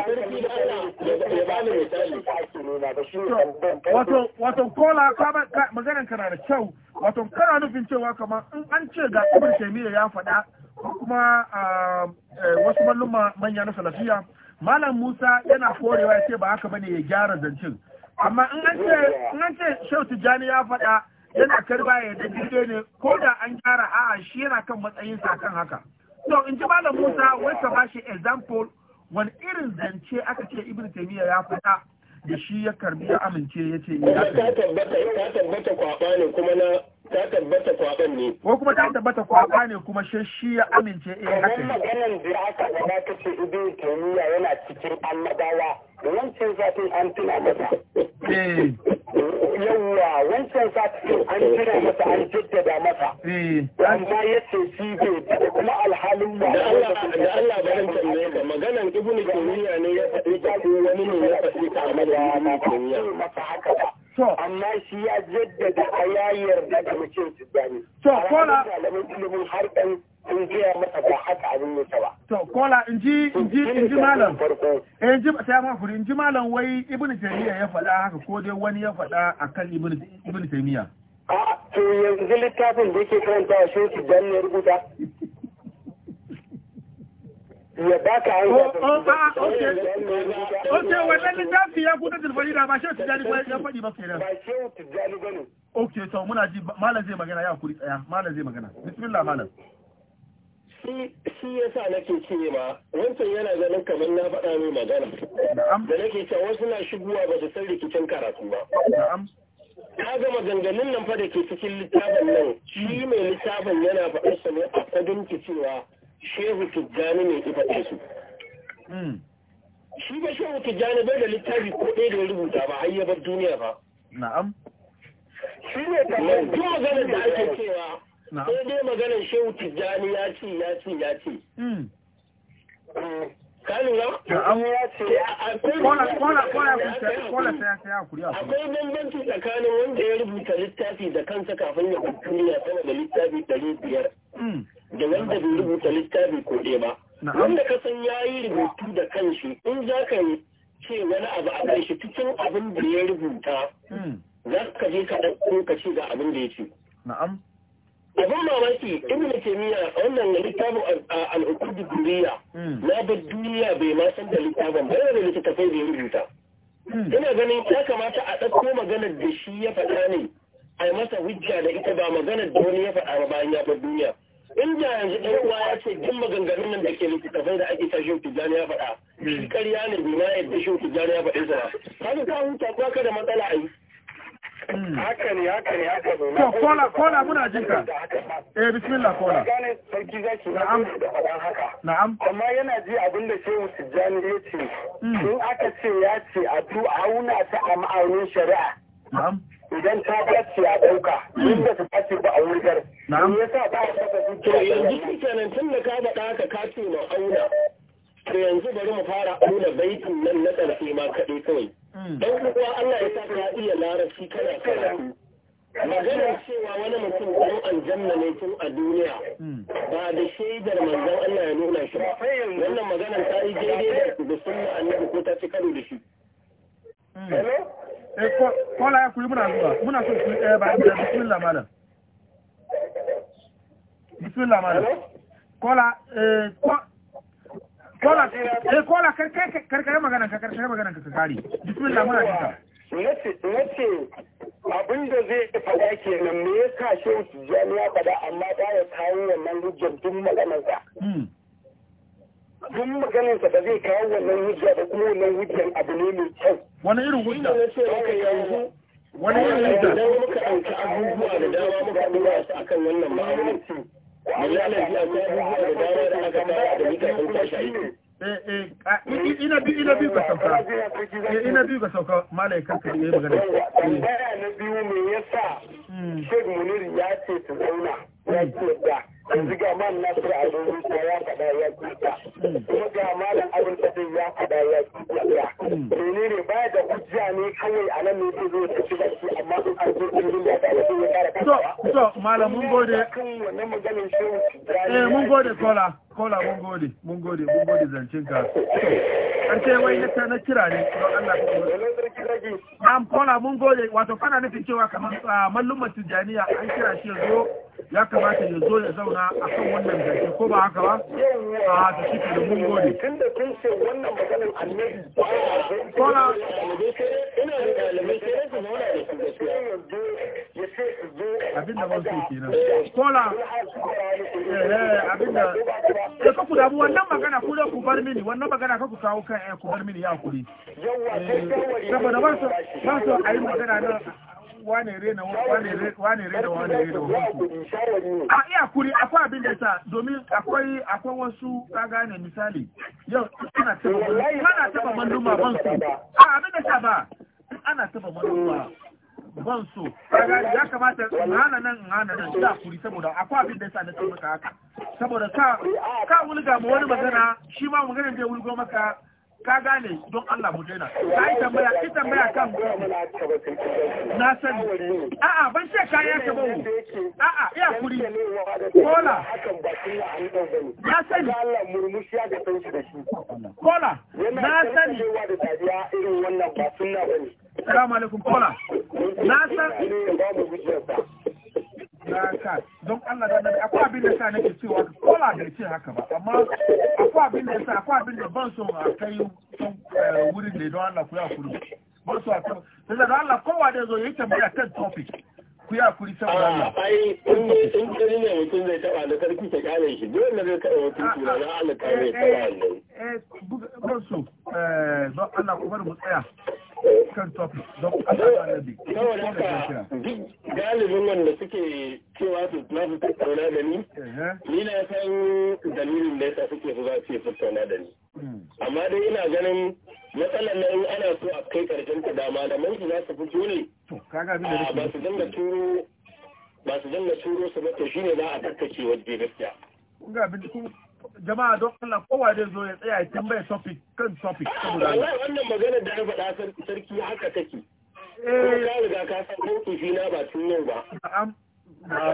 ya bani misali wato wato kola ka magana kana da kyau wato kana nufin cewa kamar in an ce ga ibn taymiya ya faɗa ko kuma ah, eh, wasu malluma manya na salafiya malam musa yana korewa ya ce ba haka bane ya gyara zancen amma in an ce in an shau tijjani ya faɗa yana karba ya da jirgin ne ko da an gyara a'a shi yana kan matsayinsa kan haka to in ji malam musa wai ka bashi example wani irin zance aka ce ibn taymiya ya faɗa da shi ya karbi ya amince ya ce ya tabbata ya tabbata kwaba ne kuma na ta tabbata kwaban ne ko kuma ta tabbata kwaba ne kuma shi shi ya amince eh haka ne maganan da aka gana kace ibn taymiya yana cikin annabawa Eh. wancan satin an tuna masa an tuna masa an jaddada masa eh. amma ya ce shi bai kuma alhalin ba da Allah ba ka maganan ibnu ne ya faɗi ta wani ne ya faɗi ta amma amma shi ya jaddada a ya yarda da mutum tijjani to kola malamin ilimin har dan in gaya masa ba haka abin ya ba to kola in ji in ji in ji malam eh, in ji ta ma kuri in ji malam wai Ibn taymiya ya faɗa haka ko dai wani ya faɗa akan kan Ibn taymiya a to yanzu littafin da yake karanta shi tijjani ya rubuta Ok, wannan littafi ya faɗi ba Ok, to muna ji malam zai magana ya kuri tsaya, malam zai magana. Bismillah malam. Shi ya sa nake ce ma, wancan yana ganin kamar na faɗa mai magana. Da nake cewa wasu na shigowa ba da san rikicin karatu ba. Na'am. ka gama ganganin nan fa da ke cikin littafin nan shi mai littafin yana faɗarsa ne a fadinki cewa shehu tijjani mai ita ɗaya su hmm. shi ba shehu tijjani bai da littafi ko ɗaya da ya rubuta ba har bar duniya ba na'am shi ne ta duk da ake cewa ko dai maganar shehu tijjani ya ce ya ce ya ce hmm. ka lura? na'am ya ce akwai bambanci tsakanin wanda ya rubuta littafi da kansa kafin ya bar duniya sama da littafi ɗari biyar hmm. da wanda bai rubuta littafi ko ɗaya ba wanda ka san ya yi rubutu da kanshi in za ka yi ce wani abu a kanshi cikin abin da ya rubuta hmm. za ka je ka ɗauko ka ce ga abin da ya ce na'am abin mamaki ibn taymiya wannan littafin al'ukudu duniya hmm. na da duniya bai ma san da littafin ba yana da littafai da ya rubuta hmm. ina ganin ya kamata a ɗauko maganar da shi ya faɗa ne a yi masa hujja da ita ba maganar da wani ya faɗa ba bayan ya bar duniya inda yanzu ɗan uwa ya ce duk maganganun nan da ke littattafai da ake ta shehu tijjani ya faɗa shi hmm. ƙarya ne bi na yadda shehu tijjani ya faɗi sa kaga ka huta ba ka da matsala a yi hmm. haka ne haka ne haka ne to kola kola muna jin ka eh bismillah kola gane sarki zaki na am da faɗan haka na'am amma yana ji abin shehu tijjani ya ce hmm. in aka ce ya ce a tu auna ta a ma'aunin shari'a na'am idan ta bacci a ɗauka inda su bacci ba a wurgar ya yasa ba a saka zuciya to yanzu shi kenan tun da ka faɗa ɗaka ka ce ma auna to yanzu bari mu fara auna baitin nan na ƙarfe ma kaɗai kawai hmm. dan uwa Allah ya sa ka iya larabci kana kana maganar cewa wani mutum ɗan aljanna ne tun a duniya hmm. ba da shaidar manzon Allah ya nuna shi ba wannan maganar ta yi daidai da sunna annabi ko ta ci karo da shi Eh, eh, kola ya kuri muna zuwa muna so kuri ɗaya eh, ba ɗaya bismillah malam bismillah malam kola eh kola kola magana ka magana ka kare bismillah muna nace nace zai faɗa kenan me ya shehu tijjani ya faɗa amma ba ya kawo wannan hujjar duk maganarsa hmm. duk maganin sa da zai kawo wannan hujja da kuma wannan hujjan abu ne mai kyau wani irin hujja ne ce maka yanzu wani irin hujja da muka ɗauki abubuwa da dama muka dora su akan wannan ma'aunin misalin ji akwai abubuwa da dama da aka tara da mita sun tashi aiki eh, eh, ina biyu ina biyu ka sauka eh, ina biyu ka sauka malai kanka ne magana tambaya na biyu me yasa hmm. shek munir ya ce su zauna ya jeta yanzu ga malam ne da mun gode eh, mun gode kola kola mun gode mun gode zancen ka an ce wai na na kira ne don Allah ka mun gode wato kana nufin cewa kamar ah, mallumar tijaniya an kira shi yanzu ya kamata ya zo ya zauna a kan wannan zance ko ba haka ba a ah, ta shi da mun gode tunda wannan ba kola ina da sai kola eh, eh abin da eh, ka ku da magana ku ku bar mini wannan magana ka ku kawo kan eh, ku bar mini ya kuri saboda ba su ba su ayi magana na wane rena wane wane rena wane rena a iya kuri akwai abin da yasa domin akwai akwai wasu ka gane misali yau ana taba ana taba manoma ban su a abin da yasa ba ana taba manoma ban su ya kamata hana nan hana nan da kuri saboda akwai abin da yasa na tsaye haka saboda ka ka wulga mu wani magana shi ma magana da ya wulgo maka ka gane don Allah mu daina ka yi tambaya ki tambaya kan na a a ban ce ka ya ba a a iya kuri kola na shi kola na bane assalamu alaikum kola na san. ka don Allah da nabi akwai abin da sa nake cewa kola bai ce haka ba amma akwai abin da sa akwai abin da ban so a kai eh, wurin da don Allah ku ya kuri ban so a kai sai da Allah kowa da zo yayi tambaya kan topic ku ya kuri saboda Allah ah, ai in in ne mutum zai taba da karfi ta kare shi dole zai kada mutum ah, tura da Allah ah, kare ta Allah eh, eh, eh ban so eh don Allah ku bar mu tsaya kan topic don duk galibin wanda suke cewa su na su tattauna da ni ni na san dalilin da yasa suke su za su tattauna da ni hmm. amma dai ina ganin matsalar na ana so a kai karshen ta dama da manki za su fito ne ah, ba su dinga turo ba su dinga turo su ba to shine za a tattace wajen gaskiya jama'a don Allah kowa zai zo ya tsaya ya tambaya topic kan topic saboda Allah wannan magana da ya faɗa sarki haka take eh ka riga ka san kifi na ba tun yau ba na'am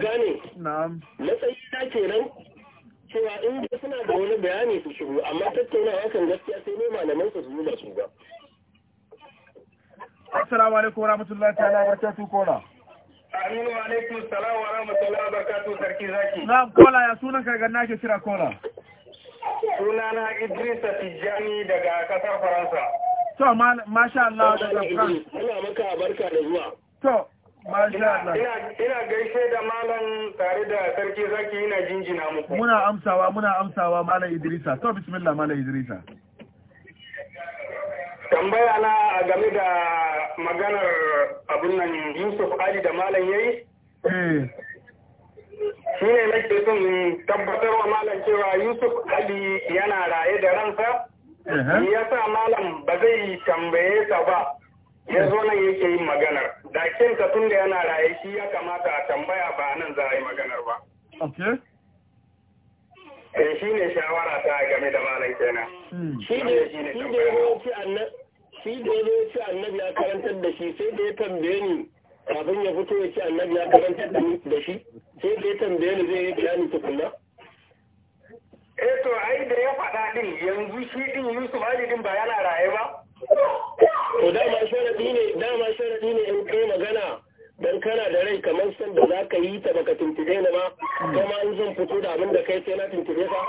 gane na'am matsayi ta kenan cewa in suna da wani bayani su shigo amma tattaunawa kan gaskiya sai ne malaman su su su ba assalamu alaikum warahmatullahi ta'ala barakatuh kona Aminu alaikum salam wa rahmatullahi wa barakatuh sarki zaki. Na kola ya sunan ka ganna ke kira kola. sunana Idrisa Tijjani daga kasar Faransa. To, masha Allah daga France. Ina maka barka da zuwa. To, masha Allah. Ina gaishe da malam tare da sarki zaki ina jinjina muku. Muna amsawa, muna amsawa malam Idrisa. To, bismillah malam Idrisa. Tambaya na a game da maganar abun nan Yusuf Ali da malam yayi? Eh. shi ne nake son tabbatar wa malam cewa yusuf ali yana raye da ransa ya sa malam ba zai tambaye sa ba ya zo nan yake yin maganar da ka tun da yana raye shi ya kamata a tambaya ba nan za a yi maganar ba eh shi ne shawara ta game da malam kenan hmm. shi ne shi ne ya ci annabi ya karantar da shi sai da ya tambaye ni kafin ya fito ya ce annabi ya karanta da shi sai da ya tambaye ni zai yi bayani tukunna eh to ai da ya faɗa din yanzu shi din Yusuf Ali din ba yana raye ba to dama sharadi ne dama sharadi ne in kai magana dan kana da rai kamar san da za ka yi ta baka tuntube ni ba kuma an zan fito da abin da kai sai na tuntube ka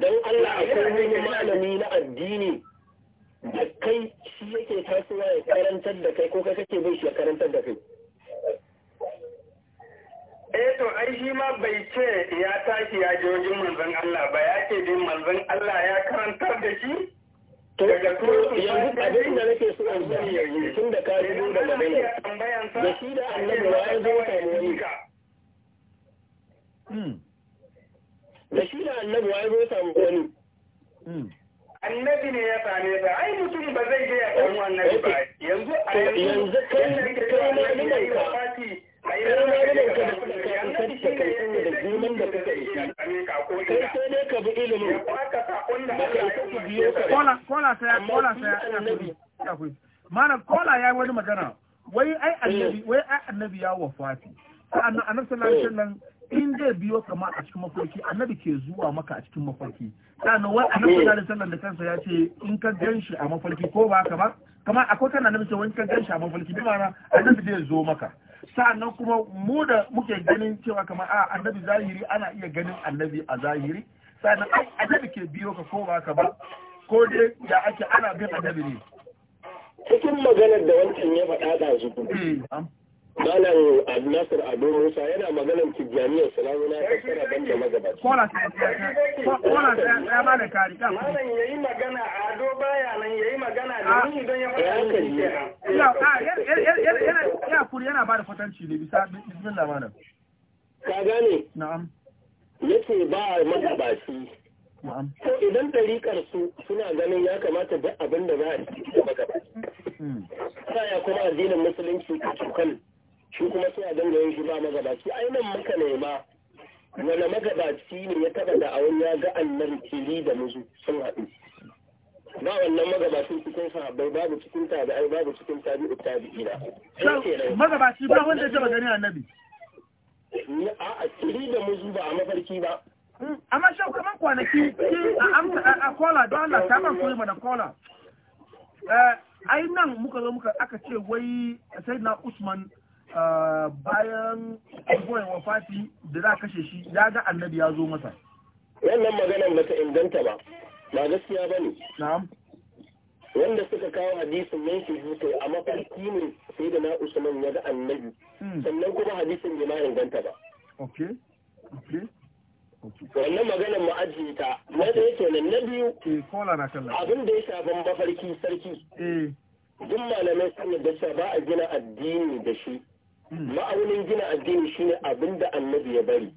don Allah akwai wani malami na addini da kai shi yake tasowa ya karantar da kai ko kai kake bai shi ya karantar da kai eh to ai shi ma bai ce ya tashi ya je wajen manzon Allah ba ya ce din manzon Allah ya karantar da shi daga yanzu abin da nake so in sani yanzu tun da ka rubu da magana da shi da annabi wa ya zo ka ne da shi da annabi wai bai samu wani hmm. annabi ne ya same ta ai mutum ba zai je ya samu annabi ba yanzu a yanzu kai ne kai ka kai ne ne da kai kai ne da da kai ne ka bi ka ka kola kola mana kola ya wani magana wai ai annabi eh. wai ai annabi ya wafati annabi sallallahu alaihi eh. wasallam in zai biyo kama a cikin mafarki annabi ke zuwa maka a cikin mafarki sannan wai annabi ya eh. alaihi sannan da kansa ya ce in ka ganshi a mafarki ko ba ka ba kama akwai kana annabi sai wani ka ganshi a mafarki bi ma'ana annabi zai zo maka sannan kuma mu da muke ganin cewa kama a ah, annabi zahiri ana iya ganin annabi a zahiri sannan ai annabi ke biyo ka ko ba ka ba ko dai da ake ana bin annabi ne cikin maganar da wancan ya faɗa da zuku eh, Malam Abnasir Ado Musa yana maganar tijjaniyar salamu na ya kira ban da magabaci. Kola ya ba da kari. Malam ya yi magana Ado baya nan ya yi magana da ni don ya faɗa ni Ya kuri yana ba da kwatanci ne bisa bismin lamarin. Ka gane? Na'am. Yace ba magabaci. Na'am. Ko idan ɗariƙar su suna ganin ya kamata duk abin da za a yi da magabaci. Sa hmm. ya kuma addinin musulunci a cikin shi kuma suna dinga yin shi ba Ai nan muka nema wani magabaci ne ya taɓa da awon ya ga annan fili da muzu sun haɗu ba wannan magabacin cikin sahabbai babu cikin ai babu cikin tabi'u ina magabaci ba wanda ya taɓa gani annabi a fili da muzu ba a mafarki ba hmm, amma shau kuma kwanaki a kola don Allah ta man koyi mana kola eh, ai nan muka zo muka aka ce wai sai na usman bayan goyon wafati da za kashe shi ya ga annabi ya zo masa wannan maganar ba ta inganta ba ba gaskiya ba ne na'am wanda suka kawo hadisin mun shi kai a mafarki ne sai da na usman ya ga annabi hmm. sannan kuma hadisin bai ma inganta ba Ok. Ok. wannan maganar ma'ajinta, na da yake nan na biyu e, abin da ya shafi mafarki sarki e. duk malamai sun yadda ba a gina addini da shi ma'aunin gina addini shine abin da annabi ya bari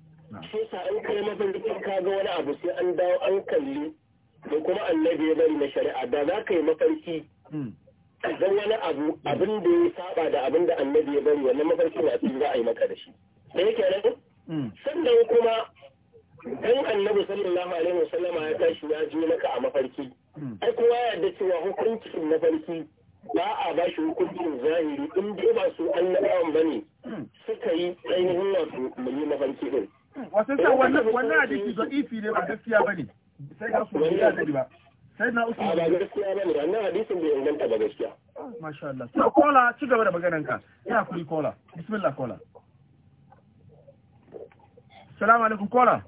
shi sa an kai mafarkin ka ga wani abu sai an dawo an kalli da kuma annabi ya bari na shari'a da za ka yi mafarki ga wani abu abin da ya saba da abin da annabi ya bari wannan mafarki na fi za a yi maka da shi da yake nan sannan kuma dan annabi sallallahu alaihi wasallama ya tashi ya je maka a mafarki ai kowa ya yarda cewa hukuncin mafarki ba a ba shi hukuncin zahiri in dai ba su annabawan bane hmm. suka yi ainihin wasu mai mafarki din wasu sa wannan wannan hadisi da ifi ne ba gaskiya ba ne, sai ka su ne ba sai na gaskiya ba gaskiya na wannan hadisin bai inganta ba gaskiya masha Allah to kola ci gaba da maganar ka Ina kuri kola bismillah kola salamu alaikum kola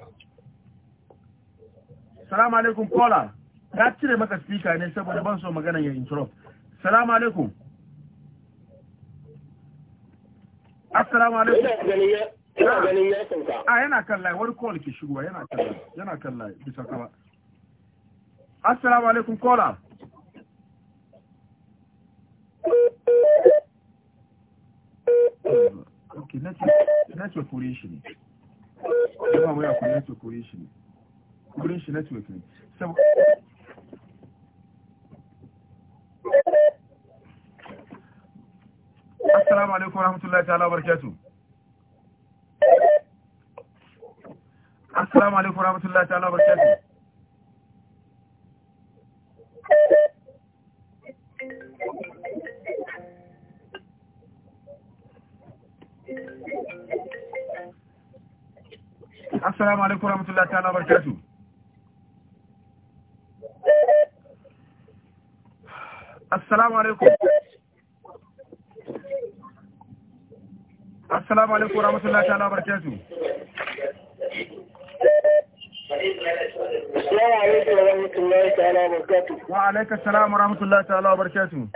salamu alaikum kola Ya cire maka speaker ne saboda ban so magana ya interrupt salamu alaikum assalamu alaikum ina ganin ya sauka a ah, yana kan layi wani call ke shigowa yana kan layi yana kan bisa kama assalamu alaikum kola ok network kure shi ne yamma waya ku network kure shi ne kure shi network ne assalamu alaikum warahmatullahi ta'ala barkatu assalamu alaikum warahmatullahi ta'ala barkatu assalamu alaikum warahmatullahi ta'ala barkatu assalamu alaikum assalamu alaikum wa rahmatullahi ta'ala barakatu Assalamu alaikum wa rahmatullahi ta'ala barakatu Wa alaikum assalam wa rahmatullahi ta'ala barakatu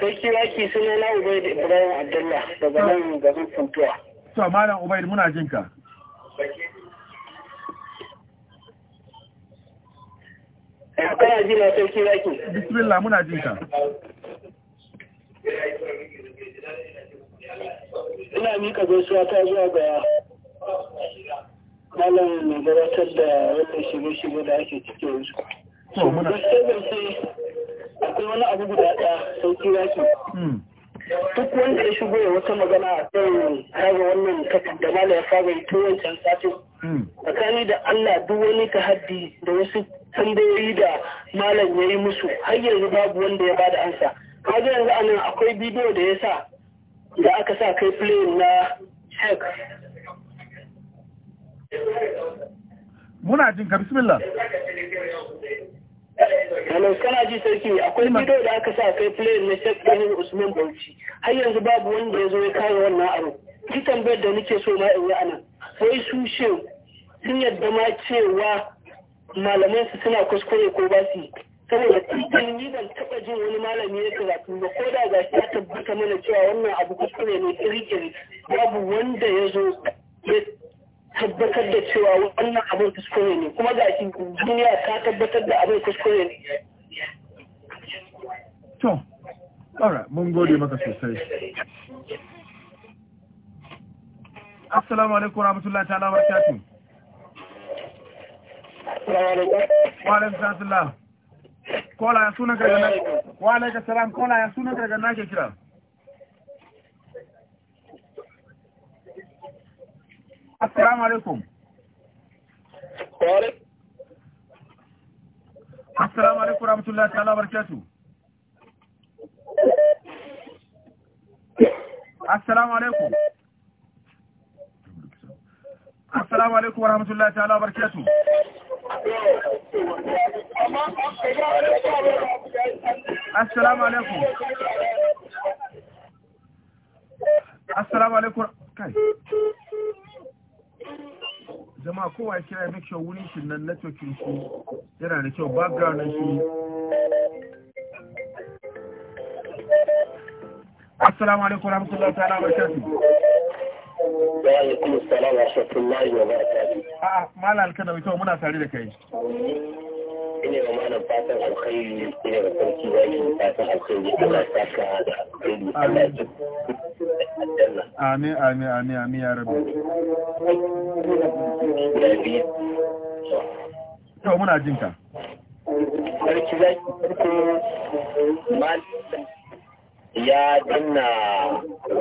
Sarki waki suna na Ubaid Ibrahim Abdullah daga nan garin Funtuwa. To malam Ubaid muna jinka. Kana ji na sarki waki. Bismillah muna jinka. ina mika gaisuwa ta zuwa ga malam mai gabatar da wannan shirye-shirye da ake cike yanzu. Gaskiya gaske akwai wani abu guda ɗaya sauki yaki. Hmm. Duk wanda ya shigo ya wata magana a kan kaga wannan da mala ya fara yi tun wancan satin. Hmm. Tsakani da Allah duk wani ka haddi da wasu tambayoyi da malam ya yi musu har yanzu babu wanda ya bada ansa. kaji yanzu a nan akwai bidiyo da ya sa da aka sa kai play na shek muna jin bismillah Hello, kana ji sarki akwai bidiyo da aka sa kai play na shek ɗanin usman bauchi har yanzu babu wanda ya zo ya kawo wannan abu ki tambayar da nake so ma in yi anan wai su shin sun yadda ma cewa malaman su suna kuskure ko ba su saboda kuskure ni ban taɓa jin wani malami ya karatu ba ko da ga ya tabbata mana cewa wannan abu kuskure ne kirkiri babu wanda ya zo ya tabbatar da cewa wannan abin kuskure ne kuma ga shi duniya ta tabbatar da abin kuskure ne. To, alright, mun gode maka sosai. Assalamu alaikum rahmatullahi ta'ala wa barakatuh. Wa alaikum salam. kola ya suna ka gana wa alaika salam kola ya kira assalamu alaikum assalamu rahmatullahi ta'ala barakatuh assalamu alaikum Assalamu alaikum. Assalamu alaikum. Kai. Jama'a kowa ya kira make sure wurin shi nan networking shi yana da kyau background shi. Assalamu alaikum warahmatullahi ta'ala barakatuh. Wa alaikum assalam wa wa A'a, malam alkana mai kyau muna tare da kai. Ina wa malam fatan alkhairi, ina da sarki da yi fatan alkhairi, Allah ya saka da alkhairi, Allah ya ji. Amin, amin, amin, amin ya rabu. Kyau muna jinka. Sarki zaki, sarki malam ya danna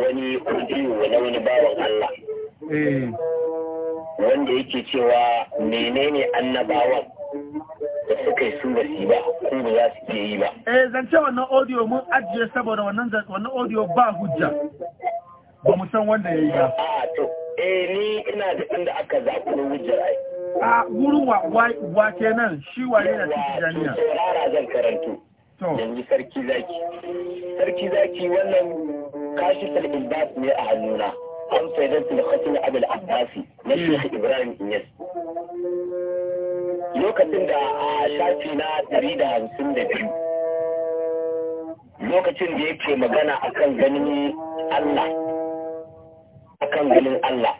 wani kudiyo na wani bawan Allah. Eh. Wanda yake cewa menene annabawan da suka yi su ba ko ba za su ke yi ba. Eh zance wannan audio mun ajiye saboda wannan wannan audio ba hujja. Ba mu san wanda ya yi ba. A to eh ni ina da inda aka zaɓi hujjar ai. A wurin wa kenan shi waye na cikin jami'a. Saurara zan karanto. yanzu sarki zaki sarki zaki wannan kashi al ne a hannuna an faidatul khatim abul abbasi na hmm. Sheikh Ibrahim Inyas lokacin da a shafi na dari da hamsin da biyu lokacin da yake magana akan ganin Allah akan ganin Allah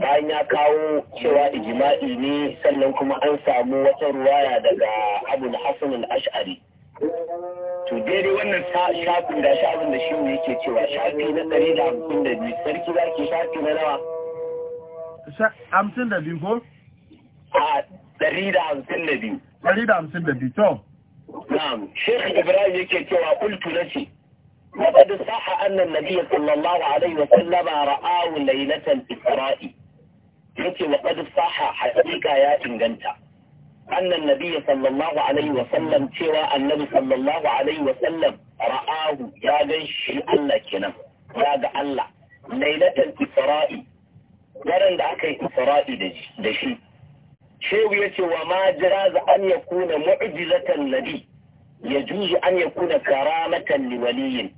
bayan ya kawo cewa ijima'i ne sannan kuma an samu wata ruwaya daga Abu Hassan al-Ash'ari to daidai wannan shafin da shafin da shi ne yake cewa shafi na ɗari da hamsin da biyu sarki za ki shafi na nawa hamsin da biyu ko? a ɗari da hamsin da biyu ɗari da hamsin da biyu to na'am shekh ibrahim yake cewa kultu na ce وقد صح أن النبي صلى الله عليه وسلم رآه ليلة الإسراء يتي وقد a حقيقة ya inganta. annan nabiya sallallahu alaihi wasallam cewa annabi sallallahu alaihi wasallam ra'ahu ya gan Allah kenan ya ga Allah lailatul isra'i daren da aka yi isra'i da shi shehu ya ce wa ma jira an ya kuna mu'jizatan nabi ya juzu an ya kuna karamatan liwaliyin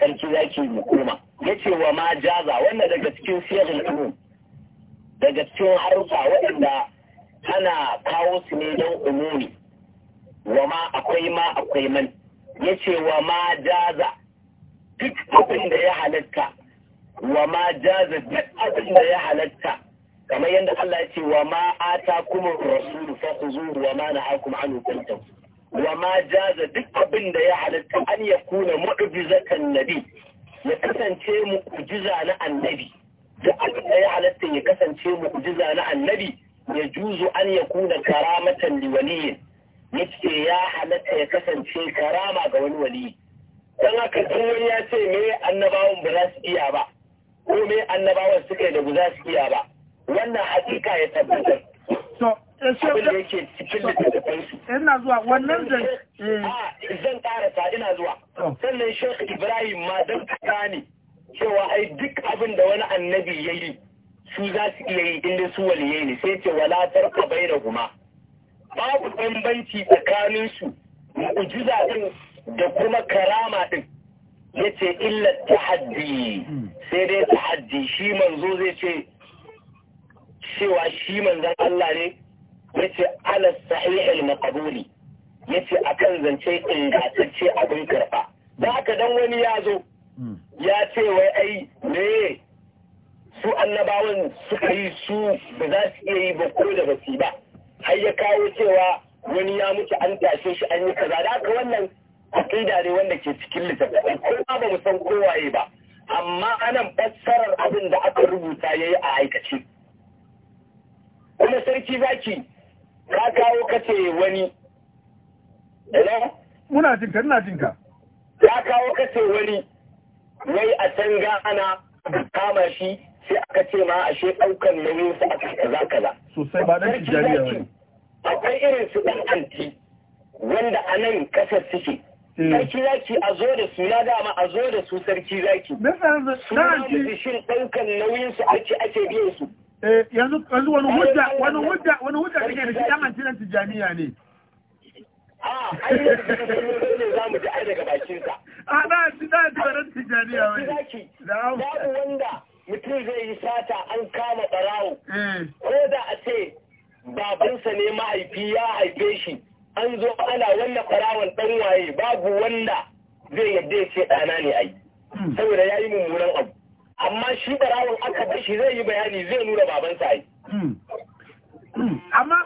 sarki zaki mu koma ya ce wa ma jaza daga cikin siyar al'umum daga cikin waɗanda tana kawo su ne don umuri wa ma akwai ma akwai man ya ce wa ma jaza duk abin da ya halatta wa ma jaza duk abin da ya halatta kamar yadda Allah ya ce wa ma ata kuma rasulu fa khuzuru wa ma na nahakum anhu kuntum wa ma jaza duk abin da ya halatta an ya kuna mu'jizatan nabi ya kasance mu'jiza na annabi duk abin da ya halatta ya kasance mu'jiza na annabi ya juzu an ya kuna karamatan liwaliyin yace ya halatta ya kasance karama ga wani wali don haka wani ya ce me annabawan ba za su iya ba ko me annabawan suka yi da ba za su iya ba wannan hakika ya tabbatar ina zuwa wannan zan zan karasa ina zuwa sannan shekh ibrahim ma don ka gane cewa ai duk abin da wani annabi ya yi su za su iya yi inda su waliye ne sai ce wala tarka da kuma babu bambanci tsakanin su mu'ujiza din da kuma karama din ya ce illa tahaddi sai dai tahaddi shi manzo zai ce cewa shi manzan Allah ne ya yace ala sahih ya ce a kan zance ingantacce abin karba ba ka dan wani ya zo ya ce wai ai me su annabawan suka yi su ba za su iya yi ba ko da basi ba har ya kawo cewa wani ya mutu an tashe shi an yi kaza da haka wannan aƙida ne wanda ke cikin littattafai ko ba mu san kowaye ba amma anan fassarar abin da aka rubuta ya yi a aikace kuma sarki zaki ka kawo kace wani hello muna jinka ina jinka ka kawo kace wani wai a can ana kama shi sai aka ce ma ashe ɗaukan nauyin su aka kaza sosai ba dan akwai irin su dan anti wanda a nan kasar suke eh. sarki zaki a zo da su ya dama a zo da su sarki zaki suna da shin ɗaukan nauyin su ake ake biyan su eh, yanzu yanzu wani hujja wani hujja wani hujja kake da shi dan anti nan tijaniya ne a ai ne za mu ji ai daga bakin sa a da shi da tijaniya wai babu wanda mutum zai yi sata an kama barawo mm. ko da a ce babansa ne mahaifi ya haife shi an zo ana wannan barawon dan waye babu wanda zai yadda ya ce ɗana ne ai mm. saboda ya yi mummunan abu amma shi barawon aka bar shi zai yi bayani zai nuna babansa ai mm. amma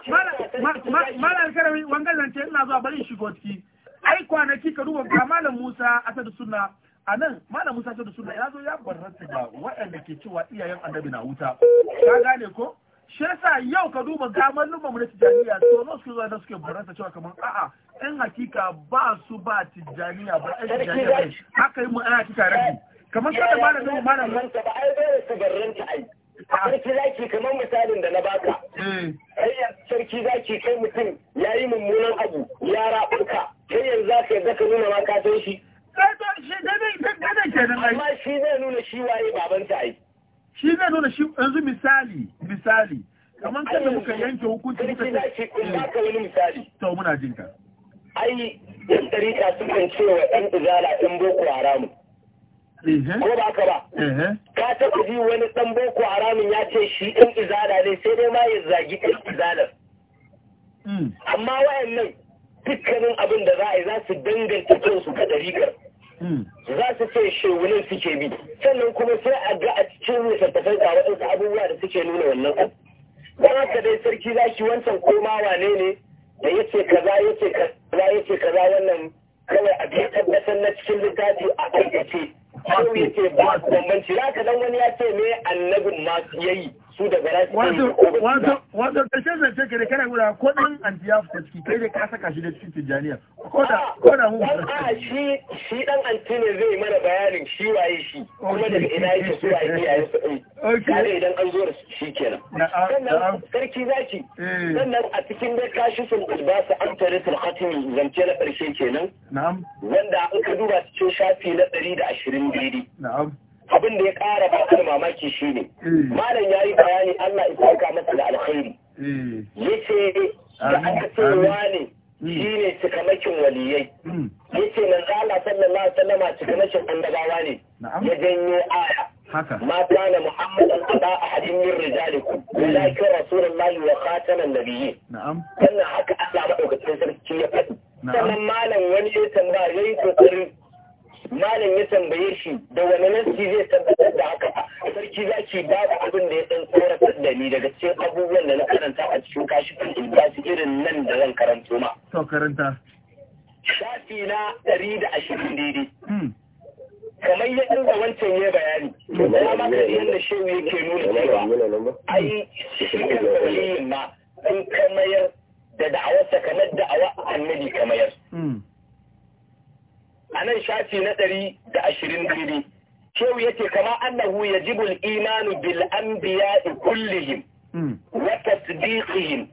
malar karami wangan zance ina zuwa bari shigo ciki ai kwanaki ka duba ga malam Musa a sadu Sunna a nan malam musa da suna ya zo ya barranta ba waɗanda ke cewa iyayen annabi na wuta ka gane ko shi yasa yau ka duba gamar mu na tijaniya to no su da suke barranta cewa kamar a'a in hakika ba su ba tijaniya ba ɗan tijaniya haka yi mu ana kika rabi kamar sai da malam zama malam ba ai bai su barranta ai ah. sarki zaki kamar misalin da na baka hanyar eh. sarki zaki kai mutum ya yi mummunan abu ya raɓuka kai yanzu za ka yadda ka nuna ma ka san shi amma shi zai nuna shi waye babanta ai shi zai nuna shi yanzu misali misali kamar kada muka yanke hukunci muka ce ka wani misali eh, to muna jin ka ai yan sun sukan ce wa ɗan izala dan boko haramu ko ba ka ba ka taɓa ji wani ɗan boko haramun ya ce shi ɗan izala ne sai dai ma ya zagi ɗan izalar hmm. amma wayannan dukkanin abin da za a yi za su danganta kansu ga dariƙar za su ce shewulin suke bi sannan kuma sai a ga a cikin littattafai a waɗansu abubuwa da suke nuna wannan ɗan don haka dai sarki za shi wancan koma wane ne da ya ce kaza ya ce kaza ya ce kaza wannan kawai a biya tabbatar na cikin littafi a aikace kawai ya ce ba bambanci za ka dan wani ya ce me annabin masu ya su daga rasu wato wato karshen zance ka kere kana gura ko dan antiyaf ta ciki kai da ka saka shi da cikin tijaniya ko da ko da mu a shi shi dan anti ne zai mana bayanin shi waye shi kuma daga ina yake su waye shi yayi okay idan an zo da shi kenan ah, sannan ah. sarki zaki eh. sannan a cikin da kashi sun su an tare da khatimi zance na karshe kenan na'am wanda an ka duba cikin shafi na 120 daidai na'am abin da ya ƙara ba da mamaki shi ne hmm. malam ya yi bayani Allah ya aka masa da alkhairi hmm. ce da aka ce wane hmm. shi ne cikamakin waliyai yace na Allah sallallahu alaihi cikamakin annabawa ne ya janyo aya ما كان محمدا أبا أحد من رجالكم ولكن رسول الله وخاتم النبيين نعم كان حكى أسلام أوكتين سنة كيف نعم سنة مالا وني يتنبار يتنبار malam ya tambaye shi da wani nassi zai tabbatar da haka sarki za ki ba babu abin da ya san tsoratar da ni daga cikin abubuwan da na karanta a cikin kashi ilbasi irin nan da zan karanto ma to karanta shafi na ɗari da ashirin daidai hmm. kamar yadda da wancan ya bayani hmm. yadda shehu yake nuna hmm. cewa ai shi ma in ka mayar da da'awarsa kamar da'awa annabi ka mayar a nan shafi na ɗari da ashirin daidai shehu ya ce kama annahu yajibul imanu bil anbiya'i kullihim wa tasdiqihim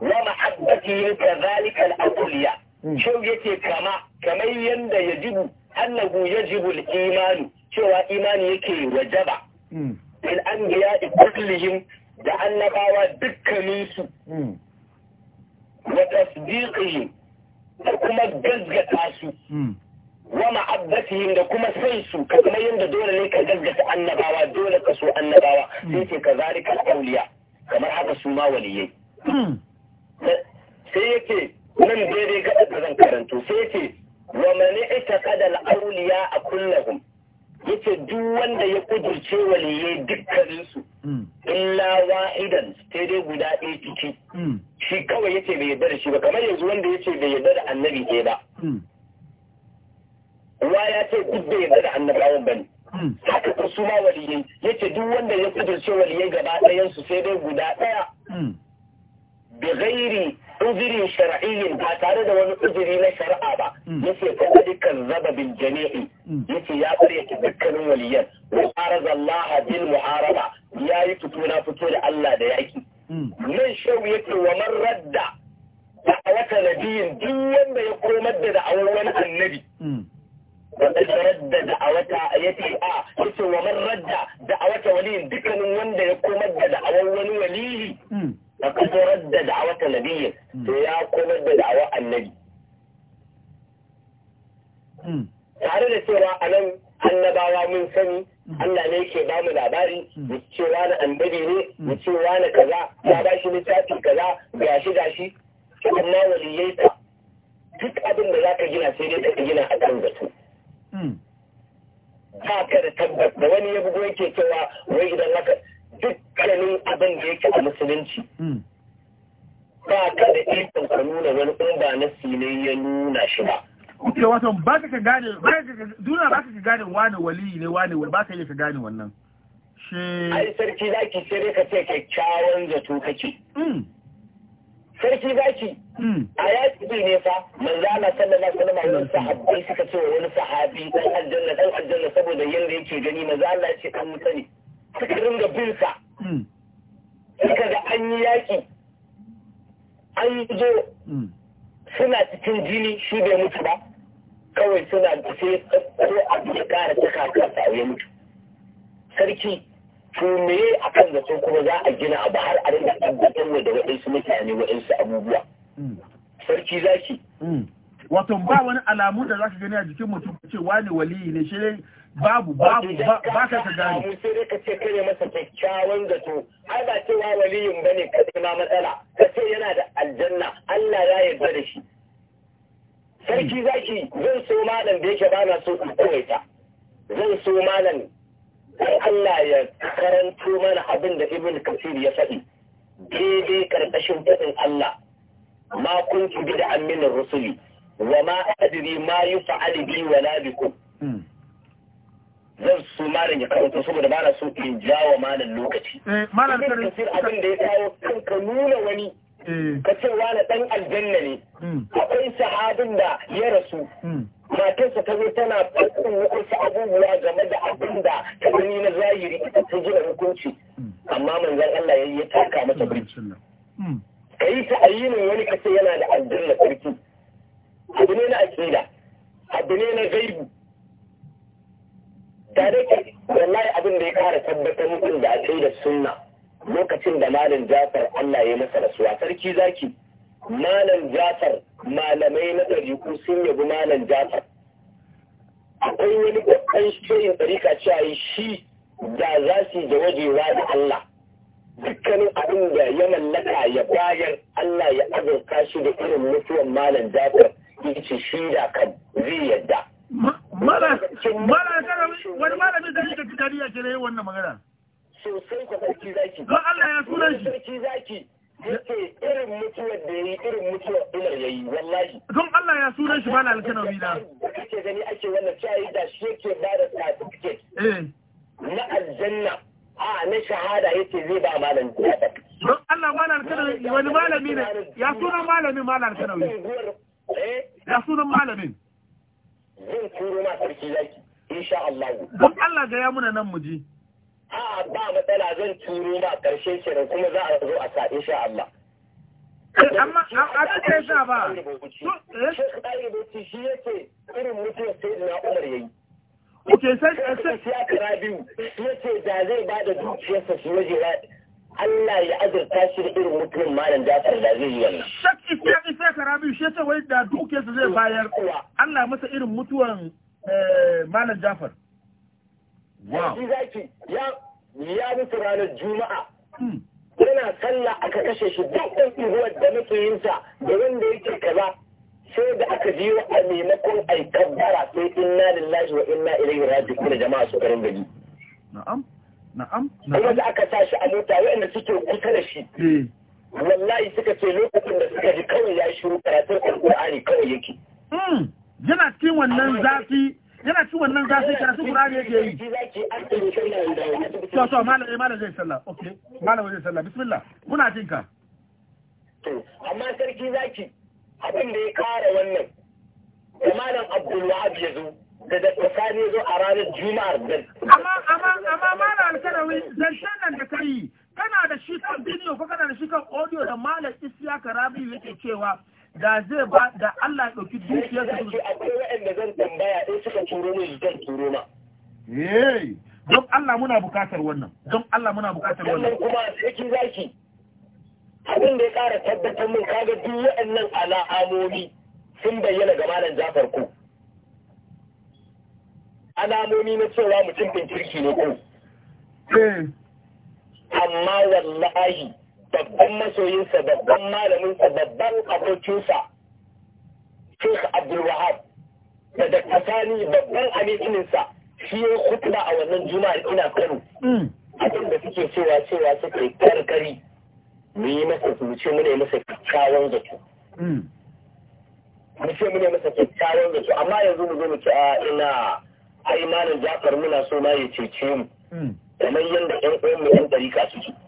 wa mahabbatihim kadhalika al awliya hmm. shehu ya ce kama kamar yanda yajibu annahu yajibul imanu cewa imani yake wajaba hmm. bil anbiya'i kullihim da annabawa dukkaninsu hmm. wa tasdiqihim da kuma gazgata su wa ma'abbatihim da kuma sai su ka kuma yanda dole ne ka gaggata annabawa dole ka so annabawa hmm. sai ce ka zalika auliya kamar haka su ma waliyai hmm. sai yake nan daidai ga da zan karanto sai yake wa ne ita kadal auliya a kullahum yace duk wanda ya kudurce waliyai dukkanin su hmm. illa wahidan sai dai guda ɗaya ciki shi kawai yace bai yarda da shi ba kamar yanzu wanda yace bai yarda da annabi ɗaya ba wa ya ce duk bai yarda da annabawan bane hmm. haka ko su ma waliyai yace duk wanda ya kudurce waliyai gaba ɗayan su sai dai guda ɗaya hmm. bi ghairi uzuri shar'iyyin ba tare da wani uzuri na shari'a ba hmm. yace fa dukkan zaba bin jami'i yace ya kare ki dukkanin waliyan wa araza Allah bil muharaba yayi fito na fito da Allah da yaki nan shehu yace wa man radda da wata nabiyin duk wanda ya komar da da'awar wani annabi wanda ya da'awata ya ce a yace wa man radda da'awata waliyin dukkanin wanda ya komar da da'awar wani waliyi faqad hmm. radda da'awata nabiyyin hmm. to ya komar da da'awar annabi hmm. tare da cewa a nan annabawa mun sani Allah ne yake ba mu labari mu ce wani annabi ne mu ce wani kaza ya ba shi kaza gashi gashi amma waliyai duk abin da za ka gina sai dai ka gina a kan zato Ka hmm. ka da tabbas da wani ya bugo yake cewa wai idan haka dukkanin abin da yake a musulunci hmm. ba ka da ikon ka nuna wani in ba na sinai ya nuna shi ba Kuke wato ba ka gane duna ba ka gane wani wali ne wani ba ka yi ka gane wannan. Ai sarki za ki sai ka ce kyakkyawan zato kake. Hmm. sarki zaki hmm. a yaki bai ne fa manzo sallama sallama alaihi wasallam sahabbai suka ce wani sahabi dan aljanna dan aljanna saboda yadda yake gani manzo Allah ya ce dan mutane suka ringa bin sa hmm. suka ga an yi yaki an zo hmm. suna cikin jini shi bai mutu ba kawai suna da sai ko abu ya kara ta a ya mutu sarki to a kan zaton kuma za a gina abu har a rinda ɗan da waɗansu mutane waɗansu abubuwa hmm. sarki za ki. Hmm. wato ba wani alamu da za ka gani a jikin mutum ce wani waliyi ne shi dai babu babu ba ka ka gani sai dai ka ce kare masa kyakkyawan zato har ba wa waliyin ne ka ma matsala ka ce yana da aljanna Allah ya yarda da shi sarki hmm. za ki zan so malam da yake bana so in koyata zan so malam sai Allah ya karanto mana abin da Ibn Kathir ya faɗi daidai karkashin faɗin Allah ma ki bi da aminin rusuli wa ma adri ma fa'ali bi wala ku hmm. zan su malam ya karanto saboda ba na so in jawo malam lokaci eh, malam Kathir abin da ya kawo kanka nuna wani eh. ka ce wani dan aljanna ne hmm. akwai sahabin da ya rasu hmm. matarsa ta zo tana faɗin wasu abubuwa game da abin da ta gani na zahiri ita ta jira hukunci amma manzon Allah ya yi taka mata birki ka yi ta ayyinin wani kasa yana da aljanna sarki abu ne na aƙida, abu ne na gaibu da dai wallahi abin da ya kara tabbatar mutum da da sunna lokacin da malam Jafar Allah ya masa rasuwa sarki zaki malam Jafar malamai na ɗariku sun yabi malam jafar akwai wani babban shirin ɗarika cewa shi da za su da wa da Allah dukkanin abin da ya mallaka ya bayar Allah ya azurka shi da irin mutuwan malam jafar ce shi da kan zai yadda mara wani malami zai yi tukari ya kira wannan magana sosai sarki zaki Allah ya sunan shi sarki zaki Yake irin mutuwar da yayi irin mutuwar Umar yayi wallahi don Allah ya sunan shi bala alkanawi Da kake gani ake wannan cewa da shi yake ba da certificate eh. na aljanna a na shahada yake zai ba malam don Allah malam alkanawi wani malami ne ya sunan malamin malam alkanawi eh? ya sunan malamin zan turo ma sarki zaki insha Allah don Allah ga ya muna nan mu ji a'a ba matsala zan turo ma karshe kenan kuma za a zo a sa insha Allah amma a cikin sa ba shi kai rubuci shi yake irin mutum sai na Umar yayi Oke sai sai ya kira biyu yace da zai ba da dukiyarsa shi waje Allah ya azurta shi da irin mutumin malam Jafar da zai yi wannan. Shak Isya Isya Karabi shi ce wai da dukiyarsa zai bayar Allah masa irin mutuwan eh, malam Jafar. sarki zaki ya mutu ranar juma'a hmm. yana sallah aka kashe shi duk ɗan ihuwar da muke yin sa da wanda yake kaza sai da aka ji a maimakon ai kabbara sai inna lillahi wa inna ilaihi raji'un da jama'a su karin gari na'am na'am kuma da aka sa shi a mota wanda suke kusa da shi eh. wallahi suka ce lokacin da suka ji kawai ya shiru karatun alƙur'ani kawai yake hmm. yana cikin wannan zafi yana cikin wannan zafi karatu Qur'ani yake yi so so malam eh, malam zai sallah ok malam zai sallah bismillah muna jin ka amma sarki zaki abin da ya kara wannan da malam Abdul ya zo da da tsakani ya zo a ranar Juma'ar da amma amma amma malam Alkarawi zancen nan da kai kana da shi kan video ko kana da shi kan audio da malam Isiya Karabi yake cewa da zai ba da Allah ya ɗauki dukiyar su zuwa. Akwai waɗanda zan tambaya in suka turo ne zan turo ma. Yey! Don Allah muna buƙatar wannan. Don Allah muna buƙatar wannan. Wannan kuma sarki zaki. Abin da ya ƙara tabbatar min kaga duk waɗannan ala'amomi sun bayyana ga Malam Jafar ko. Alamomi na cewa mutum ɗin kirki ne ko. Amma wallahi babban masoyinsa babban malaminsa babban abokinsa Sheikh Abdul Wahab da Dr. Sani babban amitininsa shi ya kutuba a wannan juma'ar ina Kano mm. abin da suke cewa cewa suka yi karkari mu yi masa zuci mu ne masa kyakkyawan zato mm. mu ce mu ne masa kyakkyawan zato amma yanzu mu zo mu ce a ah, ina a imanin Jafar muna so ma ya cece mu mm. kamar yadda ƴan uwan mu ƴan su suke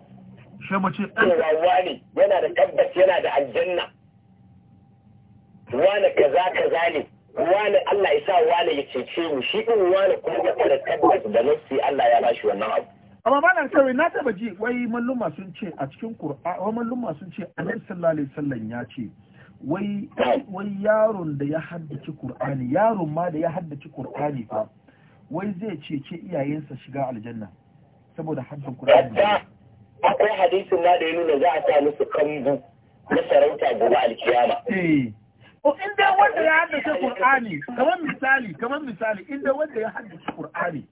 sai mace cewa ne yana da tabbas yana da aljanna wani kaza kaza ne wani Allah ya sa wani ya cece mu shi din ne, kuma ya da tabbas da nafsi Allah ya bashi wannan abu amma ba na kawai na taba ji wai malluma sun ce a cikin Qur'ani wai malluma sun ce Annabi sallallahu alaihi wasallam ya ce wai wai yaron da ya haddace Qur'ani yaron ma da ya haddace Qur'ani fa wai zai cece iyayensa shiga aljanna saboda haddace Qur'ani akwai hadisin na da ya nuna za a sa musu kambu na sarauta gobe alkiyama eh. in dai wanda ya haddace Qur'ani kamar misali kamar misali in dai wanda ya haddace Qur'ani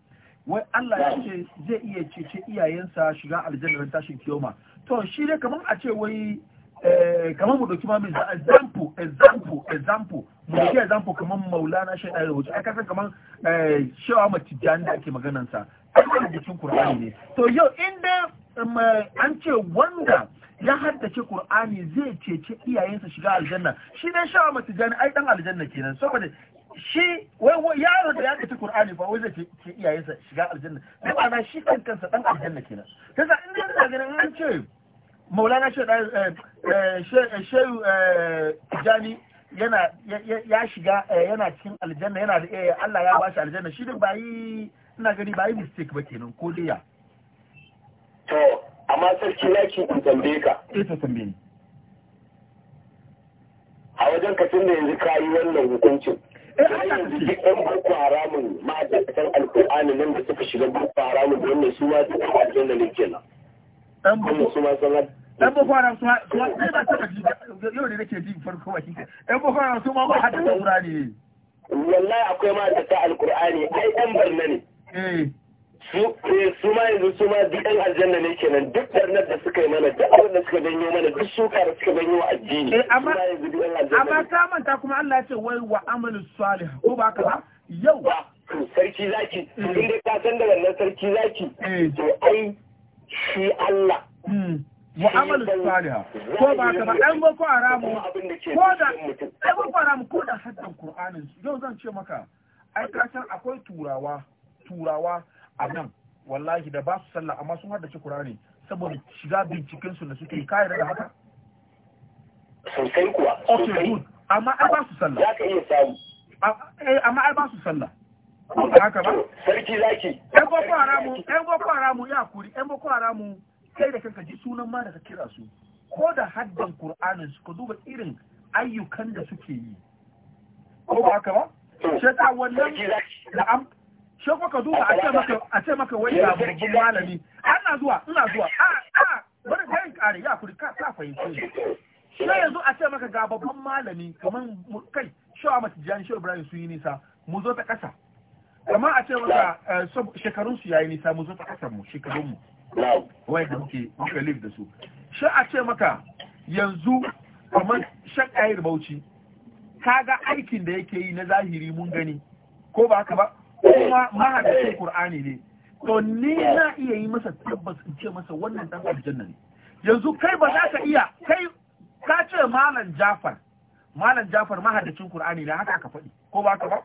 wai Allah ya ce zai iya cece iyayensa shiga aljannar tashin kiyoma to shi dai kamar a ce wai eh, kamar mu dauki mamin example example example mu dauki example kamar Maulana shi Ali Wuce aka san kamar eh, Shehu Ahmad Tijjani da ake maganansa, sa a cikin Qur'ani ne to yau in dai an ce wanda ya haddace Kur'ani zai cece iyayensa shiga aljanna shi dai shawa mace jani ai dan aljanna kenan saboda shi wai yaro da ya haddace kur'ani fa wai zai ce iyayensa shiga aljanna da na shi kan kansa dan aljanna kenan kaza in dai da ganin an ce Maulana Shehu eh, eh, eh, Jani yana ya shiga yana cikin aljanna yana da Allah ya bashi aljanna shi duk ba yi ina gani ba yi mistake ba kenan ko dai to amma sarki laki ku tambaye ka ita tambaye a wajen ka tunda yanzu ka yi wannan hukuncin eh, yanzu duk ɗan boko haramun ma'aikatan alkur'ani nan da suka shiga boko haramun wannan su ma su kawo aljanna ne kenan ɗan boko su ma sun ɗan boko haram su ma sai ba ta kaji yau ne nake ji farko a kika ɗan boko haram su ma ba hada saura ne wallahi akwai ma'aikatan alkur'ani ai ɗan barna ne eh. Eh, su ma yanzu su ma duk ɗan aljanna ne kenan duk ɓarnar da suka yi mana duk abin da suka janyo mana duk suka da suka janyo wa addini eh, su ma yanzu duk aljanna amma ka manta kuma Allah ya ce wai wa amalu salih ko ba ka ba yau sarki zaki hmm. in dai ka san da wannan sarki zaki eh. to ai shi Allah hmm. wa amalu salih ko ba ka ba ɗan boko haramu ko da ɗan boko haramu ko da haddan qur'anin yau zan ce maka ai ka san akwai turawa turawa a nan wallahi da ba su sallah amma sun haddace kur'ani saboda shiga bincikinsu da suke kayar da haka sosai kuwa amma ai ba su sallah Ya iya samu eh, amma ai ba su sallah haka ba sarki zaki ɗan boko haramu ɗan boko haramu ya kuri ɗan boko haramu kai da kanka ji sunan ma daga kira su ko da haddan qur'anin su ka duba irin ayyukan da suke yi ko ba haka ba sai wannan da shekwa ka duba a ce maka a ce maka wai babban malami ana zuwa ina zuwa a a bari kai kare ya kuri ka ka fahimci sai yanzu a ce maka ga babban malami kaman kai shawa jan shi Ibrahim su yi nisa mu zo ta kasa kamar a ce maka eh, shekarun su yayi nisa mu zo ta kasa mu shekarun mu wai da muke muke live da su shi a ce maka yanzu kamar shan ayir bauchi kaga aikin da yake yi na zahiri mun gani ko ba haka ba kuma mahadacin Qur'ani ne to ni na iya yi masa tabbas in ce masa wannan dan aljanna ne yanzu kai ba za ka iya kai ka ce malam Jafar malam Jafar mahadacin Qur'ani ne haka aka faɗi ko ba ka ba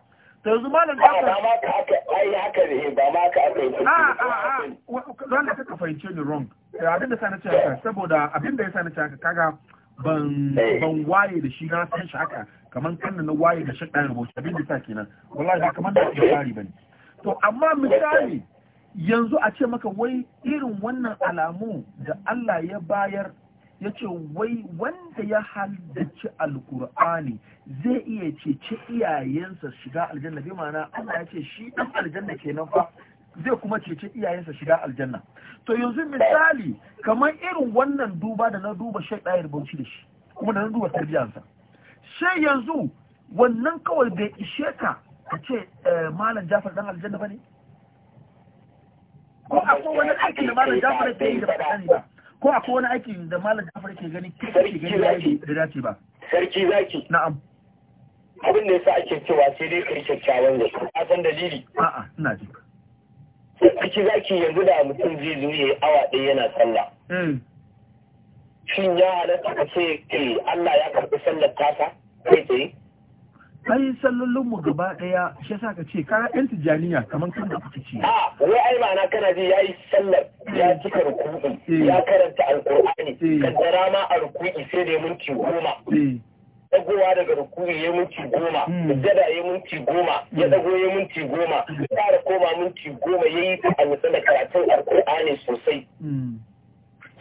to yanzu malam Jafar ba ma haka ai haka ne ba ma ka aka yi a a a wanda ka fahimce ni wrong eh, abin da sa na ce haka saboda abin da ya sa na ce haka kaga ban eh. ban waye da shi na san shi haka kamar kanna na waye da shaɗa rubuce abin da ta kenan wallahi ba kamar da misali bane to amma misali yanzu a ce maka wai irin wannan alamu da Allah ya bayar ya ce wai wanda ya halarci alkur'ani zai iya cece iyayensa shiga aljanna bi ma'ana Allah ya ce shi dan aljanna kenan fa zai kuma cece iyayensa shiga aljanna to yanzu misali kamar irin wannan duba da na duba shaidayar bauchi da shi kuma da na duba tarbiyansa sai yanzu wannan kawai bai ishe ka ka ce eh, malam jafar dan aljanna ba ne ko akwai wani aikin da malam jafar ke yi da ba sani ba ko akwai wani aikin da malam jafar ke gani ke gani da dace ba sarki zaki na'am abin da yasa ake cewa sai dai kai kyakkyawan zato a san dalili a'a ina ji sarki zaki yanzu da mutum zai zo yayi awa ɗaya yana sallah hmm. shin ya halatta ka ce eh, Allah ya karɓi sallar tasa kai ai mu gaba daya shi yasa ka ce kara yan tijaniya kamar kan da kuka ce a ah, wai ai ma'ana kana ji yayi sallar ya eh. cika ruku'i eh. ya karanta alqur'ani eh. kan dara ma a ruku'i sai da minti goma dagowa daga ruku'i ya minti goma hmm. sujjada ya minti goma ya hmm. dago ya minti goma ya koma minti goma yayi ta alƙur'ani karatun sosai hmm.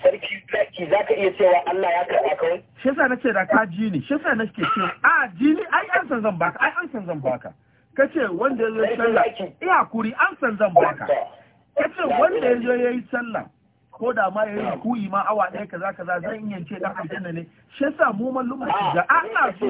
sarki zaki za ka iya cewa Allah ya karɓa kawai? Shi yasa nace da ka ji ni, shi yasa nake cewa a ji ni ai an san zan baka, ai an san zan baka. Kace wanda ya zo sallah, iya kuri an san zan baka. Kace wanda ya zo yi sallah, ko da ma yi kuyi ma awa ɗaya kaza kaza zan iya ce ɗan aljanna ne shi yasa mu mallum da Allah so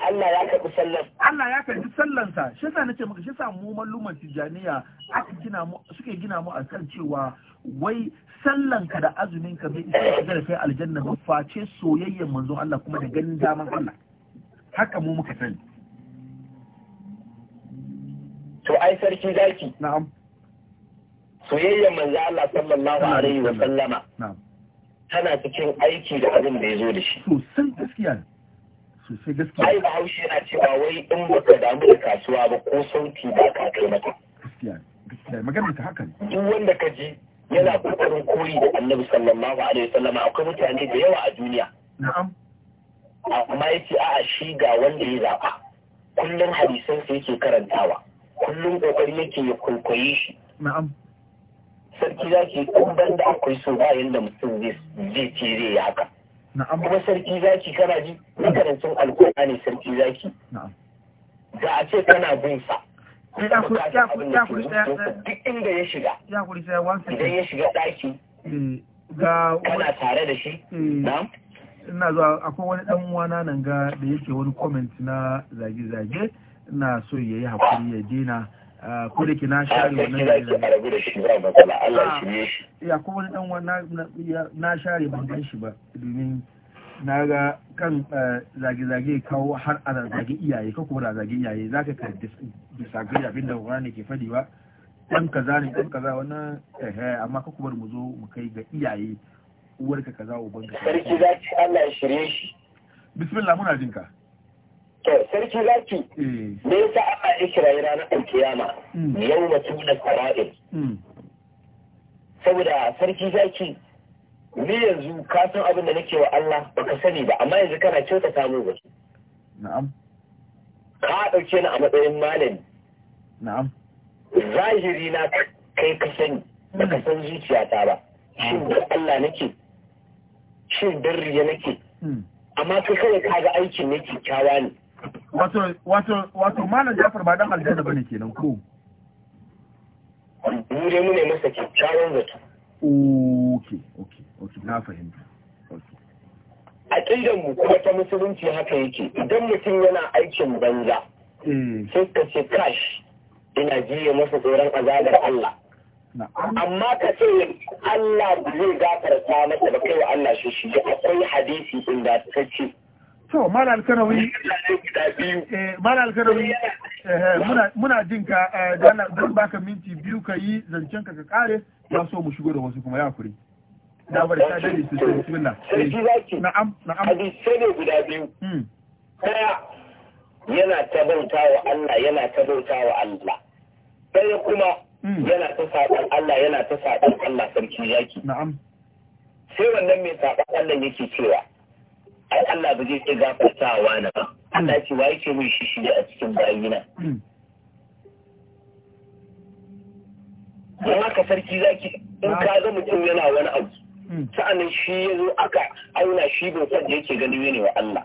Allah ya karbi sallan Allah ya karbi sallan sa shi yasa nace maka shi yasa mu mallum tijaniya aka gina mu suke gina mu akan cewa wai sallan ka da azumin ka bai isa ka kai aljanna ba face soyayyen manzo Allah kuma da ganin daman Allah haka mu muka sani to ai sarki zaki na'am soyayyar manzo Allah sallallahu alaihi wa sallama tana cikin aiki da abin da ya zo da shi sosai gaskiya sosai gaskiya ai bahaushe yana cewa wai in baka damu da kasuwa ba ko sauti ba ka kai mata gaskiya gaskiya magana ta haka duk wanda ka ji yana kokarin koyi da Annabi sallallahu alaihi wa sallama akwai mutane da yawa a duniya na'am amma yake a'a shi ga wanda ya zaba kullum hadisan sa yake karantawa kullum kokari yake ya kwaikwaye shi na'am sarki zaki kun ban da akwai so ba yadda mutum zai ce zai yi haka kuma sarki zaki kana ji makarantun ne sarki zaki da a ce kana bin sa duk inda ya shiga idan ya shiga ɗaki eh, kana tare da shi eh. ina zuwa akwai wani dan uwana nan ga da yake wani comment na zage-zage ina so ya yi hakuri ya dina ko da ke na share wannan da ya rabu da ya kuma dan wa na share ban gan shi ba domin na ga kan zage-zage kawo har a zage iyaye ko kuma da zage iyaye za ka ka disagree abinda wani ke fadi ba dan kaza ne dan kaza wannan eh amma ka kuma mu zo mu kai ga iyaye uwarka kaza ubanka sarki za ki Allah ya shirye shi bismillah muna jinka to sarki zaki mm. me yasa Allah ya kira ranar alkiyama mm. yau ma tuna mm. saboda sarki zaki ni yanzu ka abin da nake wa Allah baka sani ba amma yanzu kana kyauta samu ba na'am ka dauke ni a matsayin Malam. na'am zahiri na kai ka sani baka san zuciyata ba shin da Allah nake shin dan nake amma kai kawai ga aikin ne kyakkyawa ne wato wato wato malam Jafar ba dan aljanna bane kenan ko mu mu ne masa kyakkyawan zato oke oke oke na fahimta a aqidan mu kuma ta musulunci haka yake idan mutum yana aikin banza eh. sai ka ce kash ina jiye masa tsoron azabar Allah amma ka ce Allah zai gafarta masa da kai wa Allah shi shi akwai hadisi inda ta ce to mala alkarawi eh, mala alkarawi eh, muna jin ka eh, da zan baka minti biyu ka yi zancen ka ka kare ya so mu shigo da wasu kuma ya kure da bar ta dade su sai bismillah na'am na'am hadisi ne guda biyu hmm. daya yana ta bauta wa Allah yana ta bauta wa Allah daya kuma hmm. yana ta saɓan Allah yana ta saɓan Allah sarki yaki na'am sai wannan mai saɓan Allah yake cewa ai Allah ba zai iya gafarta wa na ba hmm. Allah ce wa yake mun shi shi a cikin bayina hmm. don haka sarki zaki in hmm. ka ga mutum yana wani abu sa'anin shi ya zo aka auna shi bautar da yake ganin yana wa Allah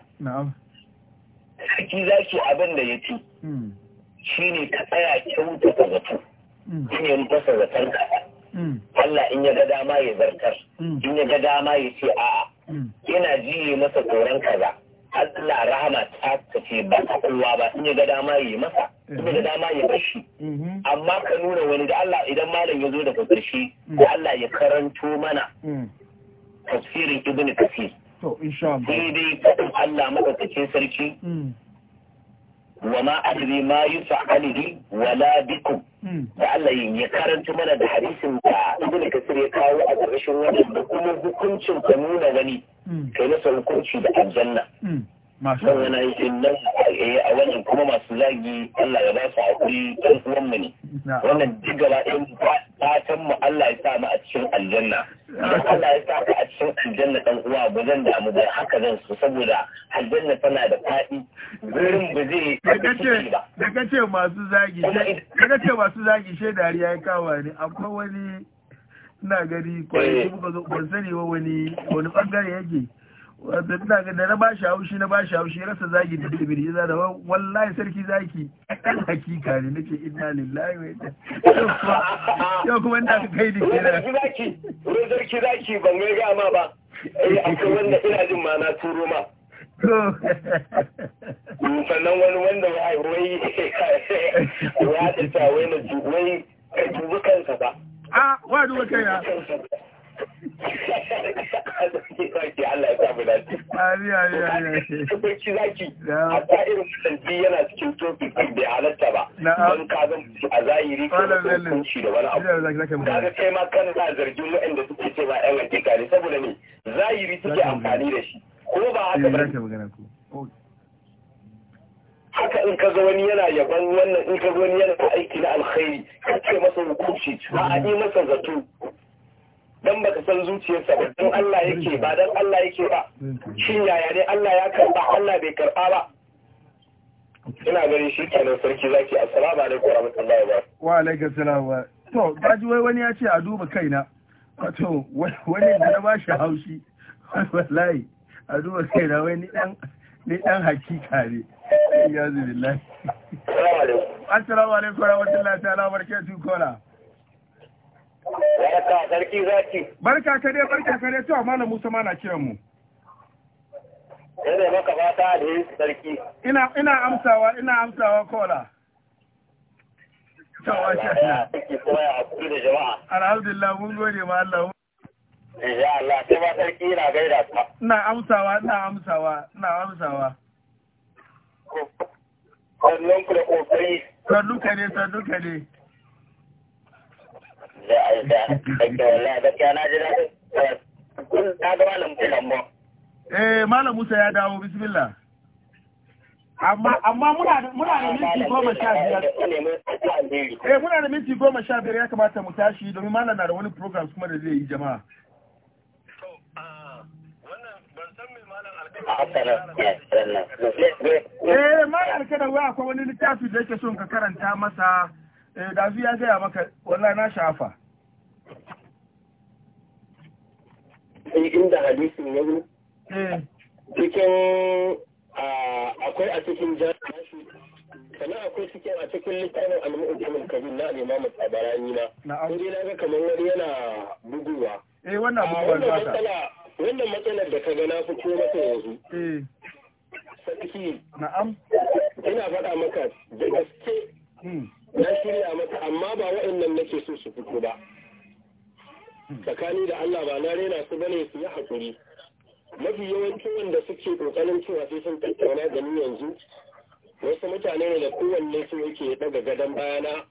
sarki zaki abin da ya ci shi ne ka tsaya kyauta ka zato shi ne masa zaton ka Allah in ya ga dama ya zartar in ya ga dama ya ce a'a yana jiye masa tsoron kaza Allah rahama ta tafi ba ta kowa ba in yi ga dama yi masa in yi ga dama ya bashi mhm. amma ka nuna wani da Allah idan malam ya zo daga ƙarshe mhm. da Allah ya karanto mana mhm. tafsirin ibnu kasir to insha Allah sai dai Allah madaukakin sarki wa ma adri ma yus'alihi wala bikum hmm. da Allah ya karanta mana da hadisin da Ibn Kasir ya kawo a ƙarshen wannan da kuma hukuncin ka nuna wani hmm. kai masa hukunci da aljanna hmm. masu aikin nan a wannan kuma masu zagi Allah ya ba su haƙuri ɗan uwan mu ne wannan duk gaba ɗayan fatan mu Allah ya sa mu a cikin aljanna Allah ya sa ka a cikin aljanna ɗan uwa ba zan damu da haka zan su saboda aljanna tana da faɗi gurin ba zai ba daga ce masu zagi daga ce masu zagi dariya ya yi ne akwai wani ina gani kwanaki eh. ba zo ban sani wa wani wani bangare yake wanda ina ga da na ba shi haushi na ba shi haushi rasa zagi da bibir ya zada wallahi sarki zaki ɗan hakika ne nake inna lillahi wa inna yau kuma ina ka kai da kira zaki wai sarki zaki ban mai ga ma ba eh akwai wanda ina jin ma na turo ma *laughs* sannan wani wanda wai wai *laughs* ya ta wai na wai ka dubi kansa ba ah wa dubi kai ya Barci zaki a ta'irin mutanci yana cikin bai ba. Don ka zan zahiri da wani abu. zargin waɗanda suke ce ma ne saboda ne zahiri suke amfani da shi. Ko ba haka haka in ka ga wani yana yaban wannan in ka ga wani yana aiki na alkhairi ka masa hukunci ba a yi masa zato dan baka san zuciyarsa ba dan Allah yake ba dan Allah yake ba shin yaya ne Allah ya karba Allah bai karba ba ina gani shi kenan sarki zaki assalamu alaikum warahmatullahi wabarakatuh wa alaikum assalam wa to daji wai wani ya ce a duba kaina wato wani da na ba shi haushi wallahi a duba kaina wai ni dan ni dan hakika ne ya zubillahi assalamu alaikum warahmatullahi ta'ala barakatuh kola sarki zaki. Barka ka dai barka ka dai to malam Musa ma na kiran mu. Ina maka fata da sarki. Ina ina amsawa ina amsawa kola. ya wa da jama'a. Alhamdulillah mun gode ma Allah. Insha Allah sai ba sarki ina gaida ka. Ina amsawa ina amsawa ina amsawa. Sannan ku da kokari. Sannu ka ne sannu ka ne. Eh, Malam Musa ya dawo, bismillah. Amma, amma muna, muna da minti goma sha biyar. Eh, muna da minti goma sha biyar ya kamata mu tashi domin Malam na da wani program kuma da zai yi jama'a. Ah, eh, Malam Alkadar, wai akwai wani littafi da yake son ka karanta masa eh ya gaya maka wallahi na shafa sai inda hadisin ya zo eh. cikin akwai a cikin jami'a sannan akwai cikin a cikin littafin al-mu'jamul kabir na al-imam tabarani na sai dai naga kamar wani yana buguwa eh wannan buguwan haka wannan matsalar da ka ga na fito maka yanzu eh sarki na'am ina faɗa maka da gaske hmm. na shirya mata amma ba waɗannan nake so su fito ba tsakani da Allah ba na rena su bane su yi hakuri mafi yawanci wanda suke kokarin cewa sai sun tattauna da ni yanzu wasu mutane ne da kowanne su yake daga gadon bayana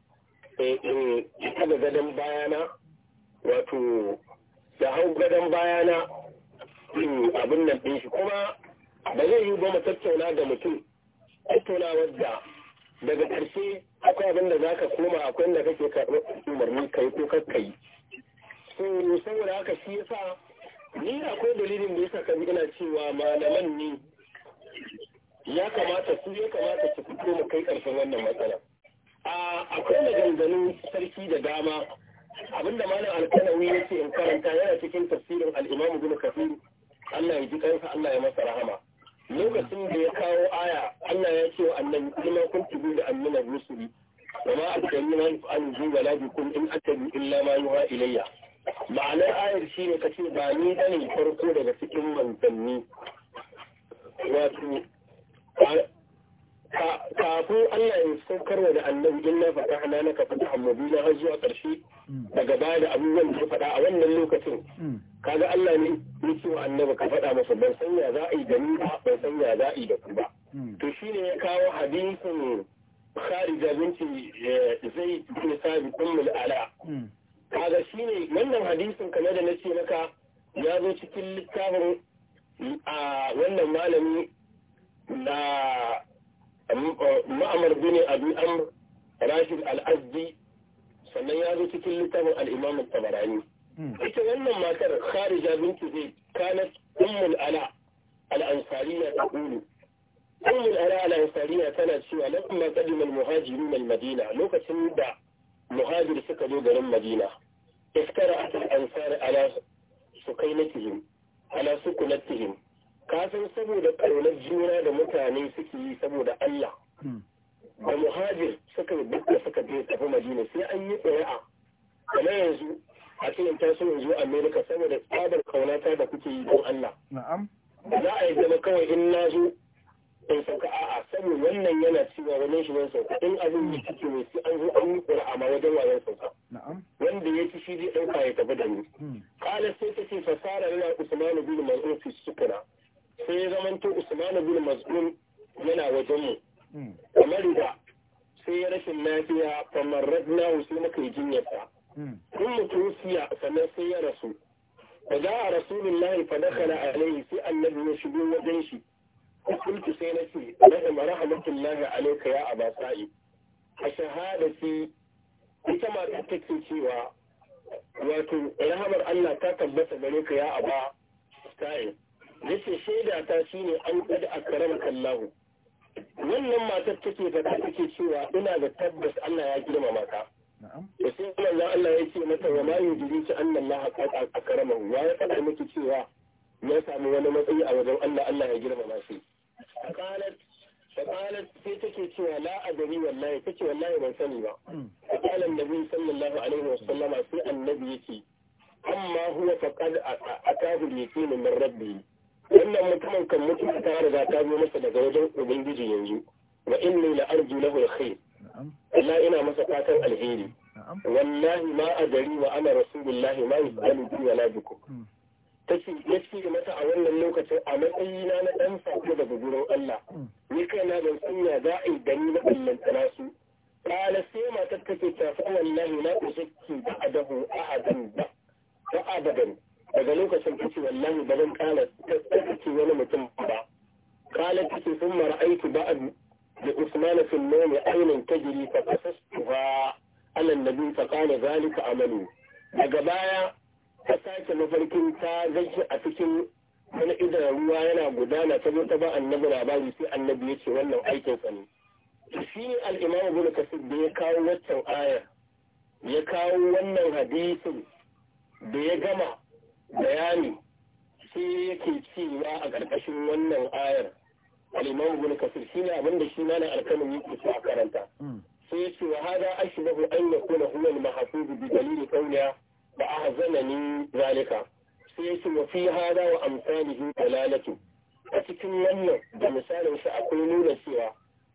daga eh, eh, gadon bayana wato da hau gadon bayana abin nan ɗin shi kuma ba zai yi ba mu tattauna da mutum tattauna wadda daga ƙarshe akwai abin da za ka koma akwai inda kake karɓar umarni ka ko kakka yi saboda haka shi yasa ni akwai dalilin da yasa kaji ina cewa malaman ne ya kamata su ya kamata su fito mu kai ƙarfin wannan matsala a akwai maganganu sarki da dama abinda malam alkanawi ya ce in karanta yana cikin tafsirin al'imamu bin kafir Allah ya ji kansa Allah ya masa rahama lokacin da ya kawo aya Allah ya ce wa annabi kun tubu da annabi rusuli wa ma adani man an zuwa la bikum in atabi illa ma yuha ilayya ma'anar ayar shine kace ba ni bane farko daga cikin manzanni wato kafin Allah ya saukar wa da annabi inna fatahna laka fatahan mubina har zuwa ƙarshe Mm. daga baya da abubuwan da ya faɗa a wannan lokacin mm. kaga Allah ne ya ce ka faɗa masa ban san ya za a yi da ni ba ban san ya za a yi da ku ba mm. to shine ya kawo hadisin da binci zai ne sabi kullu ala kaga shine wannan hadisin kamar da nace maka ya zo cikin littafin a wannan malami na eh, ma'amar bin abi amr rashid al-azdi sannan ya zo cikin littafin al'imam tabarani hmm. ita wannan matar kharija binti zai kanat ummul ala al'ansariya ta kulu ummul ala al'ansariya tana cewa lamma qadima al-muhajirun al-madina lokacin da muhajir suka zo garin madina iskara atal ansar ala tihim ala sukunatihim kasan saboda ƙaunar juna da mutane suke yi saboda Allah hmm. da muhajir suka duk suka je tafi madina sai an yi ƙuri'a kamar yanzu a cikin taso yanzu amerika saboda tsadar kaunata da kuke yi don allah za a yi zama kawai in na zo in sauka a'a saboda wannan yana cewa wani shi zan sauka in abin yi ciki mai sai an zo an yi ƙuri'a ma wajen wayan sauka wanda ya ci shi zai ɗauka ya tafi da ni hmm. kala sai ta ce fasara yana usman bin mas'ud fi sukuna sai ya zamanto usman bin mas'ud yana wajen mu kamar da sai ya rashin lafiya kamar radna sai muka yi jinyarsa kun mutum siya sannan sai ya rasu da za a rasu, lahi fa dakala alaihi sai annabi ya shigo wajen shi kultu sai na ce na'ima rahmatullahi alaika ya aba sa'i a shahadati ita ma ta take cewa wato rahamar Allah ta tabbata gare ka ya aba sa'i nace shaida ta shine an kada akramaka kallahu. wannan matar take faɗa take cewa ina da tabbas Allah ya girmama ka da sai Allah ya ce mata wa ma yujiri ki anna Allah akramahu wa ya faɗa miki cewa ya samu wani matsayi a wajen Allah Allah ya girmama shi qalat فقالت sai take cewa la adari wallahi tace wallahi ban sani ba hmm. qala annabi sallallahu alaihi wasallama sai annabi yake amma huwa faqad atahu al-yaqin min rabbi wannan mutumin kan mutum ta riga ta zo masa daga wajen ubangiji yanzu wa inni la arju lahu alkhair Allah ina masa fatan alheri wallahi ma adari wa ana rasulullahi ma yusalu bi wala bikum hmm. tace yace mata a wannan lokacin a matsayina na dan sako daga gurin Allah hmm. ni kaina ban san za a yi gani na Allah tsara su qala sai matar take ta fa wallahi la usakki ba'dahu ahadan ba abadan daga lokacin ta ce wallahi ba zan ƙara tsarkace wani mutum ba kala ta ce sun mara aiki ba a da usman fil nomi ainihin ta jiri fa kasastu ha alan nabi kana zalika amalu daga baya ta sake mafarkin ta gaji a cikin wani idan ruwa yana gudana ta zo ta ba annabi labari sai annabi ya ce wannan aikin sa ne shi al-imam ibn kasir da ya kawo waccan ayar ya kawo wannan hadisin da ya gama bayani sai yake cewa a ƙarƙashin wannan ayar al'imamu bin kasir shi ne abinda shi ma na alkanin yake so a karanta hmm. sai yace wa hada ashbahu an yakuna huwa al-mahfuz bi dalil qawliha wa ahzanani zalika sai yace wa fi hada wa amsalihi dalalatu a cikin wannan da misalin shi akwai nuna cewa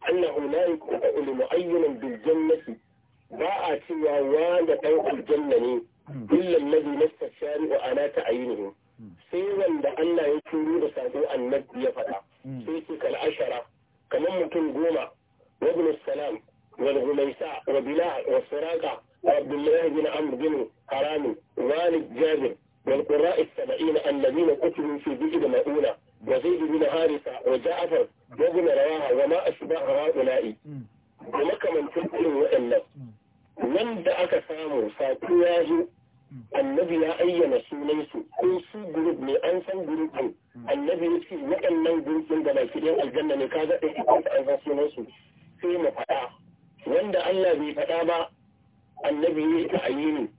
annahu la yakunu mu'ayyanan bil jannati ba a cewa wanda dan aljanna ne إلا الذي نفس الشارع على تعيينهم sai wanda Allah ya turo da sako annabi ya faɗa sai su kal ashara kamar mutum goma wa ibn salam wa gumaisa wa bilal wa suraqa wa abdullah bin amr bin haram walid jabir والقراء السبعين الذين قتلوا في بئر مؤونة وزيد بن هارثة وجعفر وابن رواحة وما أشبه هؤلاء وما كمن تنقل وإلا wanda aka samu saƙo ya zo annabi ya ayyana sunansu ko su gurub ne an san gurub annabi ya ce waɗannan gurub da baki ɗin aljanna ne ka ga ɗin ko an san sunansu sai mu faɗa wanda Allah bai faɗa ba annabi ya yi ta'ayi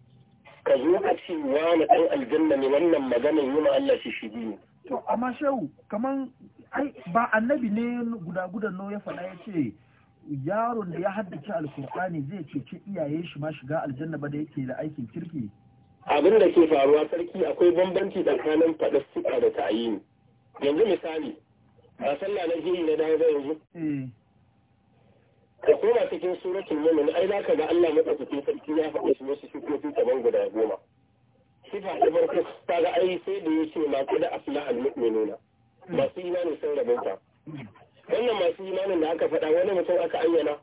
ka zo ka ce wa na ɗan aljanna ne wannan magana yi ma Allah shi shi biyu. To amma shehu kaman ai ba annabi ne guda gudan no ya faɗa ya ce yaron da ya haddace alkur'ani zai cece iyaye shi ma shiga aljanna ba da yake da aikin kirki abin da ke faruwa sarki akwai bambanci tsakanin faɗa suka da ta'ayini yanzu misali a sallah na jini na dawo yanzu eh. ka koma cikin suratul mu'min ai za ka ga Allah madaukakin sarki ya faɗa shi wasu sifofi kaman guda goma sifa ta farko ta ga ai sai da yace ma kada aflaha muminuna hmm. masu imani sun rabunta hmm. wannan masu imanin da aka faɗa wani mutum aka ayyana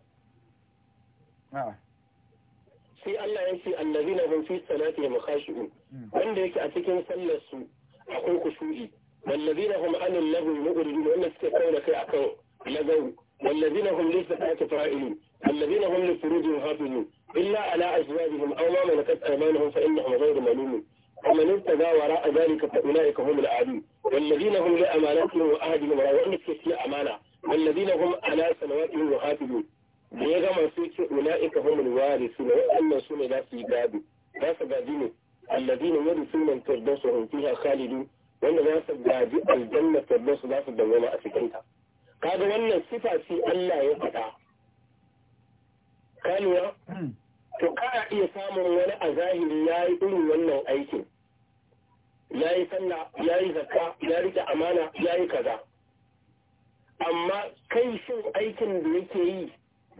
sai Allah ya ce allazina hum fi salatihim khashi'un hmm. wanda yake a cikin sallarsu sallar su akwai kushu'i na hum anil lahwi mu'ridun wanda suke da kai akan lagawu wallazina hum li zakati fa'ilun wallazina hum li furujihim hafizun illa ala azwajihim aw ma malakat aymanuhum fa innahum ghayru malumin ومن ابتغى وراء ذلك فاولئك هم العادون والذين هم لاماناتهم وعهدهم راعون في امانه wallazina hum ala salawatihim yuhafizun da ya gama su ce ulaika humul warisuna wa'annan su ne za su yi gadi za su gaji ne alladina allazina yarithuna firdausuhum fiha khalidun wanda za su gaji aljanna firdausu za su dawwama a cikin ta kaga wannan sifa ce Allah ya faɗa kanuwa to kana iya samun wani a zahiri ya yi irin wannan aikin ya yi sallah ya yi zakka ya rike amana ya yi kaza amma kai shin aikin da yake yi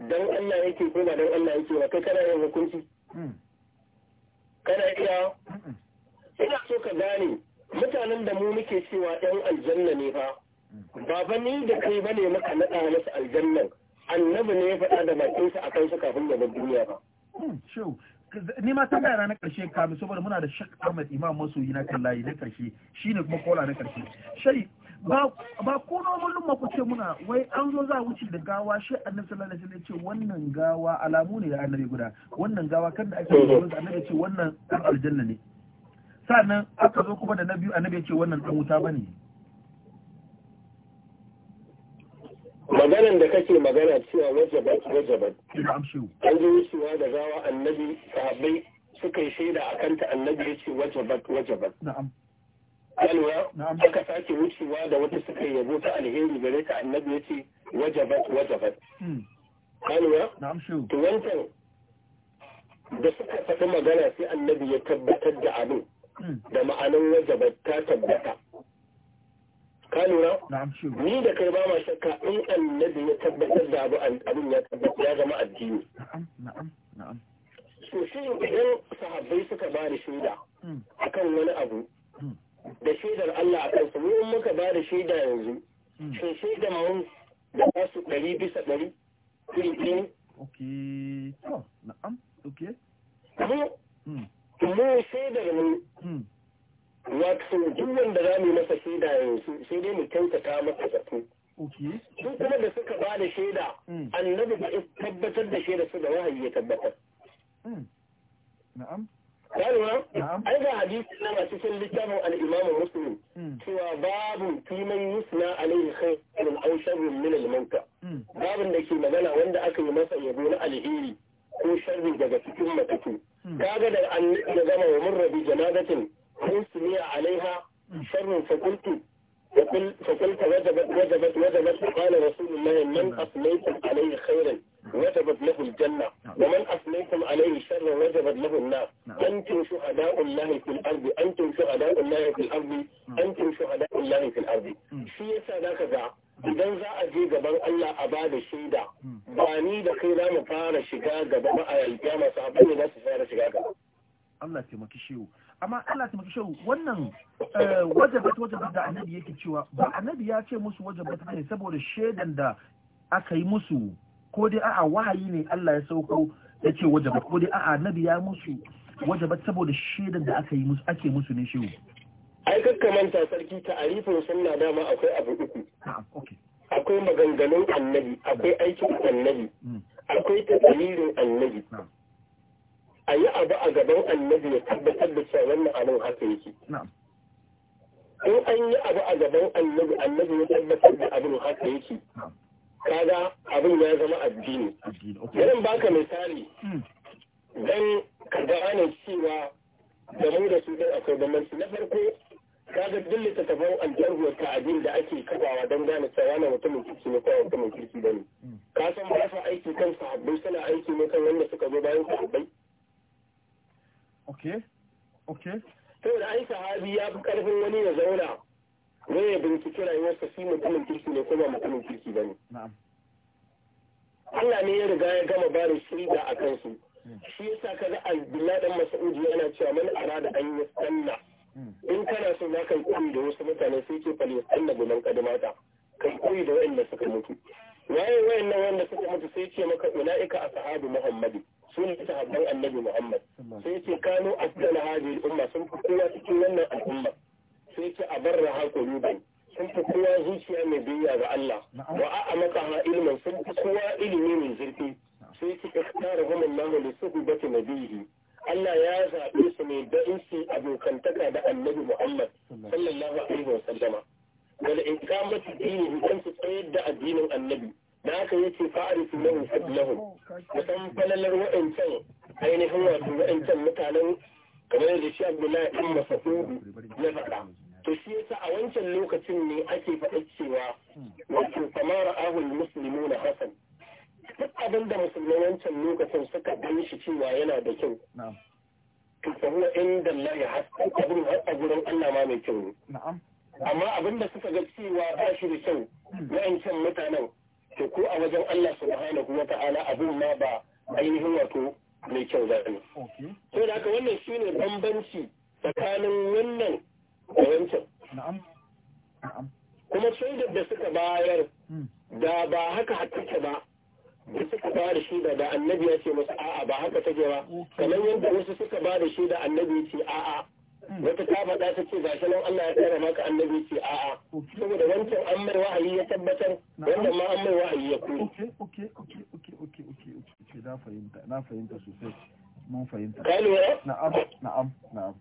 don Allah yake ko ba don Allah yake ba kai kana yin hukunci hmm. kana iya hmm. ina so ka gane mutanen da mu muke cewa ɗan aljanna ne fa baba hmm. ni da kai ba ne maka naɗa masa aljannan annabi ne ya faɗa da bakinsa a kansa kafin da duniya ba ni ma tambaya na karshe kamin saboda muna da shak Ahmad Imam masoyi na kan layi na karshe shine kuma kola na karshe shai ba ko nomalin ma ce muna wai an zo za a wuce da gawa shi annabi sallallahu alaihi wasallam ce wannan gawa alamu ne da annabi guda wannan gawa kan da ake yi da annabi ce wannan dan aljanna ne sannan aka zo kuma da na biyu annabi ce wannan dan wuta bane maganan da kake magana cewa wajabat wajabat an ji wucewa da gawa annabi sahabbai suka yi shaida akan ta annabi ya ce wajabat wajabat na'am alwa aka sake wucewa da wata suka yabo ta alheri gare ta annabi ya ce wajabat wajabat hmm. alwa to wancan da suka faɗi magana sai annabi ya tabbatar da abin hmm. da ma'anin wajabat ta tabbata ka lura ni da kai ba ma shakka in annabi ya tabbatar da abu abin ya tabbata ya zama addini to shi idan sahabbai suka ba da shaida hmm. akan wani abu da shaidar Allah a kansu mu in muka ba da shaida yanzu hmm. shin shaida ma da ba su ɗari bisa ɗari ɗin ɗin to na'am ok mu hmm. shaidar mu hmm. wato duk wanda za mu masa shaida yanzu sai dai mu kyautata masa zato su kuma da suka ba da shaida annabi ba tabbatar da shaida su da wahayi ya tabbatar na'am ai ga hadisi na masu cikin littafin al-imamu hmm. cewa babu kiman yusna alaihi khairun aw sharrun min al-mauta hmm. babin da ke magana wanda aka yi masa yabo na alheri ko sharri daga cikin matatu hmm. kaga da annabi ya gama wa murrabi janazatin musliya alaiha sharrin fa qultu فقلت وجبت وجبت وجبت قال رسول الله وجبت له الجنة ومن أثنيتم عليه شرا وجبت له النار أنتم شهداء الله في الأرض أنتم شهداء الله في الأرض أنتم شهداء الله في الأرض شيء ذاك ذا idan za a je gaban Allah a ba da shaida ba ni da kai za mu fara shiga gaba ba a alƙiyama sahabbai ne za su fara shiga gaba Allah taimaki shehu amma Allah taimaki shehu wannan wajabat wajabat da annabi yake cewa ba annabi ya ce musu wajabat ne saboda shaidan da aka yi musu ko dai a'a wahayi ne Allah ya sauko ya ce wajaba ko dai a'a nabi ya musu wajaba saboda shaidar da aka yi musu ake musu ne shehu ai kakka manta sarki ta arifin sunna dama akwai abu uku akwai maganganun annabi akwai aikin annabi hmm. akwai tasiririn annabi Ayi abu a gaban annabi ya tabbatar da cewa wannan abin haka yake in an yi abu a gaban annabi annabi ya tabbatar da abin haka yake kaga abin ya zama addini yanin baka misali hmm. don ka gane cewa da mu da su din akwai bambanci na farko kaga duk littattafan aljarhuwar ta abin da ake kafawa don gane cewa na mutumin kirki ne kawai mutumin kirki ba ne hmm. ka san ba su aiki kan sahabbai suna aiki ne kan wanda suka zo bayan sahabbai ok ok saboda ai sahabi ya fi karfin wani ya zauna zai ya bincike rayuwarsa shi mutumin kirki ne ko ba mutumin kirki ba ne. Allah ne ya riga ya gama ba da shirya a kansu. Hmm. Shi yasa ka ga Abdullahi ɗan Mas'ud yana cewa man ara an yi sanna. Hmm. In kana so za ka koyi da wasu mutane sai ke fali sanna gudan kadimata. Ka koyi da waɗanda suka mutu. Waye na wanda suka mutu sai ce maka ulaika sahabi Muhammadu. sun sahabban annabi Muhammad sai ce kano a cikin umma sun fi kowa cikin wannan al'ummar. sai ki a barra haƙuri ban sun fi kowa zuciya mai biyya ga Allah wa a maka ha ilimin sun fi kowa ilimi mai zurfi sai ce ikhtara hum Allah li suhbati nabiyhi Allah ya zaɓe su ne da su abokantaka da Annabi Muhammad sallallahu alaihi wa sallama wal iqamati dinihi kan su tsayar da addinin Annabi da haka yace fa'arifu lahu fadlahum musan falalar wa'ancan ainihin wato wa'ancan mutanen kamar da shi Abdullahi ibn Mas'ud ya faɗa to shi yasa a wancan lokacin ne ake faɗa cewa wato kamar ahul muslimu na hasan duk abin da musulmai wancan lokacin suka gani shi cewa yana da kyau to fa inda Allah ya hasan abin har a gurin Allah ma mai kyau amma abin da suka ga cewa ba shi da kyau wa'ancan mutanen to ko a wajen Allah subhanahu wa ta'ala abin ma ba ainihin wato mai kyau ba ne. sai da haka wannan shine bambanci tsakanin wannan kuma shaidar da suka bayar hmm. da ba haka hatta ba da suka ba da shaida da annabi ya ce musu a'a ba haka take ba kamar yadda wasu suka ba da shaida annabi ce a'a hmm. wata ta faɗa ta ce gashi nan Allah ya tsara maka annabi ce a'a saboda wancan an mai wahayi ya tabbatar wannan ma an mai wahayi ya kuri mun fahimta ka yi na'am na'am na'am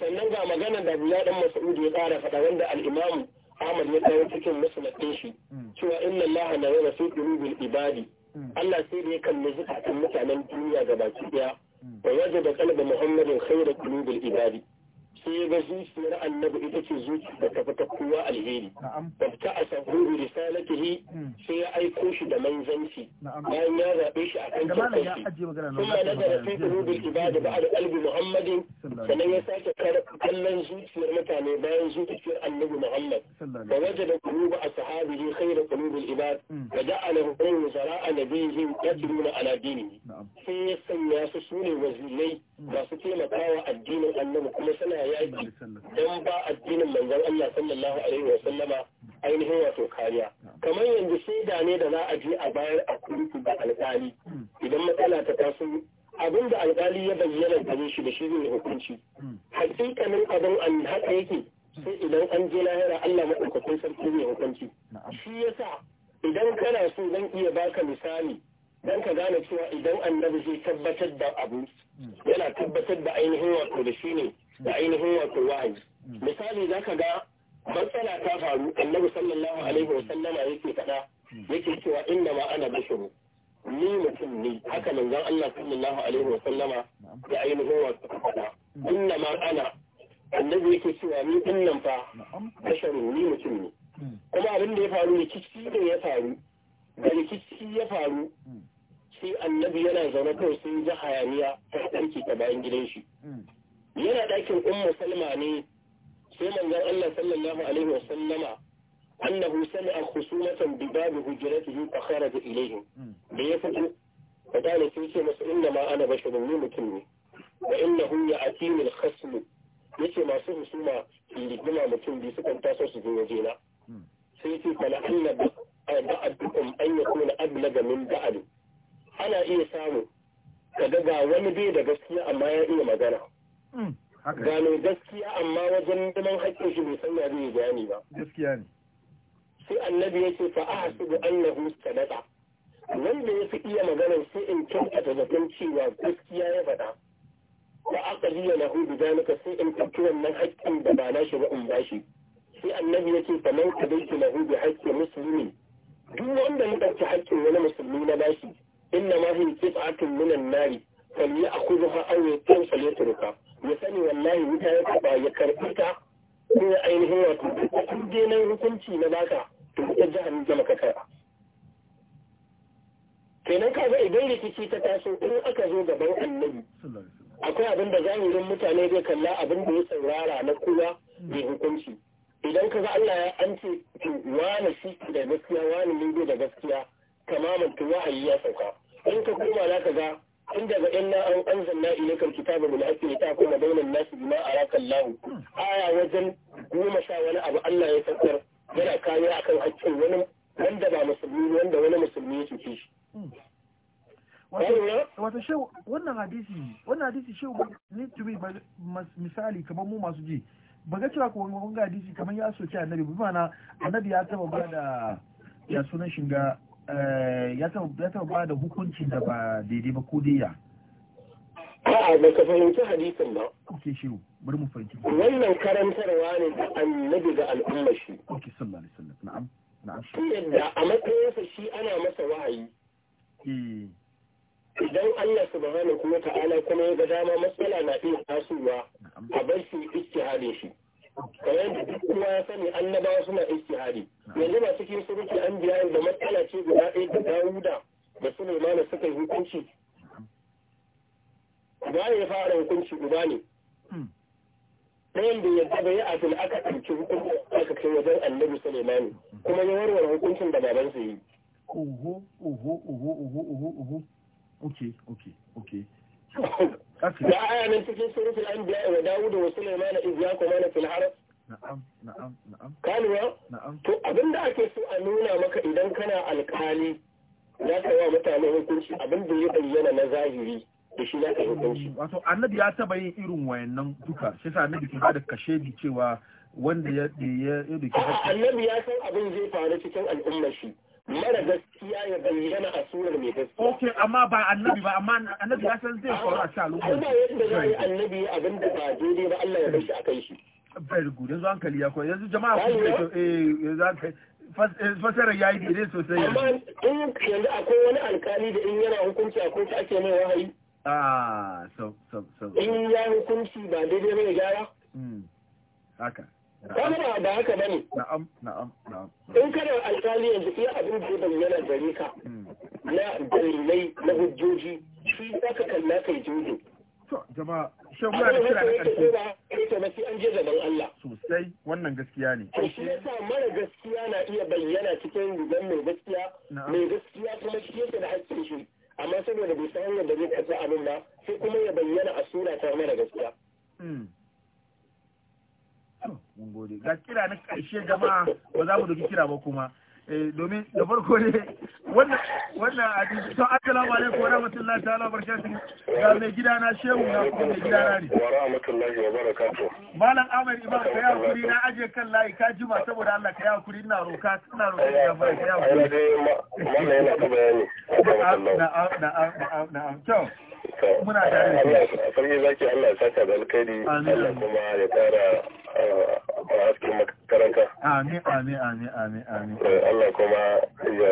sannan ga magana da biya dan Mas'ud ya kara faɗa wanda al'imamu Ahmad ya kawo cikin musulmin shi mm. cewa inna Allah yau da su qulubil ibadi mm. Allah sai da ya kalli zukatan mutanen duniya ga baki daya mm. wa da qalbi Muhammadin khayra qulubil ibadi sai ga zuciyar annabi ita ce zuciyar da tafi ta kowa alheri tabta a sabuhu risalatihi hmm. sai ya aiko shi da manzanci bayan ya zaɓe shi a kan kirkanci kuma na da rafi qulubil ibad ba'da qalbi muhammadin sannan ya sake kallon zuciyar mutane bayan zuciyar annabi muhammad fa wajada qulub da kulubin qulubil ibad wa hmm. ja'alahu wazara'a nabiyihim yatluna ala dinihi ya taba ba da ya sunan shiga eh, ya taba ba da hukuncin da ba daidai ba ko dai ya a'a ba ka fahimci hadisin ba oke shiru bari mu fahimci wannan karantarwa ne da annabi ga al'umma shi oke sallallahu alaihi wasallam na'am na'am yadda a matsayinsa shi ana masa wahayi eh. idan Allah subhanahu wa ta'ala kuma ya ga dama matsala na iya tasowa a bar shi ijtihadin shi kamar da kuma ya sani annabawa suna istihari yanzu ba cikin surutu an biya da matsala ce guda ɗaya da dawuda da sulemana suka yi hukunci Ba ya fara hukunci uba ne hmm. ɗayan da yadda bai abin aka ɗauki hukuncin aka kai wajen annabi sulemani kuma ya warware hukuncin da babansa yi uhu uhu uhu uhu uhu uhu okay okay okay *laughs* da aya cikin surutul anbiya wa dawud wa sulaiman iz yaqumana fil harb na'am na'am na'am kanuwa na'am to abinda ake so a nuna maka idan kana alkali za ka wa mutane hukunci abinda ya bayyana na zahiri da shi wato annabi ya taba yin irin wayannan duka ya sa annabi ke bada kashedi cewa wanda ya ya ya annabi ya san abin zai faru cikin al'ummar shi mara gaskiya ya bayyana a surar mai gaskiya. Ok, amma ba annabi ba, amma annabi ya san zai faru a sha lokaci. Ba yadda za a yi annabi abin da ba daidai ba Allah ya bar shi a kan shi. Very good, yanzu hankali ya koyi, yanzu jama'a kun ce to eh yanzu hankali. Eh, fasarar ya yi daidai sosai. Amma in yanzu akwai wani alkali da in yana hukunci akwai ta ake mai wahayi. Ah, so, so, so. In ya hukunci ba daidai ba ya gyara? Hmm. Haka. Kuma ba da haka bane. Na'am, na'am, na'am. In kana alƙali yanzu iya abin da yana gare ka hmm. na dalilai na hujjoji shi za ka kalla kai jojo. To jama'a shan muna da kira na ƙarshe. Ita na an je gaban Allah. Sosai wannan gaskiya ne. To shi yasa mara gaskiya na iya bayyana cikin rigan mai gaskiya. Mai gaskiya kuma shi yake da haƙƙin shi. Amma saboda bai san yadda zai karɓi abin ba sai kuma ya bayyana a sura ta mara gaskiya. Hmm. mun gode ga kira na ƙarshe jama'a ba za mu doki kira ba kuma eh, domin da farko ne wannan hadisi to assalamu alaikum wa rahmatullahi ta'ala barakatuh ga mai gida na shehu na kuma mai gida na ne wa rahmatullahi wa barakatuh malam Ahmad Imam kai hakuri na aje kan layi ka jima saboda Allah kai hakuri ina roka ina roka ga mai kai hakuri bayani muna tare da shi sarki zaki Allah ya saka da alkhairi Allah kuma ya kara a ah, cikin ah, makaranta amin amin amin amin amin eh, Allah kuma ya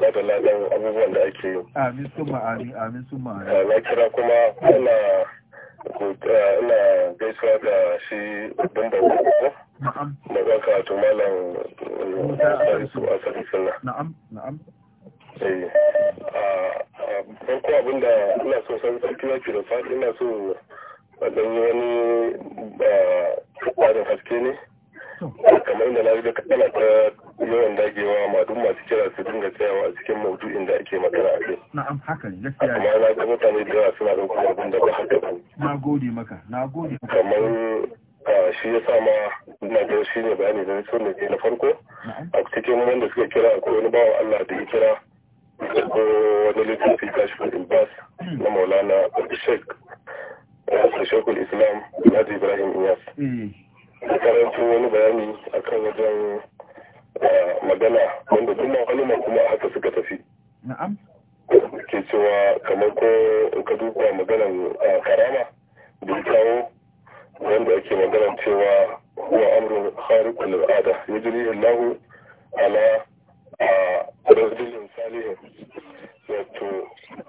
zata ladan abubuwan da ake yi amin summa amin amin summa amin eh, na kira kuma Allah eh, ina gaisuwa da shi babban bako na ɗan karatu malam Musa Isu na'am na'am Eh, ah, ah, farko abin da ina so san sarki zaki da ina so yi wani ah, haske ne kamar inda na kana ta yawan dagewa ma duk masu kira su dinga tsayawa a cikin maudu'in da ake magana a kai na'am haka ne gaskiya amma na ga mutane da yawa suna abin da ba haka ba na gode maka na gode kamar shi ya sa ma na shi ne bayani da na na farko a cikin wanda suka kira akwai wani bawa Allah da ya kira ɗauko wani littafi kudin bas na maulana abdushek da shekul islam Ladi ibrahim iyas da hmm. wani bayani akan wajen eh, magana wanda kuma wani kuma haka suka tafi ke cewa kamar ko ka duba maganan eh, karama da ya kawo wanda ake maganan cewa huwa amrun khariqul al'ada jiri Allahu ala a rajulun salihin wato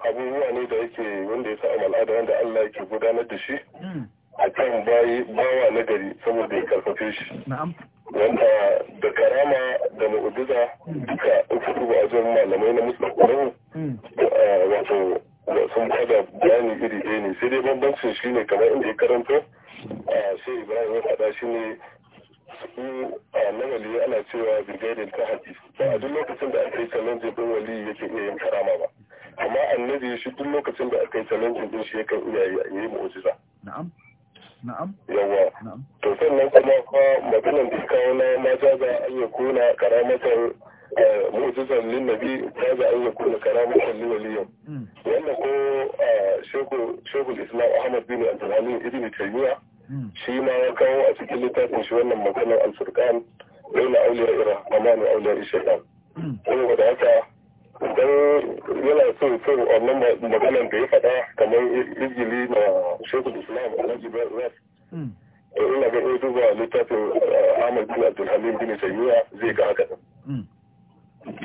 abubuwa ne da yake wanda ya samu al'ada wanda Allah yake gudanar da shi hmm. a kan bayi bawa na gari saboda ya karfafe shi wanda da karama da mu'ujiza hmm. duka uku ba a malamai na musulmi hmm. wato sun bada bayani iri ɗaya ne sai dai bambancin shi ne kamar inda ya karanta sai ibrahim ya faɗa shi ne a na ana cewa bigadin ta haɗi ba a duk lokacin da aka yi challenge din waliyu yake iya yin karama ba amma annabi shi duk lokacin da aka yi challenge din shi yakan iya yi mu'jiza na'am na'am yawa to sannan kuma fa maganar da kawo na mata za a iya kona karamatar eh, mu'jizan ta za a iya kona karamatar mm. wannan ko eh, shekul islam ahmad bin abdulhamid ibn taymiya Hmm. shi ma ya kawo a cikin littafin shi wannan maganar alfurkan baina auliya ira amanu auliya ishaitan hmm. saboda haka idan yana so so wannan maganar da ya faɗa kamar izgili na shekul islam alhaji bayar hmm. eh, ina ga iya duba littafin eh, ahmad bin abdulhalim bin tayyiya zai ga haka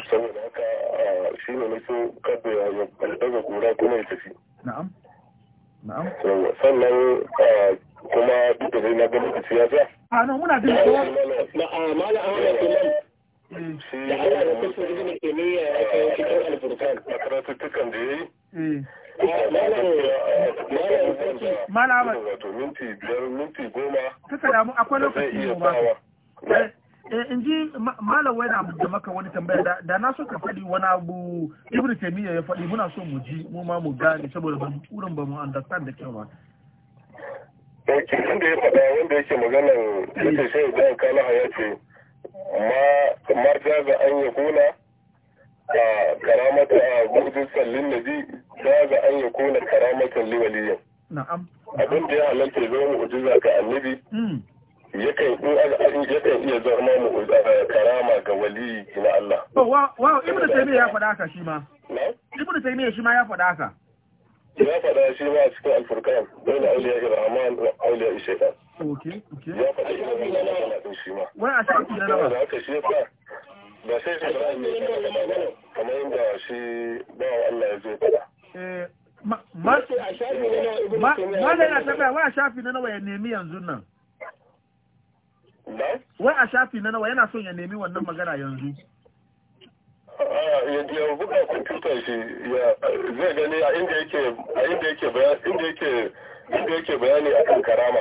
saboda haka eh, shi ne nufin kada ya daga kura kuma ya tafi sannan kuma duk da na gani da siyasa a nan muna eh. da shi mala ahmad imam da ana da kusur izinin kimiyya ya kai cikin alfurkan a karatuttukan da ya yi eh. mala ahmad wato minti biyar minti goma kaka damu akwai lokaci ne ba eh, in ji malam wai da maka wani tambaya da na so ka faɗi wani abu ibnu taymiya ya faɗi muna so mu ji mu ma mu gane saboda ban turan ba mu understand da kyau ba Ɗauki inda ya faɗa wanda yake maganan yake shi Ibrahim Kalaha ya ce ma ga an ya kuna a karamata a gurdin sallin nabi jaza an ya kuna karamatan liwaliyan. Abin da ya halarta zama mu'ujiza ga annabi. Hmm. yakan iya zama mu eh, karama ga wali na Allah. To wa Ibn Taymiyyah ya faɗa haka shi ma. Ibn Taymiyyah shi ma ya faɗa haka. ya faɗa shi ma a cikin alfurkan dole na auliya irhaman da auliya ishaitan ya faɗa shi ma na magana ɗin shi ma wani a cikin da rama da haka shi ya fa ba sai shi ba ne kamar yadda shi ba wa Allah ya zo faɗa eh, ma da yana tafiya wai a shafi na nawa ya nemi yanzu nan wai a shafi na nawa yana son ya nemi wannan magana yanzu Ah, ya buga kwamfuta shi ya zai gani a inda yake a inda yake bayani inda yake inda yake bayani akan karama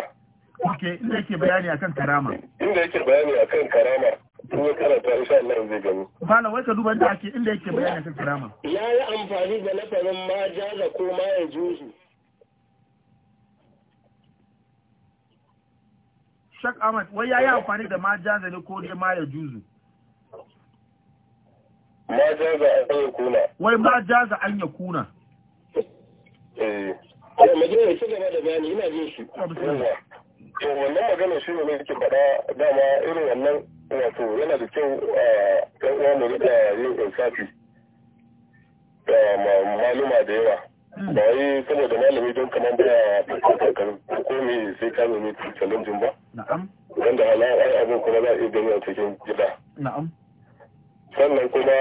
okay inda yake bayani akan karama inda yake bayani akan karama in ya karanta insha Allah zai gani malam wai ka duba inda ake inda yake bayani akan karama ya yi amfani da lafazin ma jaza ko ma ya juzu Shak Ahmad, wai ya yi amfani da ma jaza ne ko dai ma ya juzu? ma jaza an ya kuna wai ma jaza an ya kuna eh, eh magana ya ci gaba da bayani ina jin shi to wannan magana shi ne nake faɗa dama irin wannan wato yana da kyau a ɗan uwa mu rika yin insafi da maluma da yawa hmm. ba wai saboda malami don kamar baya kankan ko me sai ka nemi challenge ba wanda hala ai abin kuma za a iya ganin a cikin gida na'am sannan kuma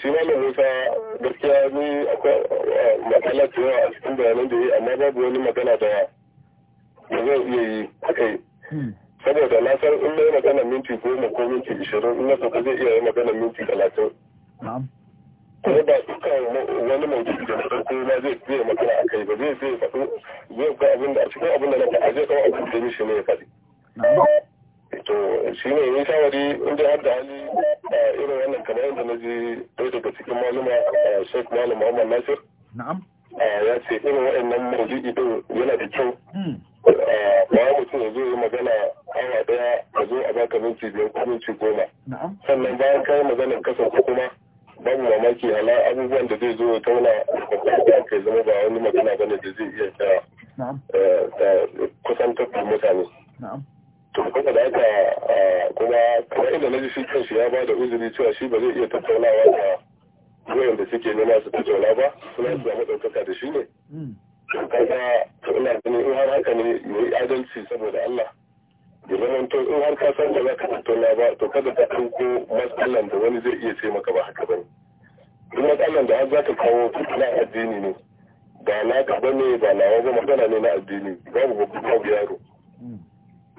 shi malam musa gaskiya ni akwai matsala ce a cikin bayanan da yi amma babu wani magana da da zai iya yi akai hmm. saboda na san in yi magana minti goma ko minti ishirin in na sauka zai iya yi magana minti talatin kuma ba dukkan wani mai jiki da na farko ma zai zai magana a kai ba zai zai faɗo zai ga abin da a cikin abin da na faɗa zai kawo abin da mishi ne ya faɗi. to shi ne yin shawari inda har da hali a irin wannan kamar yadda na ji ɗaya daga cikin maluma a shek malam muhammad nasir na'am ya ce irin waɗannan mawdu'i ido yana da kyau hmm. ba mutum ya zo yi magana awa daya a zo a baka minti biyar ko minti goma sannan bayan kai maganar kasan ko kuma babu mamaki hala abubuwan da zai zo ya tauna da kai zama ba wani magana bane da zai iya eh, kusantar da mutane to kuma da haka eh, kuma kamar inda na ji shi kansu ya ba da uzuri cewa shi ba zai iya tattaunawa da goyon da suke nema su tattauna ba suna su zama ɗaukaka da shi ne hmm. kaga ina ganin in har haka ne yi adalci saboda Allah ya zama ka san da za ka tattauna ba to ka da wani zai iya maka ba haka ba ne duk matsalan da har kawo na addini ka ba na addini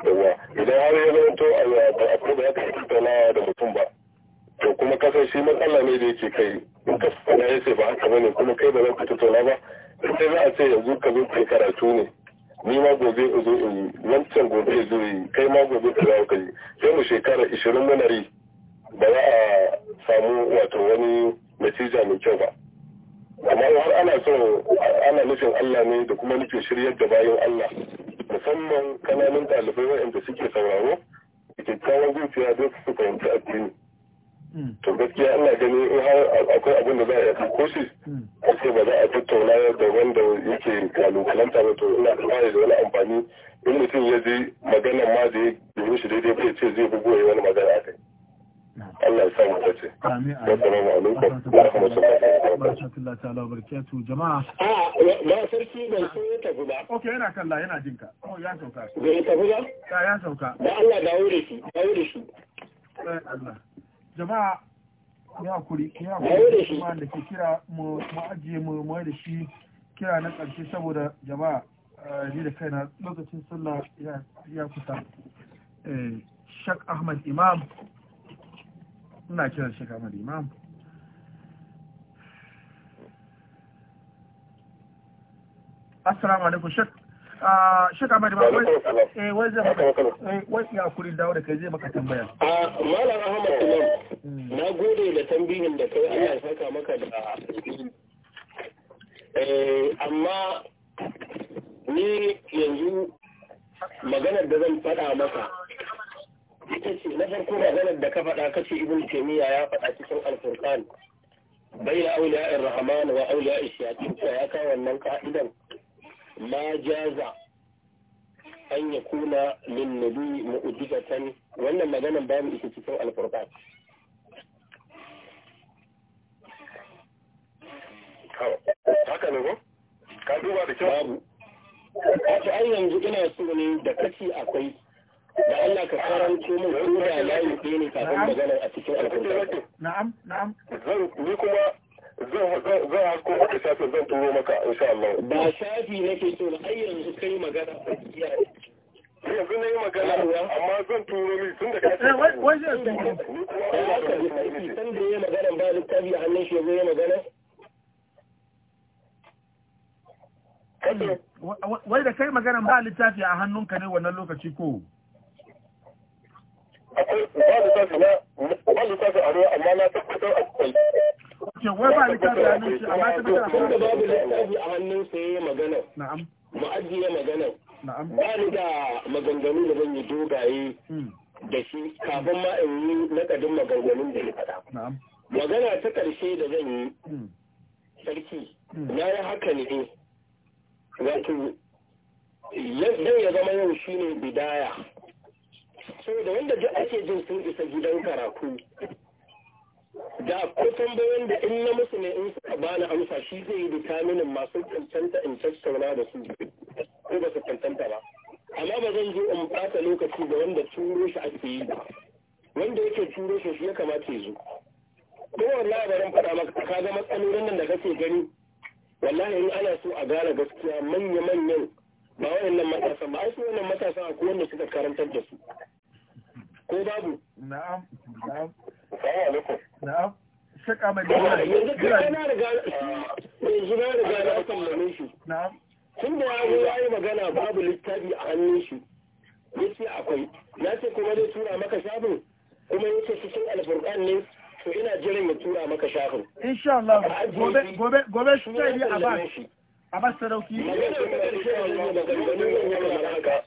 yawa idan har ya zama to a ba da ya kai tattaunawa da mutum ba to kuma kasar shi matsala ne da yake kai in ka fada ya ce ba haka bane kuma kai ba za ka tattauna ba sai za a ce yanzu ka zo kai karatu ne ni ma gobe in zo in yi wancan gobe in zo yi kai ma gobe ka zawo ka yi sai mu shekara ishirin muna ba za a samu wato wani natija mai kyau ba amma har ana so ana nufin Allah ne da kuma nufin shiryar da bayan Allah musamman kananan ɗalibai waɗanda suke sauraro da kyakkyawan zuciya don su fahimci addini hmm. to gaskiya ana gani in har akwai abin da za a yi ko hmm. a ce ba za a tattauna da wanda yake kalubalanta ba to ina kare da wani amfani in mutum ya ji magana ma da ya yi shi daidai bai ce zai bugu ya yi wani magana a kai Allah ya samu dace. Amin. Assalamu alaikum. Wa rahmatullahi wa barakatuh. Jama'a. Ah, ba sarki ban sai tafi yana kalla yana jin ka oh ya ya sauka da ya ya eh, ke kira mu ajiye mu mai da shi kira na ƙarshe saboda jama'a eh, ni da kaina lokacin sallah ya kusa eh, Shak Ahmad Imam ina kiran Shak Ahmad Imam assalamu alaikum shek ah, shek amadi ba wai eh wai zai maka eh, wai ya kuri dawo da kai zai maka tambaya ah, malam ahmad imam hmm. na gode da tambayin da kai Allah ya saka maka da eh, amma ni yanzu maganar da zan faɗa maka ita ce na farko maganar da ka faɗa kace ibn taymiya ya faɗa cikin alfurqan bayna awliya'ir rahman wa awliya'ir shayatin ya kawo wannan ka'idan ma jaza an ya kuna min nabi mu'jizatan wannan maganan ba ita cikin alqur'an haka ne ko babu yanzu ina so ne da kaci akwai da Allah ka karanto min da layi ne kafin magana a cikin alqur'an na'am na'am ni kuma zan hasko maka shafin zan turo maka insha Allah ba shafi nake so na yanzu kai magana yanzu na yi magana amma zan turo tun da kasa eh, san da magana ba littafi a hannun shi ya yi magana wai da kai magana ba littafi a hannunka ne wannan lokaci ko akwai ba littafi a ruwa amma na tabbatar akwai shin wai ba littafi a hannun shi amma ta bata kuma babu littafi a hannun sa yayi magana na'am mu'addiya magana na'am ba ni da maganganu da zan yi dogaye hmm. da shi kafin ma in yi nakadin maganganun da ya faɗa na'am magana ta ƙarshe da zan yi hmm. sarki hmm. na yi haka ne wato zai ya zama yau shine bidaya saboda wanda duk ake jin sun isa gidan karatu da ko tambayoyin da in na musu ne in suka bani amsa shi zai yi bitaminin masu cancanta in tattauna da su ko ba su cancanta ba amma ba zan zo in bata lokaci da wanda turo shi ake yi ba wanda yake turo shi shi ya kamata ya zo ko wallahi labarin faɗa maka ka ga matsalolin nan da kake gani wallahi in ana so a gane gaskiya manya manyan ba wayannan matasa? ba ai su wannan matasan akwai wanda suka karantar da su ko babu na'am na'am Na'am. Shaka mai dole. Yanzu kai na riga yanzu na riga na sallame shi. Na'am. Tun da ya yi magana babu littafi a hannun shi. Yace akwai. Ya ce kuma zai tura maka shafin kuma yace cikin alfurqan ne to ina jiran ya tura maka shafin. Insha Allah gobe gobe gobe shi ne a ba. A ba sadauki. Magana ta karshe wannan maganganun yana da haka.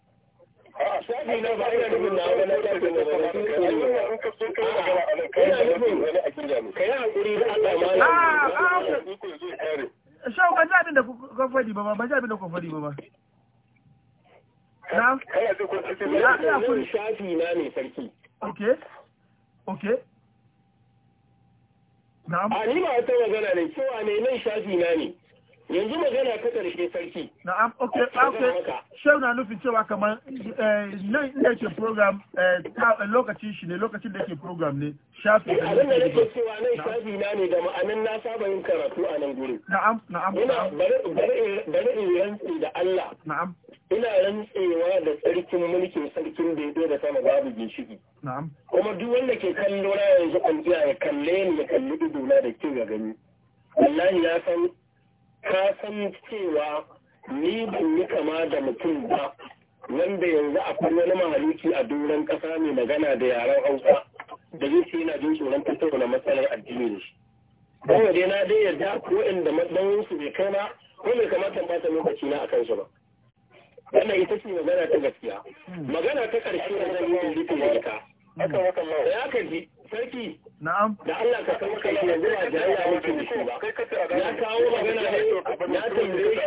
shafi na ba ba magana da ne ma a wata magana ne cewa ne nan shafi na ne yanzu magana ta karshe sarki na'am ok, ok, shau na nufin cewa kamar eh, nan inda yake program eh, eh, lokacin shi ne lokacin da yake program ne shafi da abin da nake cewa nan shafi na ne da ma'anin na saba yin karatu a nan gurin na'am na'am ina bari in rantsi da Allah na'am ina rantsewa da tsarkin mulkin sarkin ya da sama babu ginshiki na'am kuma duk wanda ke kallo na yanzu kwanciya ya kalle ni ya kalli idona da kyau ya gani wallahi ya san ka san cewa ni ban yi kama da mutum ba wanda yanzu akwai wani mahaluki a doron ƙasa mai magana da yaren hausa da zai ce yana jin tsoron tattauna matsalar addini da shi. Kawai dai na dai yadda ko inda matsayinsu bai kai ba, ko bai kamata ba ta lokaci na a kansu ba. Wannan ita ce magana ta gaskiya. Magana ta ƙarshe da zan yi da ita. Hmm. Aka maka Allah. Ya kan ji sarki. Na'am. Da Allah ka kawo kai yanzu ba jayayya mutum da shi ba. Ya kawo magana ne ya tambaye shi ko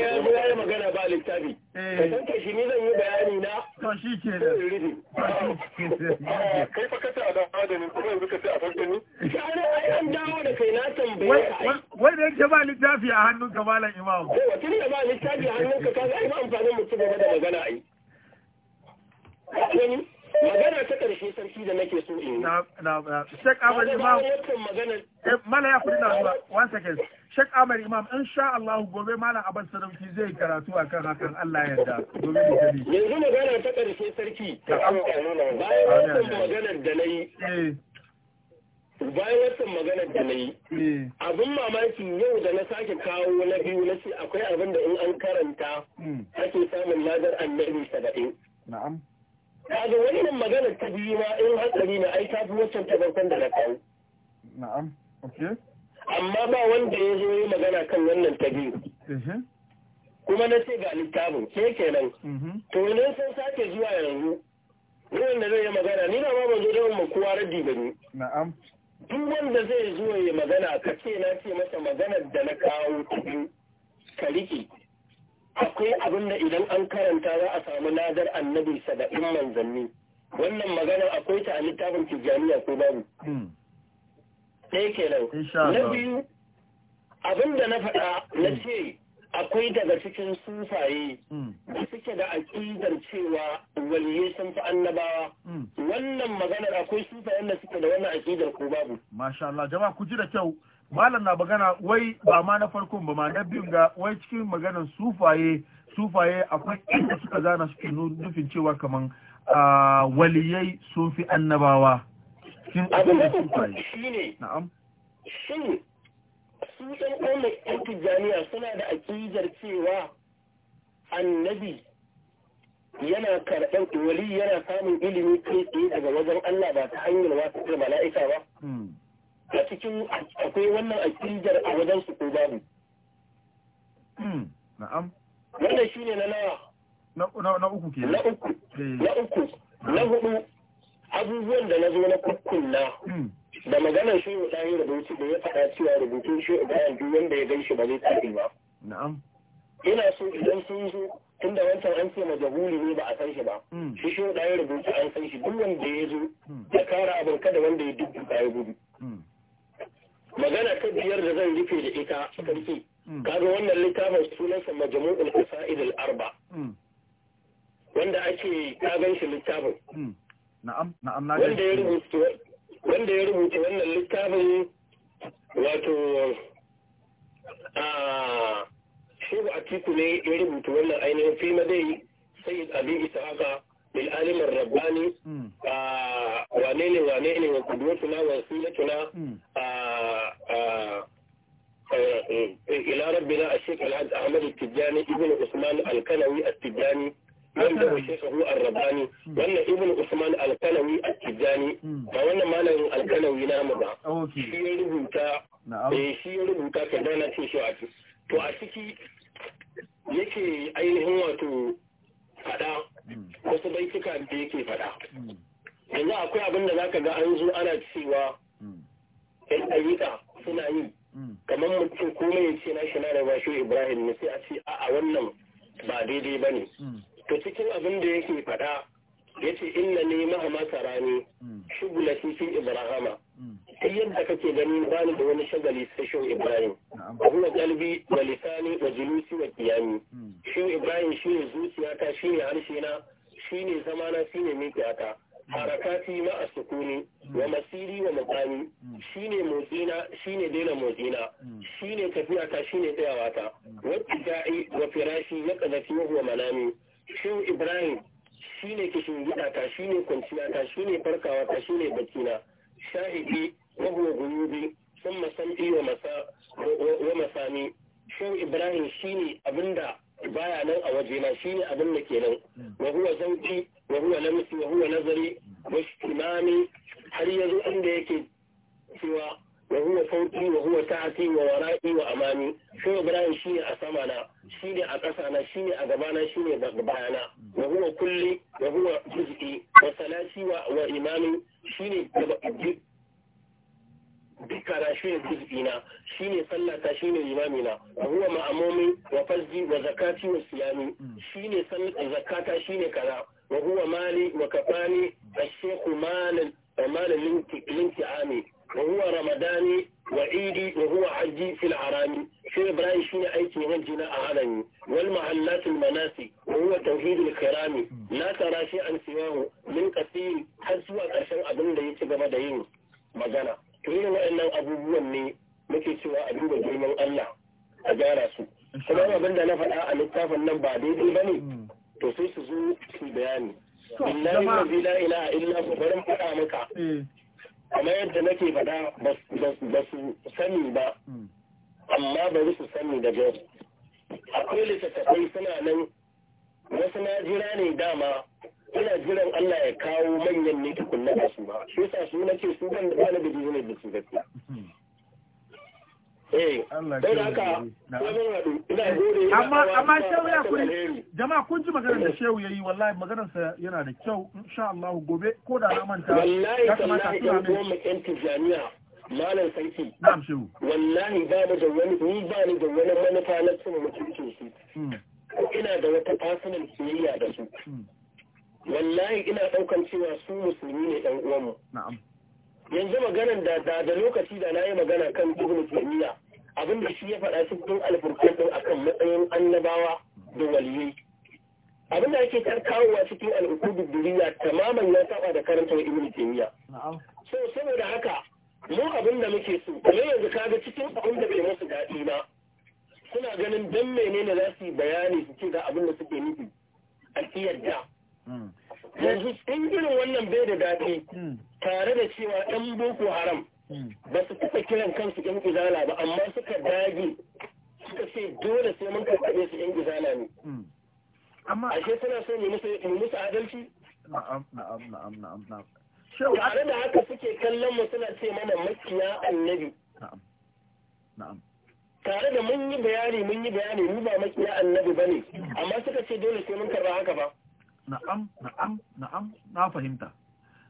ya zo ya yi magana ba littafi. Eh. Ka tanka shi ni zan yi bayani na. To shi ke da. *laughs* Ah, kai fa ka ce a da adani kuma yanzu ka ce a farko ni. Ka ana ai an dawo da kai na tambaye ka. Wai da yake ba littafi a hannunka malam Imam. Ko tun da ba littafi a hannunka ka ga ai ba amfanin mutum da magana ai. magana ta ƙarshe sarki da nake so in na na Sheikh Ahmad Imam mala eh, ya kudi na zuwa one second Sheikh Ahmad Imam in sha Allah gobe malam Abbas Sarauki zai karatu a kan hakan Allah ya yarda ne gani yanzu magana ta ƙarshe sarki bayan wannan maganar da na yi. Eh. bayan wannan maganar da na yi. Eh. abin mamaki yau da na sake kawo na biyu na ce akwai abin da in an karanta hmm. ake samun ladar annabi saba'in na'am kaga wannan magana ta biyu ma in hatsari na ai ta fi wancan ta da na kawo na'am ok. amma ba wanda ya zo yi magana kan wannan ta biyu kuma na ce ga littafin ke kenan mhm. to ya sun sake zuwa yanzu ruwan da zai yi magana ni na ma ban zo don mu kowa raddi ba ni na'am duk wanda zai zo yi magana ka ce na ce masa maganar da na kawo ta biyu ka rike akwai abin da idan an karanta za a samu nazar annabi saba'in manzanni wannan magana akwai ta a littafin tijjaniya ko babu hmm. ɗaya kenan na biyu abin da na faɗa na hmm. ce akwai daga cikin sufaye hmm. da suke da aƙidar cewa waliye sun fi annabawa wannan maganar akwai sufayen da suke da wannan aƙidar ko babu masha Allah jama'a ku ji da kyau malam na magana wai ba ma na farkon ba ma na biyun ga wai cikin maganar sufaye sufaye akwai inda suka zana suke nufin cewa kaman waliyai sun fi annabawa cikin abin sufaye na'am shin su ɗan ɗaukar ɗan tijjaniya suna da aƙidar cewa annabi yana karɓar wali yana samun ilimi kai tsaye daga wajen Allah ba ta hanyar wata mala'ika ba. Hmm. a cikin akwai wannan akidar a wajen su ko babu hmm, na'am wannan ne na nawa na uku ke eh. na uku na uku hmm. na hudu abubuwan da na zo na kukkunna hmm. da maganar shi da ya rubutu da ya faɗa cewa rubutun shi da ya duk wanda ya gan shi ba zai tsari ba na'am ina so idan sun zo tunda wancan an ce majahuli ne ba a san shi ba shi shi da ɗaya rubutu an san shi duk wanda ya zo ya kara abin kada wanda ya duk ya gudu magana ta biyar da zan rufe da ita sarki mm. kaga wannan littafin sunansa majmu'ul qasaid al arba mm. wanda ake ka shi littafin mm. na'am na'am na wanda ya rubuta wanda ya rubuta wannan littafin wato a shehu atiku ne ya rubuta wannan ainihin fi madai sayyid abi isa haka بالعالم الرباني ونيني ونيني وقدوتنا وسيلتنا إلى ربنا الشيخ العز أحمد التجاني ابن عثمان الكنوي التجاني wanda shekaru arrabani wannan ibn usman alkanawi a ba wannan malamin alkanawi na mu ba shi ya rubuta eh shi ya rubuta ka dana ce shi a to a ciki yake ainihin wato fada Hmm. wasu baituka da yake faɗa hmm. yanzu akwai abin da zaka ga an zo ana cewa hmm. yan ayyuka suna yi kamar mutum komai ya ce na shi na da bashi ibrahim ne sai a ce a wannan ba daidai ba ne to cikin abin da yake faɗa ya ce inna ne mahama sarani shugula cikin ibrahama sai yadda kake gani bani da wani shagali sai shehu ibrahim abu na galibi wa lisani wa julusi wa kiyami hmm. shehu ibrahim shi ne zuciyata shi ne harshe na shi ne zamana shi ne miƙiyata harakati ma a sukuni wa hmm. masiri wa mukami hmm. shi ne motsina shi ne daina motsina shi ne tafiyata shi ne ta wacce da'i wa firashi ya kazafi wa manami shehu ibrahim shi ne kishin gida ta shi ne kwanciya kwanciyata shi ne farkawata shi ne bakina شاهدي وهو غيوبي ثم سمعي ومسا ومسامي شو إبراهيم شيني أبندا baya nan a waje wajena shine abin da kenan wa huwa zauki wa huwa lamsi wa huwa nazari wa istimami har yanzu inda yake cewa wa huwa fauki wa huwa ta'ati wa wara'i wa amani sai ibrahim shi ne a sama na shi ne a ƙasa na shi ne a gaba shi ne bayana wa huwa kulli wa huwa juz'i wa salati wa imami shi ne dukkana shi ne juz'ina shi ne sallata shi ne imamina wa huwa ma'amumi wa fazzi wa zakati wa siyami mm. shi ne zakata shi ne kaza wa huwa mali wa kafani ash-shaykhu malan malan linti'ami wa huwa ramadani wa idi wa hajji fil harami shi ibrahim shine aikin hajji na harami wal mahallatul manasi wa huwa tauhidul kirami la tara shi an siwahu min kasir har zuwa karshen abin da ya ci gaba da yin magana to irin waɗannan abubuwan ne muke cewa a duba girman Allah a gyara su kuma abin da na faɗa a littafin nan ba daidai ba ne hmm. to sai su zo su bayani billahi la a illa hu barin faɗa maka eh. kamar yadda nake faɗa ba su sani ba amma ba su sani da yau akwai littattafai suna nan wasu na jira ne dama ina jiran Allah ya kawo manyan ne tukunna da su ba shi yasa su nake su ban da ɗalibin ne da su gaskiya Eh, amma shehu ya kuri jama'a kun ji maganar da eh. shehu ya yi wallahi maganarsa yana da kyau insha Allah gobe ko da na manta ya kamata a tura mai malam sarki na'am shehu wallahi ba mu da wani ni ba ni da wani manufa na cin mutunci su ko hmm. ina da wata fasinan soyayya da su hmm. wallahi ina daukan cewa su musulmi ne dan uwanmu na'am yanzu maganan da da da lokaci da na yi magana kan ibn taymiya abin da shi ya faɗa cikin alfurqan din akan matsayin annabawa da waliyai abin da ake tarkawowa cikin al'ukudu duniya tamaman ya saba da karanta ibn ibnu taymiya so saboda haka mu abin da muke so kuma yanzu kaga cikin abin da bai musu daɗi ba suna ganin dan menene za su bayani su ce ga abin da suke nufi a yadda. Hmm. yanzu in irin wannan bai da daɗi hmm. da cewa ɗan boko haram hmm. ba su taɓa kiran kansu ɗan izala ba amma suka dage suka ce dole sai mun karɓe su ɗan izala ne hmm. amma ashe suna so mu musu adalci na'am na'am na'am na'am na'am tare da haka suke kallon mu suna ce mana makiya annabi na'am na'am tare da mun yi bayani mun yi bayani mu ba makiya annabi ne hmm. amma suka ce dole sai mun karɓa haka ba na'am na'am na'am na fahimta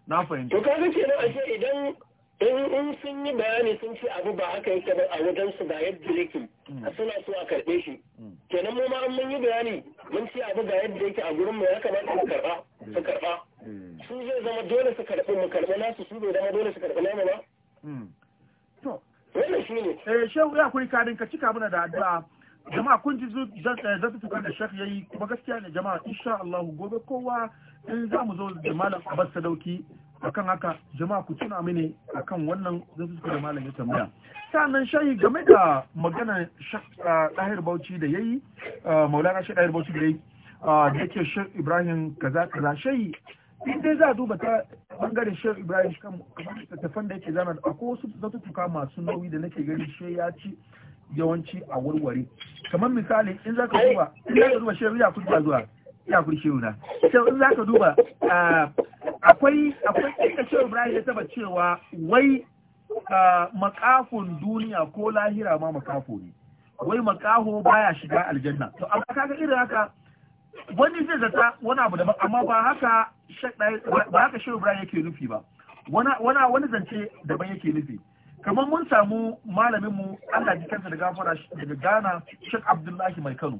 na fahimta to kaga kenan ashe idan in sun yi bayani sun ce abu ba haka yake ba a wajen su ba yadda yake mm. suna so a karbe shi mm. kenan mu ma mun yi bayani mun ce abu ba yadda yake a gurin mu ya kamata su karba su karba mm. su zai zama dole su karbi mu karɓi nasu su bai zama dole su karbi namu ba wannan shi ne eh shehu ya kuri kadin ka cika abuna da addu'a jama'a kun ji eh, tuka da shek yi kuma gaskiya ne jama'a insha Allah gobe kowa in za mu zo da malam Abbas Sadauki akan haka jama'a ku tuna mini akan wannan tuka da malam ya tambaya sannan shayi game da magana eh, Dahir Bauchi da yayi eh, Maulana Sheikh Dahir Bauchi da yayi da yake Sheikh Ibrahim kaza kaza shayi in dai za a duba ta bangaren Sheikh Ibrahim kan kamar da yake zama akwai wasu tuka masu nauyi da nake gani shi ya ci yawanci a warware kamar misali in za ka duba in za ka duba shehu ya kudu zuwa ya kudu shehu na shehu in za ka duba ah, akwai akwai inda shehu ibrahim ya taba cewa wai ah, makafin duniya ko lahira ma makafo ne wai makaho baya shiga aljanna to amma kaga irin haka wani zai zata wani abu daban amma ba haka ba haka shehu ibrahim yake nufi ba Wana wani zance daban yake nufi kamar mun samu malaminmu Allah ji da gafara daga Ghana Sheikh Abdullahi Mai Kano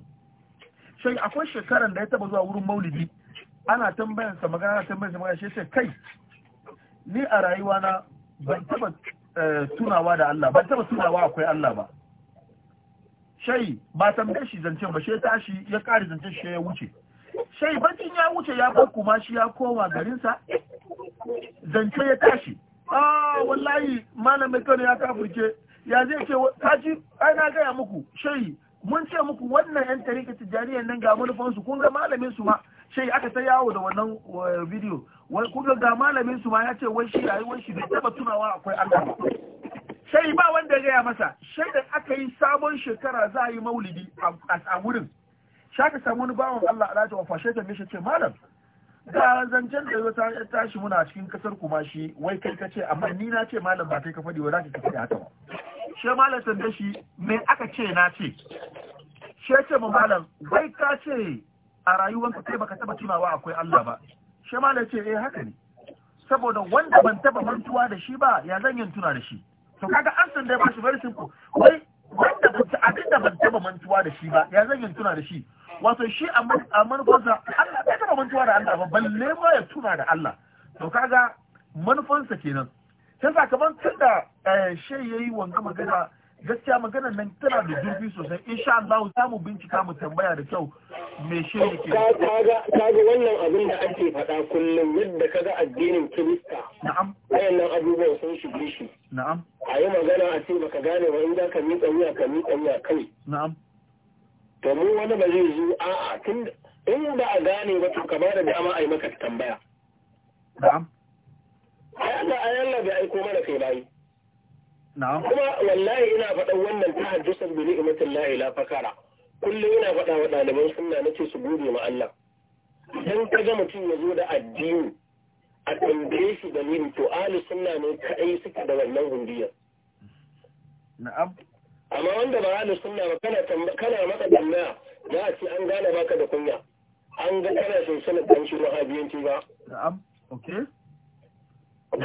sai akwai shekaran da ya taba zuwa wurin Maulidi ana tambayan sa magana ana tambayan sa magana sai kai ni a rayuwa na ban taba eh, tunawa da Allah ban taba tunawa akwai Allah ba Sai ba tambaye shi zancen ba Sai tashi ya kare zancen shi ya wuce Sai bacin ya wuce ya bar kuma shi ya koma garinsa zance ya tashi ah wallahi malamin kano ya kafirce ya zai ce kaji ai na gaya muku shayi mun ce muku wannan yan tarika tijjaniyan nan ga manufansu kun ga malamin su ma shayi aka ta yawo da wannan eh, bidiyo wai kun ga malamin su ma ya ce wai shi yi wai shi bai taba tunawa akwai Allah shayi ba wanda ya gaya masa da aka yi sabon shekara za a yi maulidi a wurin shaka samu wani bawan Allah alhaji wa fashe ta ce malam ga zancen da ya yan tashi muna cikin kasar kuma shi wai kai ka ce amma ni na ce malam ba kai ka faɗi ba za ka fadi haka ba she malam sanda shi me aka ce na ce she ce ma malam wai ka ce a ka kai baka taba tunawa akwai Allah ba she malam ce eh haka ne saboda wanda ban taba mantuwa da shi ba ya zan yin tuna da shi to kaga an san dai ba shi very simple wai abin da ban taba mantuwa da shi ba ya zan yi tuna da shi wato shi a manufansa Allah bai taba mantuwa da Allah ba balle ma ya tuna da Allah to kaga manufansa kenan sai sakamakon tunda eh, shi yayi wanga magana gaskiya maganar nan tana da zurfi sosai insha Allah za mu bincika mu tambaya da kyau me shi yake kaga wannan abin da ake faɗa kullum yadda kaga addinin Kirista na'am wayannan abubuwan sun shige shi na'am a yi magana a ce baka gane ba in za ka miƙa wuya ka miƙa wuya kai na'am to mu wani ba zai zo a'a tun in ba a gane ba to ka ba da dama a yi maka tambaya na'am ai Allah ai Allah bai aiko mana kai bayi kuma wallahi ina faɗa wannan ta haddisan bi ni'matin la ila fakara kullum ina faɗa wa ɗaliban sunna nace su gode ma Allah dan kaga mutum ya zo da addini a tambaye shi dalili to ahli sunna ne kadai suke da wannan hundiyar na'am amma wanda ba ahli sunna ba kana kana maka tambaya za a ce an gane baka da kunya an ga kana sun sanar dan shi ba na'am okay Ka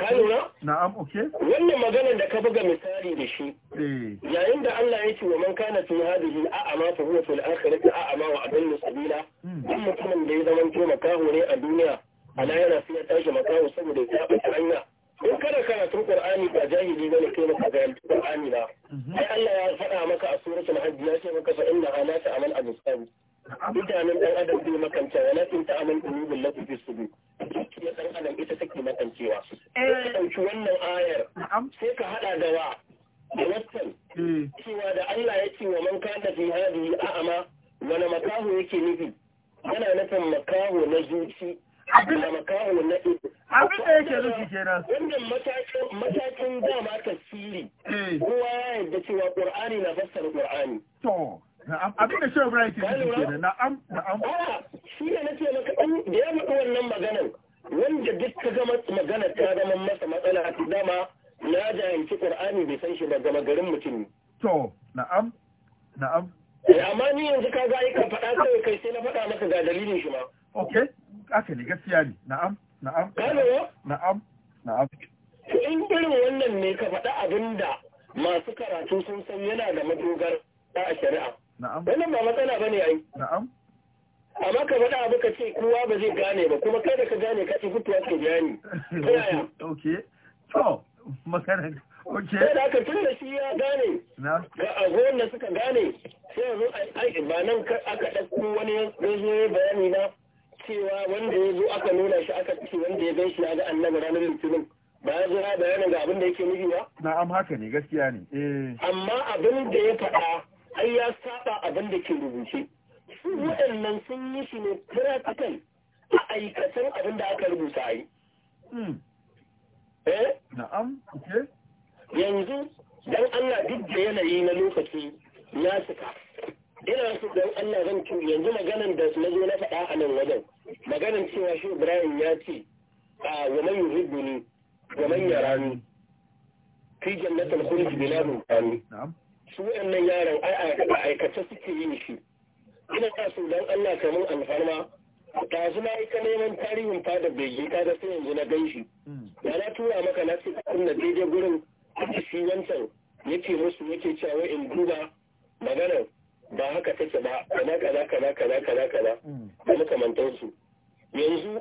Na'am, okay. Wannan maganar da ka buga misali da shi. Eh. Yayin da Allah ya ce wa man kana fi a a'ama fa huwa fil akhirati a'ama wa adallu sabila. Hmm. Dan mutumin da ya zama to makaho ne a duniya, ala yana sai ya tashi makaho saboda ya bata hanya. In kana karatun Qur'ani ba jahili bane kai maka ga Qur'ani ba. sai mhm. Allah ya faɗa maka a suratul Hajj ya ce maka fa inna ala ta'amal al-musabi. mutanen ɗan adam zai makanta walakin ta amal qulubul lati fi sudur ya ɗan adam ita take makancewa eh. sai ka ɗauki wannan ayar sai ka haɗa da wa da wattan hmm. cewa da Allah ya ce wa man kana fi hadihi a'ama wani makaho yake nufi yana nufin makaho na zuci da makaho na ido abin da yake nufi kenan wannan matakin matakin dama tafsiri hmm. kowa ya yarda cewa qur'ani na fassara qur'ani to abin da shehu ibrahim ke nufi kenan na'am na'am ah, shi ne nace maka da ya faɗi wannan maganar wanda duk ka gama magana ta zama masa matsala ta dama na jahanci qur'ani bai san shi ba gama garin mutum to na'am na'am eh, amma ni yanzu ka ga ka faɗa kawai kai sai na faɗa maka ga dalilin shi ma okay ka ne gaskiya ne na'am na'am na'am na'am to in irin wannan ne ka faɗa abinda masu karatu sun san yana da madogara a shari'a na'am wannan ba matsala bane ai na'am amma ka faɗa abu ka ce kowa ba zai gane ba kuma kai da ka gane ka ce fitowa ka gane okay to makaranta okay sai da aka tun da shi ya gane Na'am. ga agogon da suka gane sai yanzu ai ba nan aka ɗauko wani ya bayani na cewa wanda ya zo aka nuna shi aka ce wanda ya gan shi ya ga annabi ranar litinin ba ya zo ya bayanin ga abin da yake nufi ba na'am haka ne gaskiya ne eh. amma abin da ya faɗa ai ya saba abin da ke rubuce su waɗannan sun yi shi ne practical a aikatan abin da aka rubuta ai hmm. eh na'am okay yanzu dan Allah duk da yanayi na lokaci ya suka ina so dan Allah zan ci yanzu maganan da na zo na faɗa a nan wajen maganan cewa shi Ibrahim ya ce a waman yuhibbuni waman yarani fi jannatul khuldi bila mutani na'am su waɗannan yaran ai a aikace suke yin shi ina sa su don Allah ka mun alfarma ta su na yi neman tarihin fada bege ka da sai yanzu na ganshi. shi mm. na tura maka na sai kunna daidai gurin shi wancan yake musu yake cewa in duba maganar ba haka take ba kana kana kana kana kaza kaza mm. da su. yanzu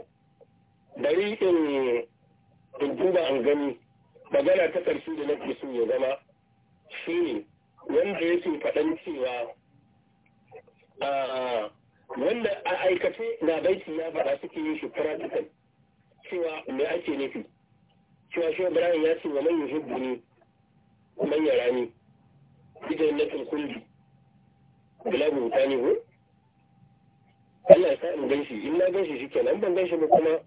bari in in duba an gani magana ta karshe da nake so ya zama shi ne wanda ya yake faɗan cewa wanda a aikace na baiti ya faɗa suke yin shi practical cewa me ake nufi cewa shi Ibrahim ya ce wa man ne manyan man yarani na jannatin kulli ta ne ko Allah ya sa in ganshi in na ganshi kenan ban ganshi ba kuma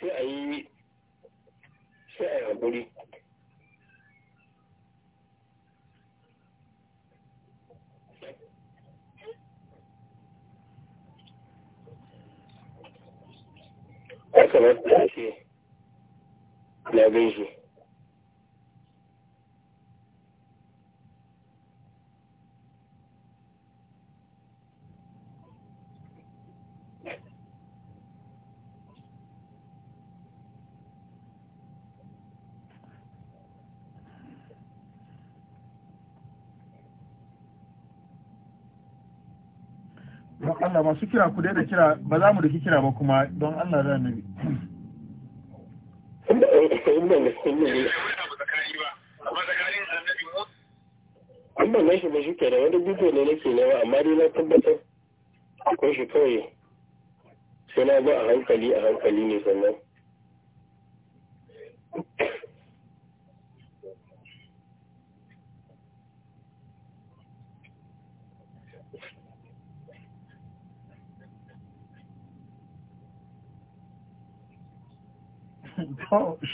sai a yi sai a yi ya kamata a ce na gaishe Allah masu kira ku da kira ba za mu da kira ba kuma don Allah da annabi amma na shi ba shi ke da wani bidiyo ne nake nawa amma dai na tabbatar akwai shi kawai sai na ba a hankali a hankali ne sannan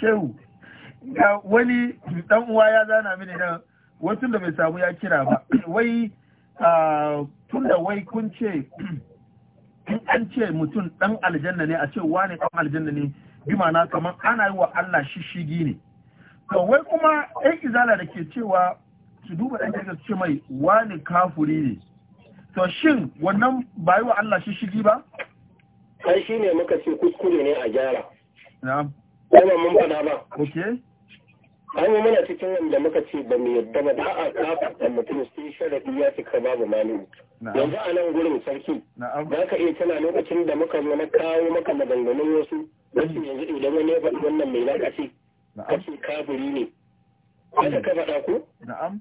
shehu ga wani dan uwa ya zana mini nan wasu da bai samu ya kira ba wai tun da wai kun ce in an ce mutum dan aljanna ne a ce wani dan aljanna ne bi ma'ana kamar ana yi wa Allah shishigi ne to wai kuma ɗan izala da ke cewa su duba ɗan jirgin su ce mai wani kafuri ne to shin wannan ba yi wa Allah shishigi ba kai shi ne muka ce kuskure ne a gyara na'am Kuma mun fana ba. Okay. An yi mana cikin wanda muka ce ba mu yadda ba da a kafa da mutum sai sharaɗi ya cika babu malami. Yanzu a nan gurin sarki. Za ka iya tana lokacin da muka zo na kawo maka maganganun wasu. Wasu yanzu idan wani ya faɗi wannan mai Ka ce kaburi ne. Hmm. Haka ka faɗa ko? Na'am.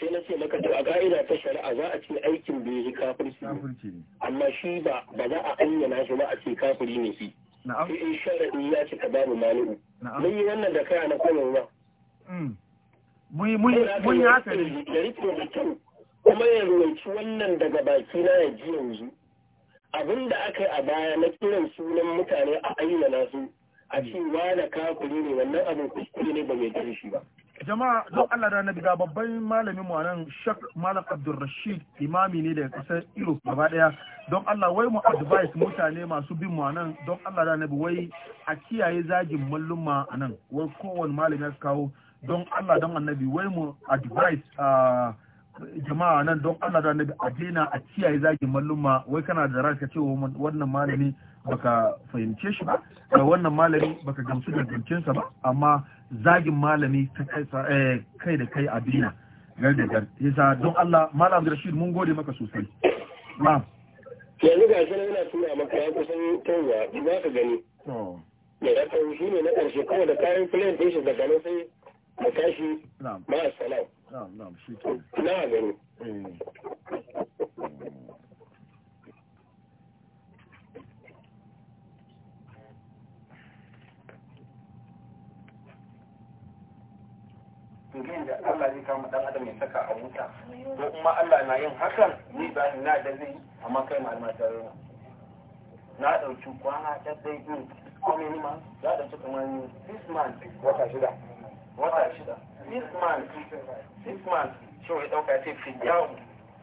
sai na ce maka a ka'ida ta shari'a za a ce aikin bai yi kafirci amma shi ba ba za a ayyana shi ba a ce kafiri ne shi na'am shi sharadi ya cika babu mali'u mun yi wannan da kai na koyo ba mm. mun yi mun yi haka ne da rike da kyau kuma ya ruwanci wannan daga baki na ya ji yanzu abin da aka yi a baya na kiran sunan mutane a ayyana su a cewa da kakuri ne wannan abin kuskure ne ba mai shi ba jama'a don Allah da nabi ga babban malamin mu nan Sheikh Malam Abdul Rashid imami ne daga kasar Europe gaba daya don Allah wai mu advice mutane masu bin mu nan don Allah da nabi wai a kiyaye zagin malluma nan wai kowanne malami ya kawo don Allah don annabi wai mu advice a jama'a nan don Allah da nabi a daina a kiyaye zagin mallumma wai kana da ranka cewa wannan malami baka fahimce shi ba da eh, wannan malami baka gamsu da gamcinsa ba amma zagin malami ta kai eh, da kai a gar da gar yasa don Allah malam Rashid mun gode maka sosai ma yanzu ga shi yana tura maka ya kusan tawa za ka gani ne ya tawo shi ne na karshe kuma da kayan plan din shi da gano sai mu tashi ma salam na'am na'am shi ke na gani eh. domin da Allah zai kama dan adam ya saka a wuta ko kuma Allah na yin hakan zai ba ni na da zai amma kai ma ta rana na dauki kwana ta dai din komai ni ma za da ci kamar six months wata shida wata shida six months six months shi ya dauka ya ce fi yawon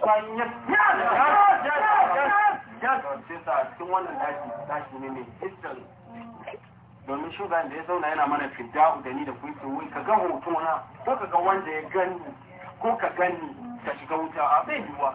bayan yes yes a cikin wannan dashi ne mai history domin shugaban da ya zauna yana mana fidda'u da ni da kuke wai ka ga hotona ko ka wanda ya gani ko ka gani ka shiga wuta a bai yiwuwa